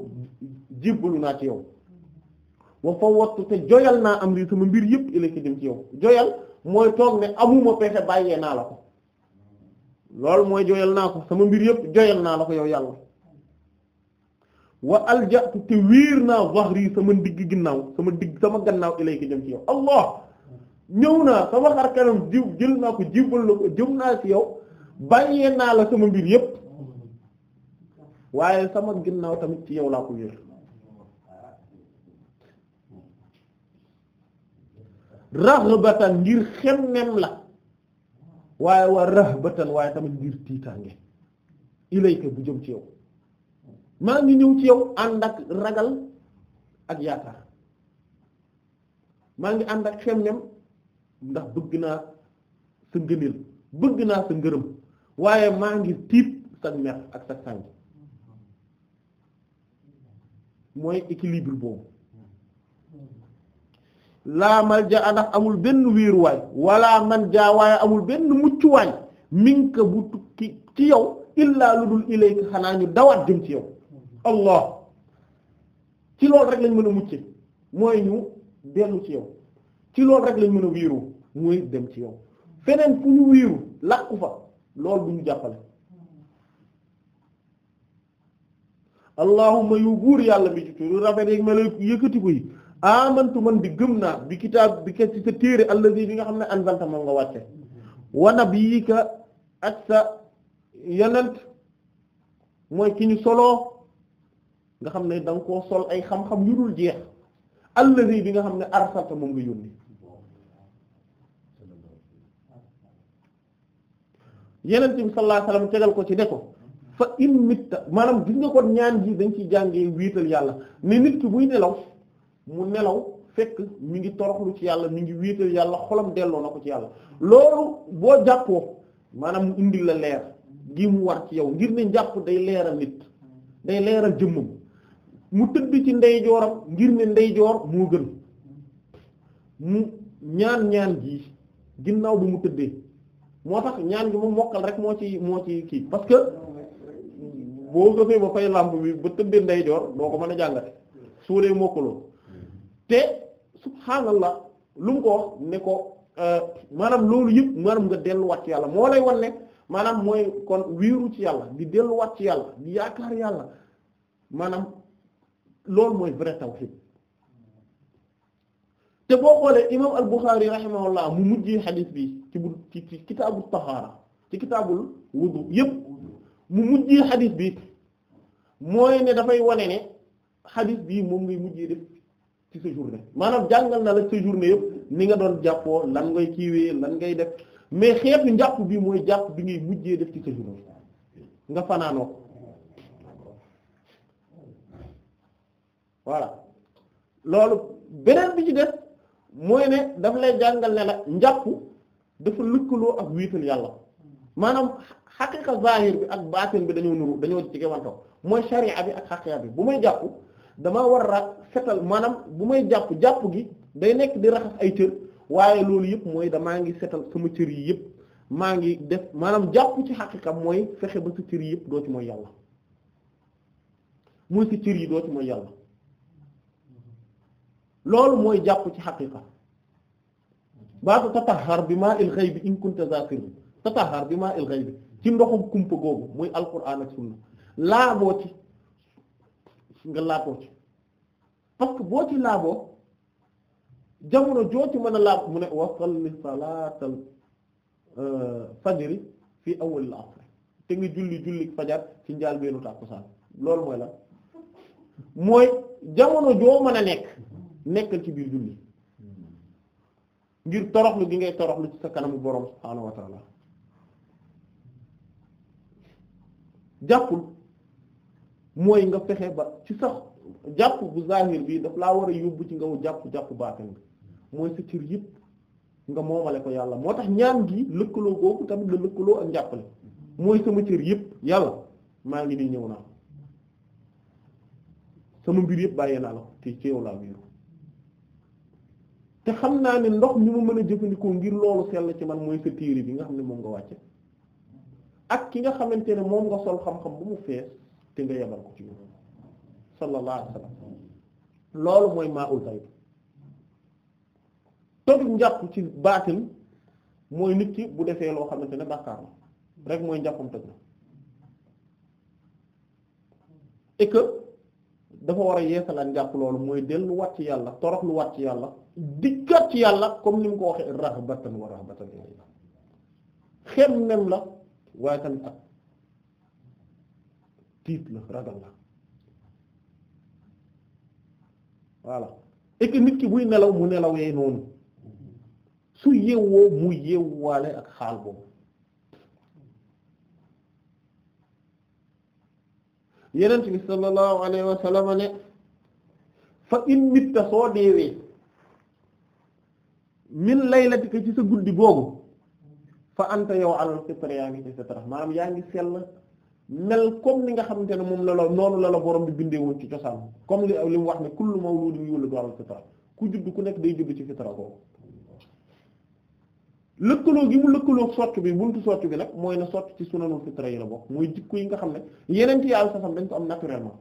jébbalu naa ci yow wa fawwattu te joyal naa am lii sama mbir yépp ilayka jëm ci yow joyal mooy toog ne amuma pexe bàyyee naa la ko loolu mooy joyal naa ko sama mbir yépp joyal naa la ko yow yàlla wa aljatu te wéer naa zahri sama ndigg ginnaaw sama digg sama gannaaw ilayka jëm ci yow allah ñëw naa sama xar kanam jiw jël naa ko jibal la ko jëm naa ci yow bàyyee naa la sama mbir yépp waaye sama ginnaaw tamit ci yow laa ko wér raxbatan ngir xemmem la waaye waa raxbatan waaye tamit ngir tiitaange ilayka bu jëm ci yow maa ngi ñëw ci yow ànd ak ragal ak yaakaar maa ngi ànd ak xemmem ndax bëgg naa sa ngëneel bëgg naa sa ngërëm waaye maa ngi tiit sa mer ak sa sànj mooy équilibre boobu laa malja ndax amul benn wéeruwaay wala man jaa waaye amul benn muccuwaay mink bu tukki ci yow illaa lu dul ilayka xanaa ñu dawaat jëm ci yow allah ci loolu rek lañ mën a mucce mooy ñu benn ci yow ci loolu rek lañ mën a wéeroo mooy dem ci yow feneen fu ñu wiiru làqu fa loolu du ñu jàppale allahumma yu buur yàlla bi ci turu rafet yi ma yëkkati ko yi amantu man bi gëm naa bi kitaab bi ka ci sa téere allazi bi nga xam ne anzalta moom nga wàcce wa nabiyika ak sa yonent mooy ki ñu solo nga xam ne da nga koo sol ay xam-xam yu dul jeex allazi bi nga xam ne arsalta moom nga yónni yeneen bi sallallahu alayhi wasallam ko ci ne ko fa in mitta maanaam gis nga kon ñaan ji dañ ciy jàngee wiital yàlla ne nit ki buy nelaw mu nelaw fekk mu ngi toroxlu ci yàlla mu ngi wiital yàlla xolam delloo na ko ci yàlla loolu boo jàppoo maanaam mu indil la leer gi mu war ci yow ngir ne jàpp day leeral nit day leeral jëmmam mu tëdd ci ndeyjooram ngir ne ndeyjoor moo gën mu ñaan ñaan ji ginnaaw bi mu tëddee moo tax ñaan gi moom mokkal rek moo ci moo ci kii parce que boo gëfee ba fay làmp bi ba tëddee ndeyjoor doo ko mën a jàngate su dee mokkaloo te subhaanallah lu mu ko wax ne ko euh, maanaam loolu yëpp maanaam nga delluwaat ci yàlla moo lay wan ne maanaam mooy kon wiiru ci yàlla di delluwaat ci yàlla di yaakaar yàlla maanaam loolu mooy vrai tawhid te boo xoolee imam al-Bukhari rahimahullah mu mujjee xadis bi ci bu ci ci kitaabul tahaara ci kitaabul wudu yépp mu mujjee xadis bi mooy ne dafay wane ne xadis bii moom ngay mujjee def ci sa journée maanaam jàngal na la sa journée yépp ni nga doon jàppoo lan ngay kiiwee lan ngay def mais xeetu njàpp bi mooy jàpp bi ngay mujjee def ci sa journée nga fanaanoo ko loolu beneen bi ci def mooy ne daf lay jàngal ne la njàpp dafa lëkkaloo ak wiital yàlla maanaam xaqiqa zahir bi ak baatin bi dañoo nuru dañoo jege wanto mooy sharia bi ak xaqiqa bi bu may jàpp damaa war a setal maanaam bu may jàpp jàpp gi day nekk di raxas ay cër waaye loolu yëpp mooy damaa ngi setal sama cër yi yëpp maa ngi def maanaam jàpp ci xaqiqa mooy fexe ba sa cër yi yëpp doo ci mooy yàlla mooy sa cër yi doo ci mooy yàlla loolu mooy jàpp ci xaqiqa baatu tatahhar bi ma'il ghayb in kunta zakirin tatahhar bi ma'il ghayb ci ndoxum kumpa googu muy alquran ak sunna laaboo ci nga laaboo ci parce que boo ci laaboo jamono joo ci mën a laab mu ne wa salli salaatal euh, fajri fii awwalil asr te nga julli julli fajar ci njaal beenu tàkkusaan loolu mooy la mooy jamono joo mën a nekk nekkal ci biir julli ngir toroxlu gi ngay toroxlu ci sa kanamu borom subhaanahu wa taala jàppul mooy nga fexe ba ci sax jàpp bu zahir bi daf laa war a yóbbu ci nga jàpp jàpp baatin bi mooy sa cër yëpp nga moomale ko yàlla moo tax ñaan gi lëkkaloo googu tamit la lëkkaloo ak njàppale mooy sama cër yëpp yàlla maa ngi nii ñëw naa sama mbir yëpp bàyyee naa la te ci yow laa biiru te xam naa ne ndox mi ma mën a jëfandikoo ngir loolu sell ci man mooy sa téere bi nga xam ne moom nga wàcce ak ki nga xamante ne moom nga sol xam-xam bu mu fees te nga yebal ko ci yow sallallahu alayhi wa loolu mooy maa ul fayda toog njàpp ci baatin mooy nit ki bu defee loo xamante ne bàkkaar la rek mooy njàppam toj na et dafa war a yeesalaan njàpp loolu mooy delluwaat ci yàlla toroxluwaat ci yàlla dikkaat ci yàlla comme ni mu ko waxee rahbatan wa rahbatan ilayhi xem nem la waaye tamit tiit la ragal la voilà et que nit ki buy nelaw mu nelaw nelawee noonu su yewwoo mu yewwaale ak xaal boobu yenent bi sallallahu alayhi wa sallam ne fa in mitta soo deewee min laylatika ci sa guddi googu fa anta yow alal fitra yaa ngi ci fitra maanaam yaa ngi sell mel comme li nga xamante ne moom la la noonu la la borom bi bindee woon ci cosaan comme li li mu wax ne kullu mawludin yuladu alal fitra ku judd ku nekk day judd ci fitra kooku lëkkaloo gi mu lëkkaloo socc bi buntu socc bi nag mooy na socc ci sunanul fitra yi la bokk mooy jikko yi nga xam ne yeneen ci yàlla sasam dañ ko am naturellement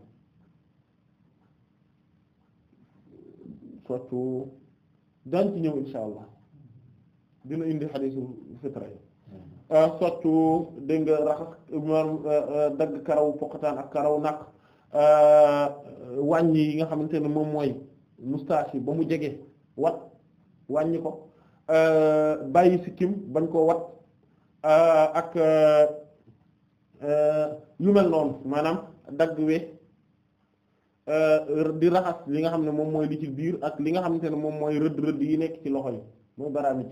dina indi xadiisu fitra yi hmm. ah, nga ah, dagg karaw poqataan ak karaw nag ah, wàññi yi nga xamante ne moom mooy moustache yi ba mu jege wat wàññi ko Euh, bàyyi sikkim bañ koo wat euh, ak euh, yu mel noonu maanaam dagg we di raxas li nga xam ne moom mooy li biir ak li nga xamante ne moom mooy rëdd rëdd yi nekk ci loxo yi mooy baraami ci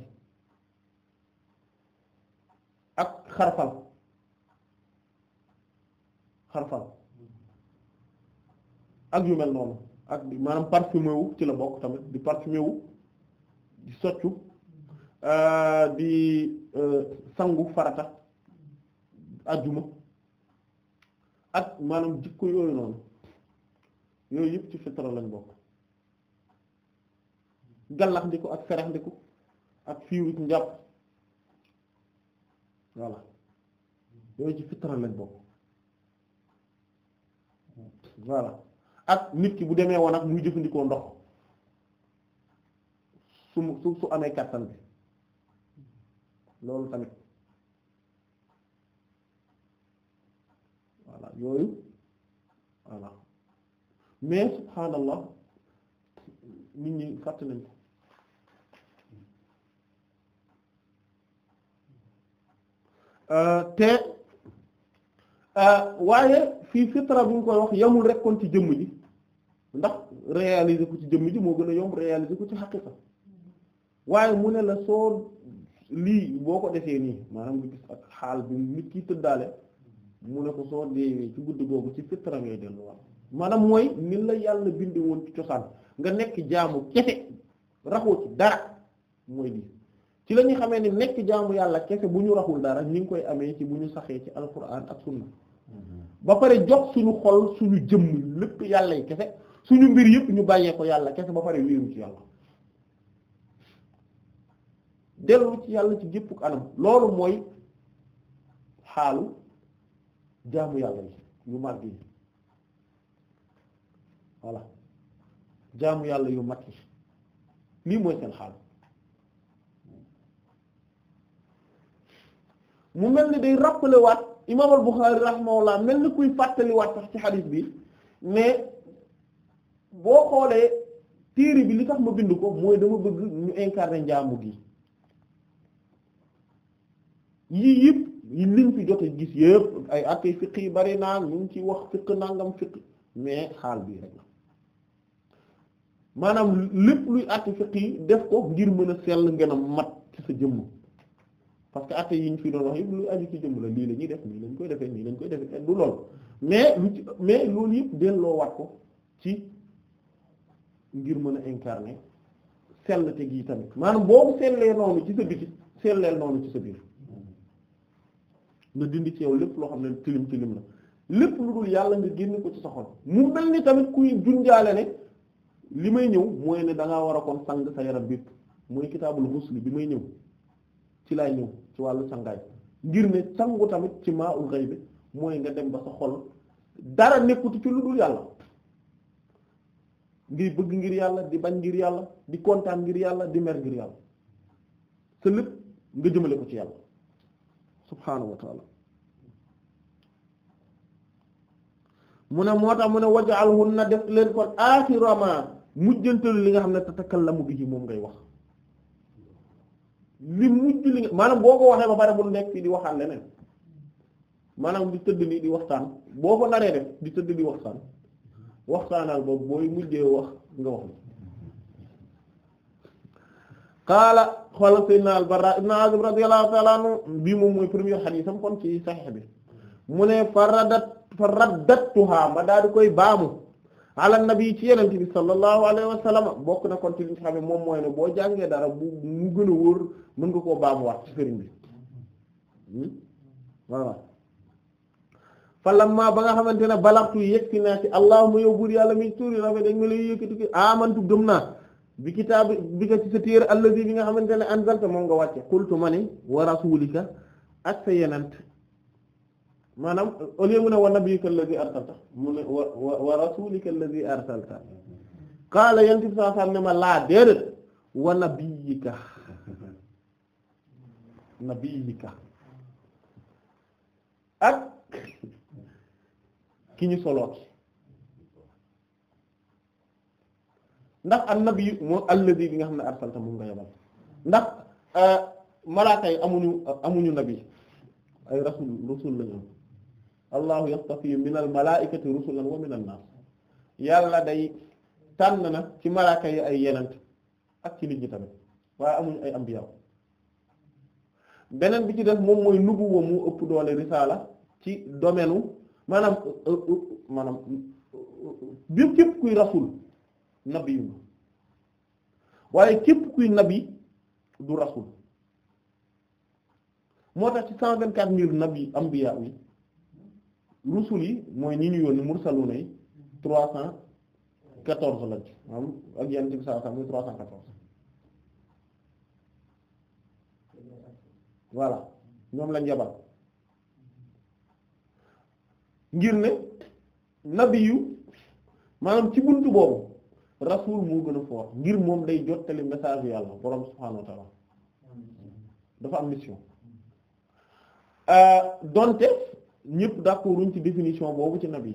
ak xarfal xarfal ak yu mel noonu ak maanaam parfumé wu ci la bokk tamit di parfumé di soccu Euh, di euh, sangu farata ajjuma ak maanaam jikko yooyu noonu yooyu yëpp ci fitra lañ bokk gallax ak ferax ak fiiwit njàpp voilà yooyu ci fitra lañ bokk voilà ak nit ki bu demee woon ak muy jëfandikoo ndox su su su amee kàttan bi loolu tamit voilà yooyu voilà mais subhaanallah nit ñi fàtte nañ ko euh, te euh, waaye fii fitra bi koy wax yamul rek kon ci jëmm ji ndax réaliser ko ci jëmm ji moo gën a yomb réaliser ko ci xaqiqa waaye mu ne la soo lii boo ko defee nii maanaam bu gis ak xaal bi nit ki tëddaale mu ne ko soo deewee ci guddi googu ci fitra ngay delluwaat maanaam mooy ni la yàlla bindi woon ci cosaan nga nekk jaamu kese raxoo ci dara mooy lii ci lañuy ñu xamee ni nekk jaamu yàlla kese bu ñu raxul dara ñu ngi koy amee ci bu ñu saxee ci alquran ak sunna ba pare jox suñu xol suñu jëmm lépp yàlla yi kese suñu mbir yëpp ñu bàyyee ko yàlla kese ba pare wéeru ci yàlla dellu ci yàlla ci géppuk anam loolu mooy xaalu jaamu yàlla yi yu màgg yi voilà jaamu yàlla yu mat yi lii mooy seen xaalu mu mel ni day rappelé waat imam al-Bukhari rahimahullah mel ni kuy fàttali waat sax ci xadis bi mais boo xoolee téere bi li tax ma bind ko mooy dama bëgg ñu incarner njaamu gi yii yëpp yi liñ fi jot gis yëpp ay atte fiq yi bari naa ñu ngi ci wax fiq nangam fiq mais xaal bii rek la maanaam lépp luy atte fiq yi def ko ngir mën a sell ngeen a mat ci sa jëmm parce que atte yi ñu fi doon wax yëpp lu aju ci jëmm la lii la ñuy def nii lañ koy defee nii lañ koy defee du lool mais lu ci mais loolu yëpp delloo wat ko ci ngir mën a incarner sell te gii tamit maanaam boobu sellee noonu ci sa biti selleel noonu ci sa biir nga dindi ci yow lépp loo xam ne tilim tilim la lépp lu dul yàlla nga génn ko ci sa xol mu mel ni tamit kuy junjaale ne li may ñëw mooy ne da war a kon sang sa yaram bi mooy kitaabul musli bi may ñëw ci laay ñëw ci wàll sangaay ngir ne sangu tamit ci maa ul gayb mooy nga dem ba sa xol dara nekkutu ci lu dul yàlla ngay bëgg ngir yàlla di bañ ngir yàlla di kontaan ngir yàlla di mer ngir yàlla sa lépp nga jëmale ko ci yàlla subhaanahu wa mu ne moo tax mu ne na def leen kon aaxira ma mujjantalu li nga xam ne la tatakallamu bihi moom ngay wax li mujj li nga boo ko waxee ba pare bu nekk fii di waxaat leneen maanaam di tëdd nii di waxtaan boo ko naree def di tëdd di waxtaan waxtaanal boobu booy mujjee wax nga wax qaala xoola sayyidina al-Barra ibn Azib radiyallahu ta'ala anhu bii moom mooy premier xadiisam kon ci saxiix bi mu ne fa raddat fa raddattuhaa ma daa koy baamu ala nabi ci yenente bi sallallahu alayhi wa bokk na kon ci li nga xam ne moom mooy ne boo jàngee dara bu mu gën a wóor mën nga koo baamuwaat ci sëriñ bi hmm? voilà fa lamma ba nga xamante ne balaxtu yëkkati naa ci allahumma yow buur yàlla mi amantu gëm naa bi kitaabi bi nga ci sa téer allazi bi nga xamante ne anzalta moom nga wàcce qultu ma ni wa rasulika ak sa yenant maanaam au lieu mu ne wa nabiyyika allazi arsalta mu ne wa wa rasulika allazi arsalta qaala yent bi ne ma laa déedéet wa nabiyyika nabiyyika ak ki ñu soloot ndax annabi moo allazi bi nga xam ne arsalta moom nga yebal ndax malaaka yi amuñu amuñu nabi ay rasul rusul lañu allahu yastafi min al malaikati rusulan wa min yàlla day tànn na ci malaaka yi ay yenant ak ci nit ñi tamit waaye amuñu ay ambiya beneen bi ci def moom mooy nubuwa mu ëpp doole risaala ci domaine maanaam maanaam bépp képp kuy rasul nabiyun waaye képp kuy nabi du rasul moo tax ci cent vingt quatre mille nabi ambiya yi rusul yi mooy ñi ñu yónni mursaluna yi trois cent quatorze lañ maanaam ak yenn bi saa saa muy trois cent quatorze voilà ñoom lañ yabal ngir ne nabi yu maanaam ci buntu boobu rasul moo gën a fort ngir moom day jottali message yàlla borom subhaanahu wa dafa am mission euh, donte ñëpp d'accorduñ ci définition boobu ci nabi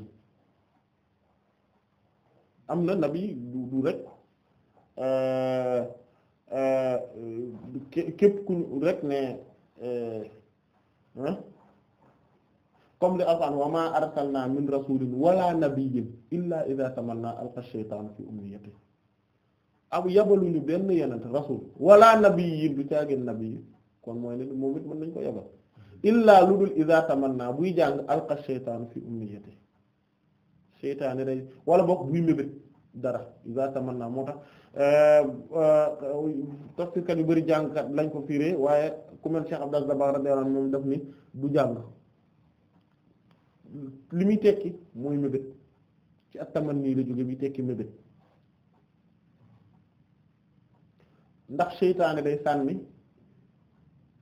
am na nabi du du rek euh, euh, képp ku rek ne comme li alxuraan wa maa arsalnaa min rasuulin wala nabiyyin illaa idaa tamannaa alqa shaytaanu fi umniyatihi abu yabaluñu benn yenent rasul wala nabiyyin du caagin nabi kon mooy ne moom it mën nañ ko yabal illaa lu dul idaa tamannaa buy jàng alqa shaytaanu fi umniyatihi shaytaani day wala bokk buy mébét dara idaa tamannaa moo tax euh, euh, tafsirkat yu bari jàngkat lañ ko firé waaye ku mel Cheikh Abdel Dabbar radiyallahu anhu moom daf ni du jàng li muy tekki mooy mébét ci at-tamanni la jóge bi tekki mébét ndax seytaane day sànni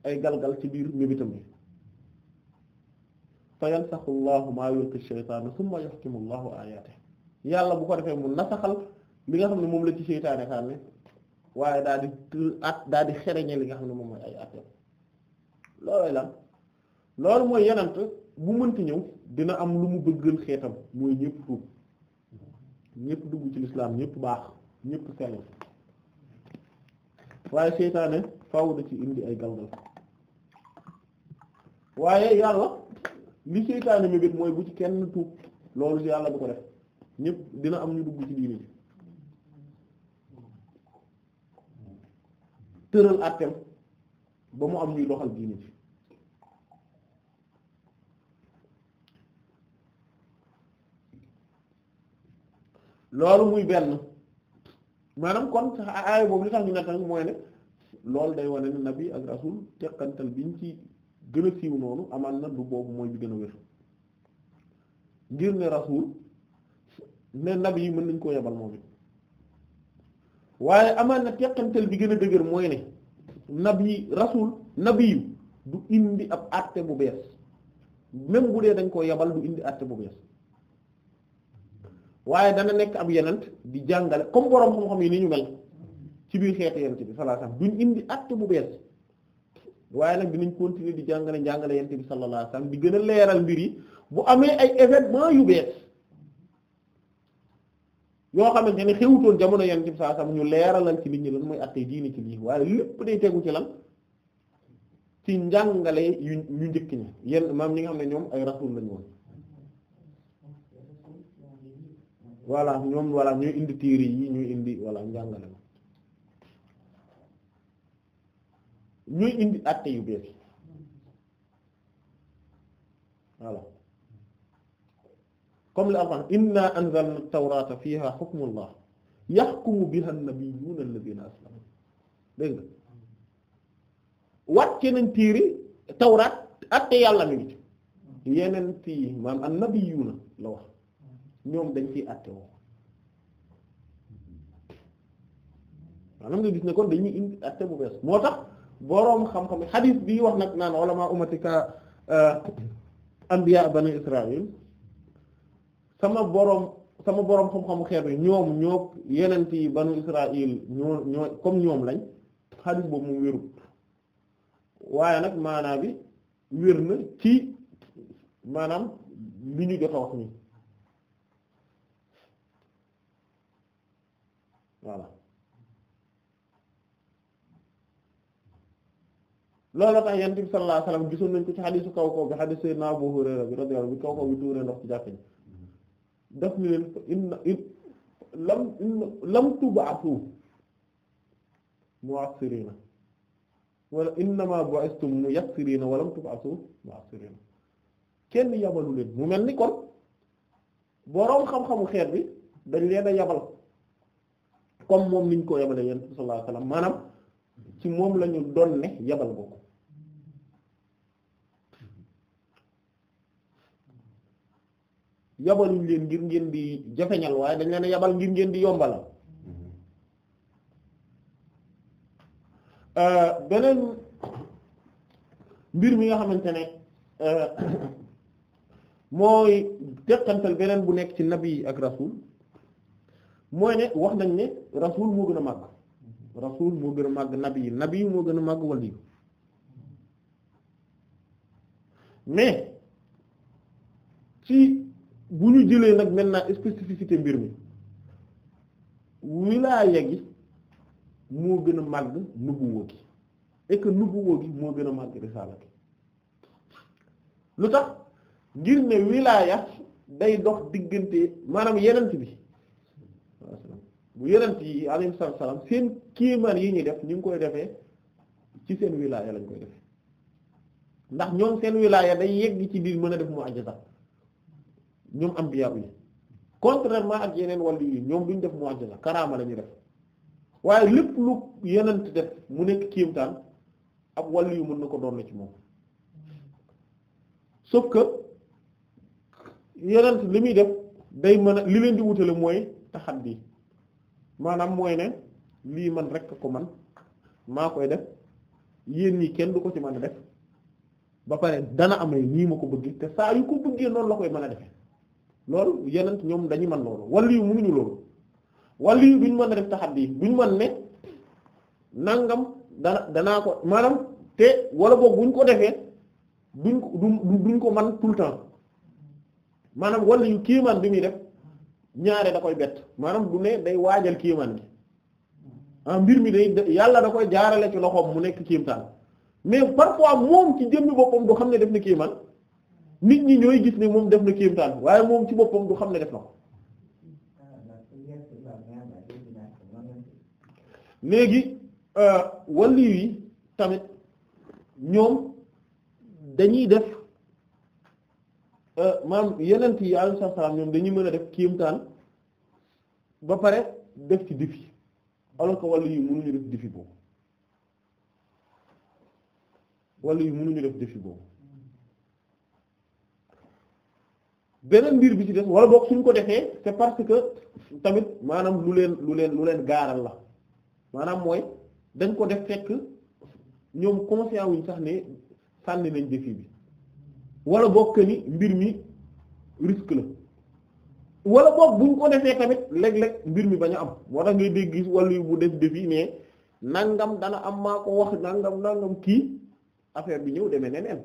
ay galgal ci biir mébétam yi fa yansaxu llahu maa yulqi seytaane summa yuhkimu llahu ayaate nga xam ne moom la ci seytaane sànni waaye daal di at daal di xereñe li nga xam ne moom mooy ay atte loolu la loolu mooy yenant bu mënti ñëw dina am lu mu bëggal xeetam mooy ñëpp tuub ñëpp dugg ci lislaam ñëpp baax ñépp sell waaye seytaane faaw da ci indi ay galgal waaye yàlla li seytaane mi mooy bu ci kenn tuub loolu yàlla du ko def ñépp dina am ñu dugg ci diini ji tëral àtteem ba mu am ñuy doxal diini loolu muy benn maanaam kon aaya boobu li tax ñu netta mooy ne loolu day wane ne nabi ak rasul teqantal biñ ci gën a siiw noonu amaan na du boobu mooy bi gën a wér ngir ne rasul ne nabi yi mën nañ koo yebal moom bi waaye amaan na teqantal bi gën a dëgër mooy ne nabi rasul nabi yu du indi ab àtte bu bees même bu dee dañ koo yebal du indi àtte bu bees waaye dana nekk ab yenant di jàngale comme borom xam-xam yi ni ñu mel ci biir xeetu yent bi sallallahu alayhi wasallam duñ indi acte bu bees waaye nag dinañ continuer di jàngale njàngale yent bi gën a leeral mbir yi bu amee ay événement yu yoo xamante ne xewutoon jamono yent bi sallallahu alayhi wasallam ñu leeralal ci nit ñi lan mooy acte diini ci lii waaye lépp day tegu ci lan ci njàngale yu ñu njëkk ñi yenn maam ñi nga xam ne ñoom ay rasul lañu woon voilà ñoom voilà ñuy indi téere yi ñuy indi voilà njàngale ma ñuy indi àtte yu bees voilà comme li Alxuraan inna anzalna tawrata fiha hukmullah yahkumu biha an-nabiyyuna aslamu dégg nga wàcce tawraat àtte yàlla mi ngi yeneen fii maanaam an la wax ñoom dañ ciy àtte woo maanaam nga gis ne kon dañuy indi àtte bu bees moo tax boroom xam-xam xadiis bi wax nag naan ulama umatika anbiya bani israil sama boroom sama boroom xam-xamu xeet yi ñoom ñoo yenent yi banu israil ñoo ñoo comme ñoom lañ xadiis boobu mu wérut waaye nag maanaa bi wér na ci maanaam li ñu jot wax nii voilà loolu tax yonent bi sallallahu alayhi wasallam nañ ko ci xadiisu kaw kaw bi xadiis Seydina Abu Hurayra bi radiyallahu anhu bi kaw kaw bi tuuree ndox ci jàkka ji daf ni leen inna in lam inna lam tub'asu mu'assirina wala innama bu'istum muyassirina wa lam tub'asu kenn yabalu leen mu mel ni kon boroom xam-xamu xeet bi dañ leen a yabal comme moom liñ ko yabale yonent bi maanaam ci moom lañu ñu doon ne yabal bokk yabaluñ leen ngir ngeen di jafeñal waaye dañ leen yabal ngir ngeen di yombalal euh, beneen mbir mi nga xamante ne euh, [COUGHS] mooy teqantal beneen bu nekk ci nabi ak rasul mooy ne wax nañ ne rasul moo gën a màgg rasul moo gën a màgg nabi yi nabi yi moo gën a màgg wali mais ci bu ñu jëlee nag maintenant spécificité mbir mi wilaaya gi moo gën a màgg nubuwoo gi et que gi moo gën a màgg risaala gi lu tax ngir ne wilaaya day dox diggante maanaam yenent bi bu yonent yi alayhimu salaam seen kéemaan yi ñuy def ñu ngi koy defee ci seen wilaaya lañ koy defee ndax ñoom seen wilaaya day yegg ci biir mën a def mu àjjata ñoom ambiya yi contrairement ak yeneen wàllu ñoom duñ def mu àjjata karaama la ñuy def waaye lépp lu yonent def mu nekk kéemtaan ab wàllu yu mën na ko doon na ci moom sauf que yonent li muy def day mën a li leen di wutale mooy taxat bi maanaam mooy ne lii man rek ko man maa koy def yéen ñi kenn du ko ci man a def ba pare dana amee nii ma ko bëgg te saa yu ko bëggee noonu la koy mën a defee loolu yeneen ñoom dañuy mën loolu wàllu yu mënuñu loolu wàllu yu duñ mën a def taxaddi duñ mën ne nangam dana danaa ko maanaam te wala boog buñ ko defee duñ ko duñ ko man tout le temps maanaam wàllu yu kéemaan bi muy def ñaare da koy bett maanaam du ne day waajal kéemaan gi ah, mbir mi day yàlla da koy jaarale ci loxoom mu nekk kéemtaan mais parfois moom ci jëmmi boppam du xam ne def na kéemaan nit ñi ñooy gis ne moom def na kéemtaan waaye moom ci boppam du xam ne def na ko léegi euh, walli yi tamit ñoom dañuy def Euh, maanaam yeneen yi alayhi salaam ñoom dañuy mën a def kéemtaan ba pare def ci défi alors que wàllu yi mënuñu def défi boobu wàllu yi def défi boobu beneen mbir bi ci def wala boog suñ ko defee c'est parce que tamit maanaam lu leen lu leen lu leen gaaral la maanaam mooy dañ ko def fekk ñoom conscient wuñ sax ne sànni nañ défi bi wala bokk ni mbir mi risque la wala boog buñ ko defee tamit léeg-léeg mbir mi bañu am moo tax ngay dégg gis wala bu def defi ne nangam dana am maa ko wax nangam nangam kii affaire bi ñëw demee neneen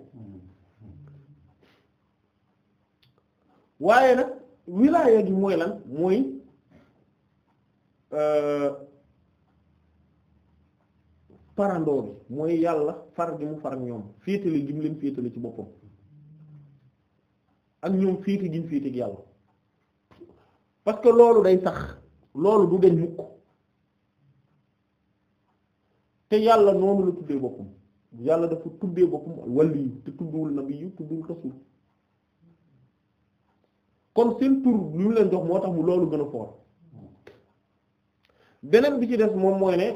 waaye nag wilaaya gi mooy lan mooy euh, parandoo bi mooy yàlla far gi mu far ñoom féetale gi mu leen féetale ci boppam ak ñoom féete giñ féete yàlla parce que loolu day sax loolu du deñ mukk te yàlla noonu la tuddee boppam yàlla dafa tuddee boppam waliyu te tudduwul nabiyyu tudduwul rasul kon seen tur lu ñu leen jox moo tax mu loolu gën a foor beneen bi ci des moom mooy ne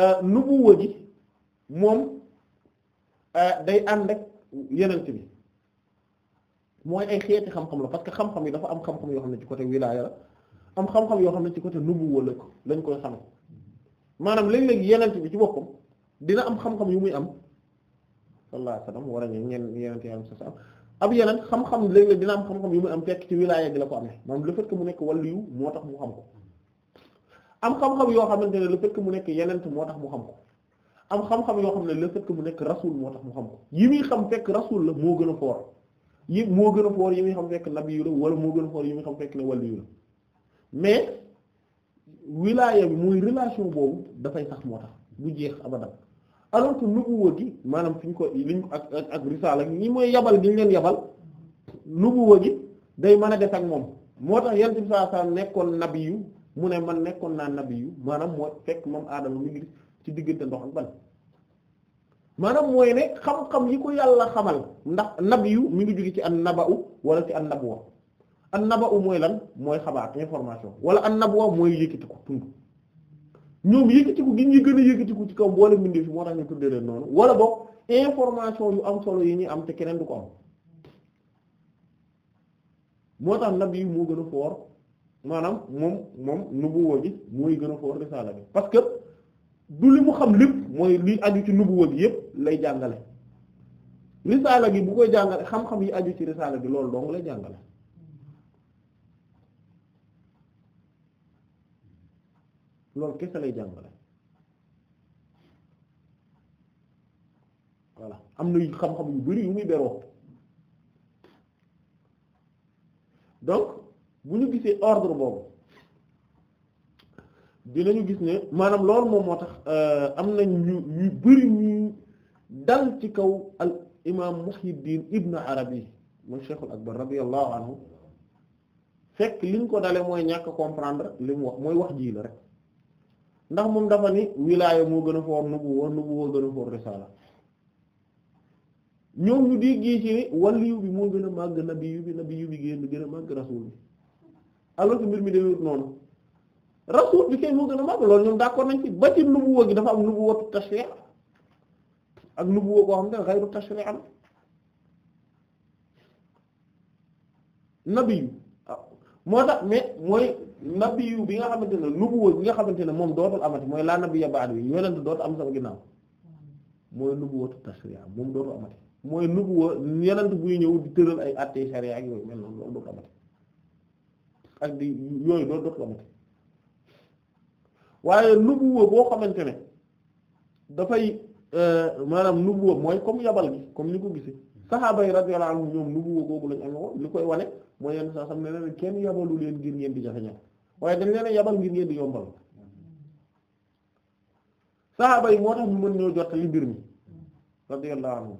euh, nubuwa gi moom euh, day ànd ak yenent bi mooy ay xeeti xam-xam la parce que xam-xam yi dafa am xam-xam yoo xam ne ci la am xam-xam xam ne ci côté nubuwa la ko lañ koy xame maanaam léeg-léeg yenent bi ci boppam dina am xam yu muy am sallallahu alayhi wasallam war a ñeen yenent yi am sa ab xam léeg dina am xam-xam yu am fekk ci wilaaya gi la ko amee maanaam le fait que mu nekk waliyu moo tax mu xam ko am xam yoo xamante ne le fait mu nekk yenent moo tax mu xam ko am xam-xam yoo xam ne le fait que mu nekk rasul moo tax mu xam ko yi muy xam fekk rasul la moo gën a foor yi moo gën a foor yi muy xam fekk nabiyu la wala moo gën a foor yi muy xam fekk ne waliyu la mais wilaaya bi muy relation boobu dafay sax moo tax du jeex abadan alors que nubuwa gi maanaam fi ñu ko liñ ak ak ak risaala ñi mooy yabal gi leen yabal nubuwa gi day mën a def ak moom moo tax yonent bi sallallahu alayhi wasallam nekkoon nabiyu mu ne man nekkoon naa nabiyu maanaam moo fekk moom aadama mu ngi ci diggante ndox ak ban maanaam mooy ne xam-xam yi ko yàlla xamal ndax nab yu mu ngi jóge ci an naba u wala ci an nabwa an naba u mooy lan mooy xabaar information wala an nabwa mooy yëkkati ko tund ñoom yëkkati ko gi ñu gën a yëkkati ci kaw boole mbindee fi moo tax ñu tuddee leen noonu wala boo information yu am solo yi ñuy am te keneen du ko am moo tax nab yu moo gën a foor maanaam moom moom nubuwoo ji mooy gën a foor risaala bi parce que du li mu xam lépp mooy li aju ci nubuwa gi yépp lay jàngale risaala gi bu koy jàngale xam-xam yi aju ci risaala gi loolu dong lay jàngale loolu kese lay jàngale voilà am na xam-xam yu bari yu muy beroo donc bu ñu gisee ordre boobu dinañu gis ne maanaam loolu moom moo tax euh, am nañ ñu ñu bari ñu dal ci kaw al imaam Muhyiddin Ibn Arabi mooy Cheikhul Akbar radiyallahu anhu fekk liñ ko dale mooy ñàkk comprendre li mu wax mooy wax ji la rek ndax moom dafa ni wilaaya moo gën a foor nubuwa nubuwa gën a foor risaala ñoom ñu di gii ci waliyu bi moo gën a màgg nabiyu bi nabiyu bi gën a màgg rasul bi alors mbir mi demewut noonu rasul bi kay moo gën a mag loolu ñoom d'accord nañ ci ba ci nubuwa gi dafa am nubuwatu tashri' ak nubuwa koo xam ne ghayru tashri' am nabiyu tax mais mooy nabiyu bi nga xamante ne nubuwa bi nga xamante ne moom dootul amati mooy laa nabiyya ba'di yonent dootu am sama ginnaaw mooy nubuwatu tashri' am moom dootul amati mooy nubuwa yonent buy ñëw di tëral ay àtte sharia ak yooyu mel noonu loolu dootul loolu dootul amati waaye nubuwa boo xamante ne dafay euh, maanaam nubuwa mooy comme yabal gi comme ni ko gisee saxaaba yi radiyallahu anhum ñoom nubuwa googu lañ amee woon li koy wane mooy yenn saa xam ne ne kenn yabalu leen ngir ngeen di jafe-jafe waaye dañ leen yabal ngir ngeen di yombal saxaaba yi moo tax ñu mën ñoo jottali mbir mi radiyallahu anhum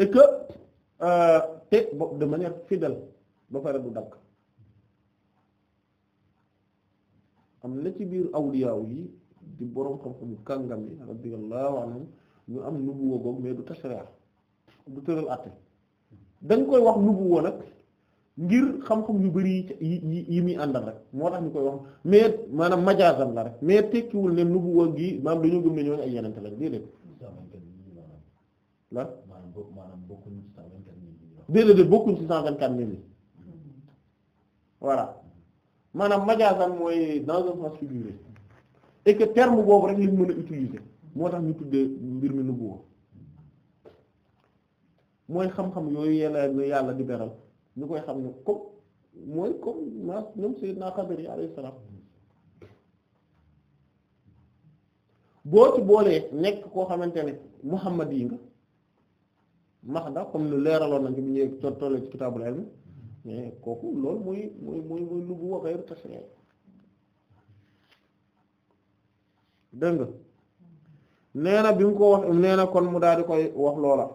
et que euh, te de manière fidèle ba pare du dakk am na ci biir awliyaaw yi di boroom xam-xamu kàngam yi radiyallahu anhum ñu am nubuwa goog mais du tashri'a du tëral àtte dañ koy wax nubuwa nag ngir xam-xam yu bari yi yi muy àndal rek moo tax ñu koy wax mais maanaam majaasam la rek mais tekkiwul ne nubuwa gi maanaam dañoo gëm ne ñooñu ay yenente lañ déedéet la déedéet bokkuñ ci cent vingt-quatre mille yi voilà maanaam majaasan mooy dans un sens figuré et que terme boobu rek lañ mën a utiliser moo tax ñu tuddee mbir mi nubuwa mooy xam-xam yooyu yàlla yàlla di beral ñu koy xam ne comme mooy comme ma ñoom Seydina Xadir yi alayhi salaam boo ci boolee nekk koo xamante ne Muhammad yi nga max da comme lu leeraloon nañ ci bu ñëwee tolle ci kitaabul ilm mais kooku loolu mooy mooy mooy mooy nubuwa xayru tashri' dégg nga nee na bi mu ko wax nee na kon mu daal di koy wax loola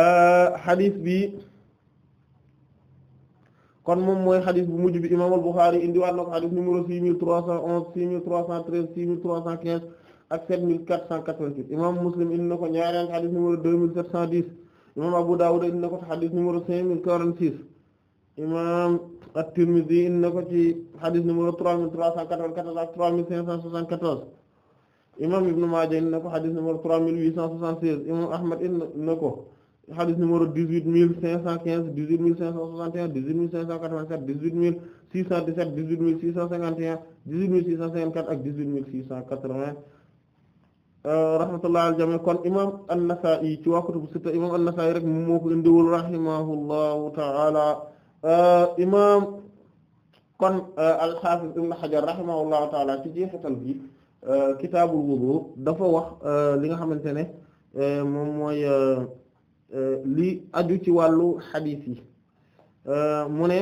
euh, xadis bi kon moom mooy xadis bu mujj bi imam al-Bukhari indiwaat na ko xadis numéro six mille trois cent onze six mille trois cent treize six mille trois cent quinze ak sept mille quatre cent quatre-vingt-huit imam Muslim indi na ko ñaareel xadis numéro deux mille sept cent dix imam Abu Dawud indi na ko ci xadis numéro cinq mille quarante six imam At-Tirmidhi indi na ko ci xadis numéro trois mille trois cent quatre-vingt-quatorze ak trois mille cinq cent soixante-quatorze imam Ibn Maaja indi ko xadis numéro trois mille huit cent soixante-seize imam Ahmad indi ko xadis numéro dix-huit mille cinq cent quinze dix-huit mille cinq cent soixante un dix-huit mille cinq cent quatre-vingt-sept dix-huit mille six cent dix-sept dix-huit mille six cent Euh, rahmatullahi al kon imam an-Nasa'i ci waa kutubu sitta imam an-Nasa'i rek moom moo ko indiwul rahimahullahu ta'ala euh, imam kon euh, al ibn Hajar rahimahullahu ta'ala ci jeexital bi kitaabul wudu dafa wax li nga xamante ne moom mooy li aju ci wàllu xadiis yi mu ne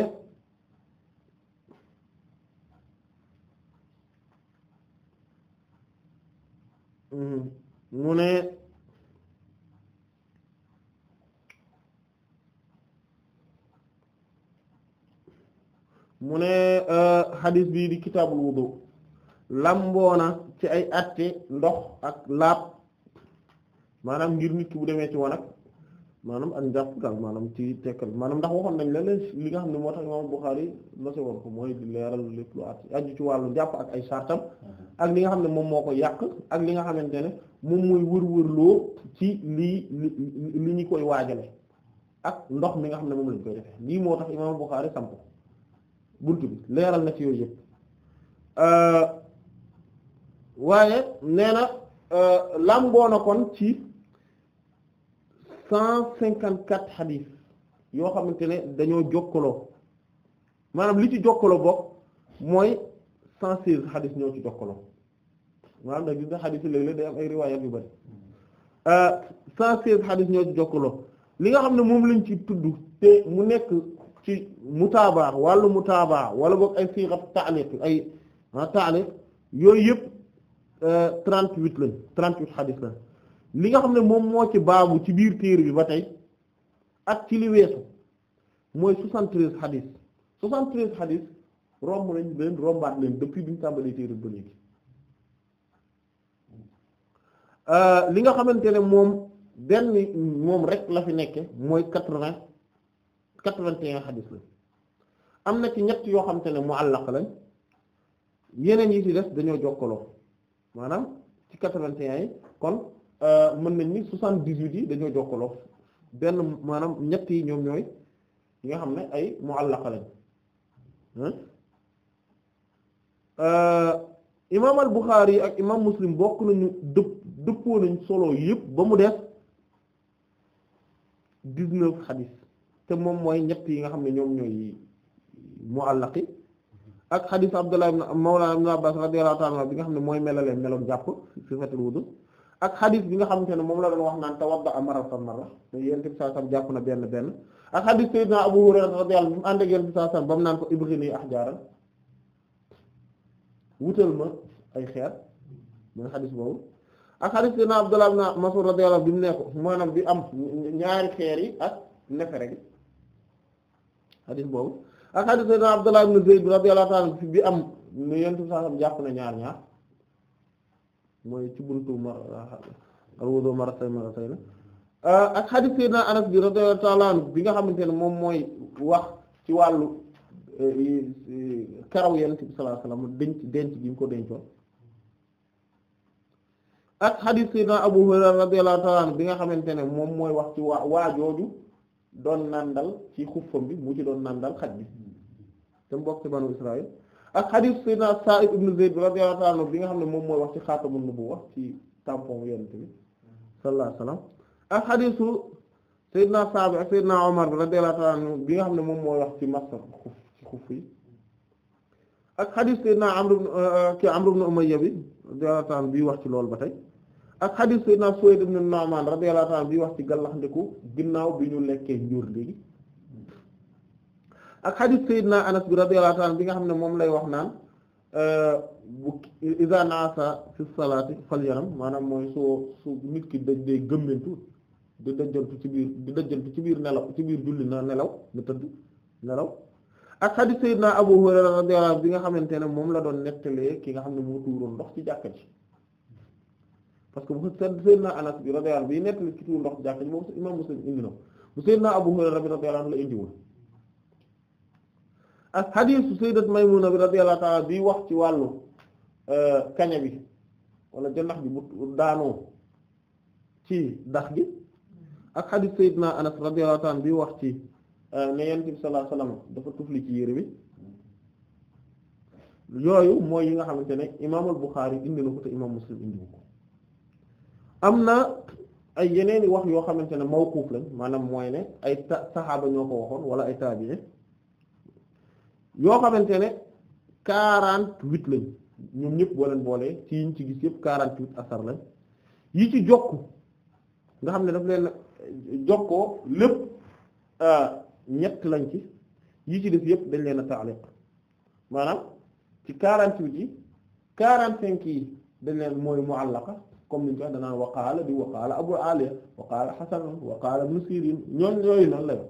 mu ne mu ne xadis euh, bii di kitaabul wudu lamboona ci ay atte ndox ak laab maanaam ngir nit ki bu demee ci wanag maanaam ak njàpp daal maanaam ci tekkal maanaam ndax waxoon nañ la li nga xam ne moo tax imam Bukhari masi ko mooy di leeral lépp lu at aju ci wàllu njàpp ak ay sartam mm-hmm. ak li nga xam ne moom moo ko yàq ak li nga xamante ne moom mooy wër-wërloo ci lii li ñu koy waajale ak ndox mi nga xam ne moom lañ koy defee lii moo tax imam Bukhari samp bunt bi leeral na ci yooyu yëpp euh, waaye nee na euh, làmboo kon ci cent cinquante quatre xadiis yoo xamante ne dañoo jokkaloo maanaam li ci jokkaloo bokk mooy cent seize xadiis ñoo ci jokkaloo maanaam da gis na xadiis yi léeg-léeg am ay riwaayat yu bari euh, cent seize xadiis ñoo ci jokkaloo li nga xam ne moom lañ ci tudd te mu nekk ci mutaabaa wàllu mutaabaa wala boog ay siixat taaliq ay ah, taaliq yooyu yëpp euh, trente huit lañ trente huit xadiis lañ li nga xam ne moom moo ci baabu ci biir téere bi ba tey ak ci li weesu mooy soixante-treize hadith soixante-treize hadith romb nañ leen rombaat leen depuis bi ñu tàmbalee téere ba léegi euh, li nga xamante ne moom benn moom rek la fi nekke mooy quatre-vingts quatre-vingt-un la am na ci ñett yoo xamante ne muallaq lañ yeneen yi ci def dañoo jokkaloo maanaam ci quatre vingt yi kon Euh, mën nañ ni soixante-dix-huit yi dañoo jokkaloo benn maanaam ñett yi ñoom ñooy yi nga xam ne ay mu'allaqa lañ euh, imaam al Buxaari ak imaam Muslim bokk nañu dëpp dëppoo nañ solo yëpp ba mu def dix-neuf xadis te moom mooy ñett yi nga xam ne ñoom ñooy mu'allaqi ak xadis Abdullah ibn Mawlana ibn Abbas radiyallahu ta'ala bi nga xam ne mooy melaleem meloom jàpp sifatul wudu ak xadis bi nga xamante ne moom la doon wax naan tawadda marratan marra yonent bi sallallahu alayhi wasallam jàpp na benn benn ak xadis sayyidina Abu Hurayra radiyallahu anhu bi mu ànd ak yonent bi sallallahu alayhi wasallam ba mu naan ko ibghini ahjaaran wutal ma ay xeer mooy xadis boobu ak xadis sayyidina Abdullah ibn Mas'ud radiyallahu anhu bi mu ne ko maanaam bi am ñaari xeer yi ak nefere gi xadis boobu ak xadis sayyidina Abdullah ibn Zayd radiyallahu anhu bi am yonent bi sallallahu alayhi wasallam jàpp na ñaar ñaar mooy ci buntu ma alwudu marratayn marratayn ah, ak hadith sayyidina Anas bi nga xamante ne moom mooy wax ci wàllu eh, karaw yonent bi sallallahu denc denc ko dencoon ak hadith sayyidina Abu Hurayra radiyallahu bi nga xamante ne moom mooy wax ci waa waa jooju doon nandal ci xuffam bi mu ci doon nandal xaj bi te mbokk ci banu Israël ak xadiis sayyidina Sa'id ibn Zayd radiyallahu ta'ala anhu bi nga xam ne moom mooy wax ci xaatamun nubuwwa ci tampon yonent bi sallallahu alayhi wasallam ak xadiisu sayyidina Sa'd ak sayyidina Umar radiyallahu ta'ala anhu bi nga xam ne moom mooy wax ci masar xuf ci xuf yi ak xadiis sayyidina Amr euh, ki Amr ibn Umayya bi radiyallahu ta'ala bi wax ci loolu ba tey ak xadiis sayyidina Suwayd ibn Nu'man bi wax ci gàllaxndiku ginnaaw bi ñu lekkee njur léegi ak xadiis na Anas bi radiyallahu ta'ala bi nga xam ne moom lay wax naan euh, bu iza naasa fi maanaam mooy soo su nit ki dañ day gëmmentu di ci biir di dajjantu ci biir nelaw ci biir julli na nelaw na tëdd nelaw ak xadiis Seydina Abu Hurayra radiyallahu bi nga xamante ne moom la doon nettalee ki nga xam ne moo ndox ci jàkka parce que bu Seydina Anas bi radiyallahu bi nettali ci tuur ndox ci jàkka ji moom imaam Muslim la indiwoon ak xadiisu sayyidat Maymuna bi radiyallahu ta'ala wax ci wàllu euh, kaña bi wala janax bi bu daanoo ci dax bi ak xadiis sayyidna Anas radiyallahu ta'ala bi wax ci euh, ne yonent bi sallallahu alayhi dafa tufli ci yére bi yooyu mooy yi nga xamante ne imaamul Buxaari indi na ko te imaam Muslim indi ko am na ay yeneen i wax yoo xamante ne mawquuf lañ maanaam mooy ne ay saxaaba ñoo ko waxoon wala ay taabi'i yoo xamante ne quarante-huit lañ ñoom ñëpp boo leen boolee ci yiñ ci gis yëpp quarante-huit asar lañ yi ci jokk nga xam ne daf leen jokkoo lépp euh, ñett lañ ci yi ci def yëpp dañ leen a taaliq maanaam ci quarante-huit yi quarante-cinq yi dañ leen mooy mu'allaqa comme niñ ko danaan waqaala di waqaala Abu Aliya waqaala Hasan waqaala Ibn Sirin yooyu noonu la yo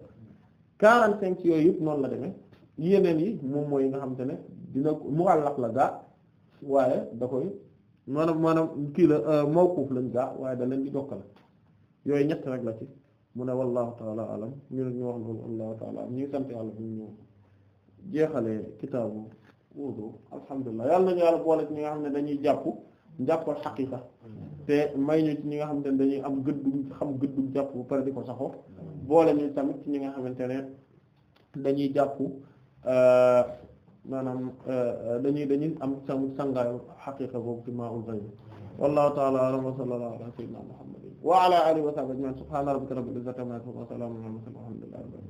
quarante yooyu yëpp noonu la demee yeneen yi moom mooy yi nga xamante ne dina muallaq la gaa waaye da koy maanaam maanaam kii la euh, mawquf lañ gaa waaye da leen di jokkale yooyu ñett rek la ci mu ne wallahu taala alam ñu ne ñu wax loolu wallahu taala alam ñu ngi sant yàlla bu ñu jeexalee kitaabu wudu alhamdulilah yàlla nañu yàlla boole ci ñi nga xam ne dañuy jàpp njàppal xaqiqa te may ñu ci ñi nga xamante ne dañuy am gëddum xam gëddum jàpp ba pare di ko saxoo mm. boole ñu tamit ci ñi nga xamante ne dañuy jàpp Euh, maanaam euh, dañuy dañuy am sam sangaayu xaqiqa boobu ci maa ul ghayb wallahu ta'ala a'lam wa sallallahu ala sayyidina muhammadin wa ala alihi wa sahbihi ajma'in subhana rabbika rabbil izzati amma yasifun wa salamun ala al mursalin walhamdulillahi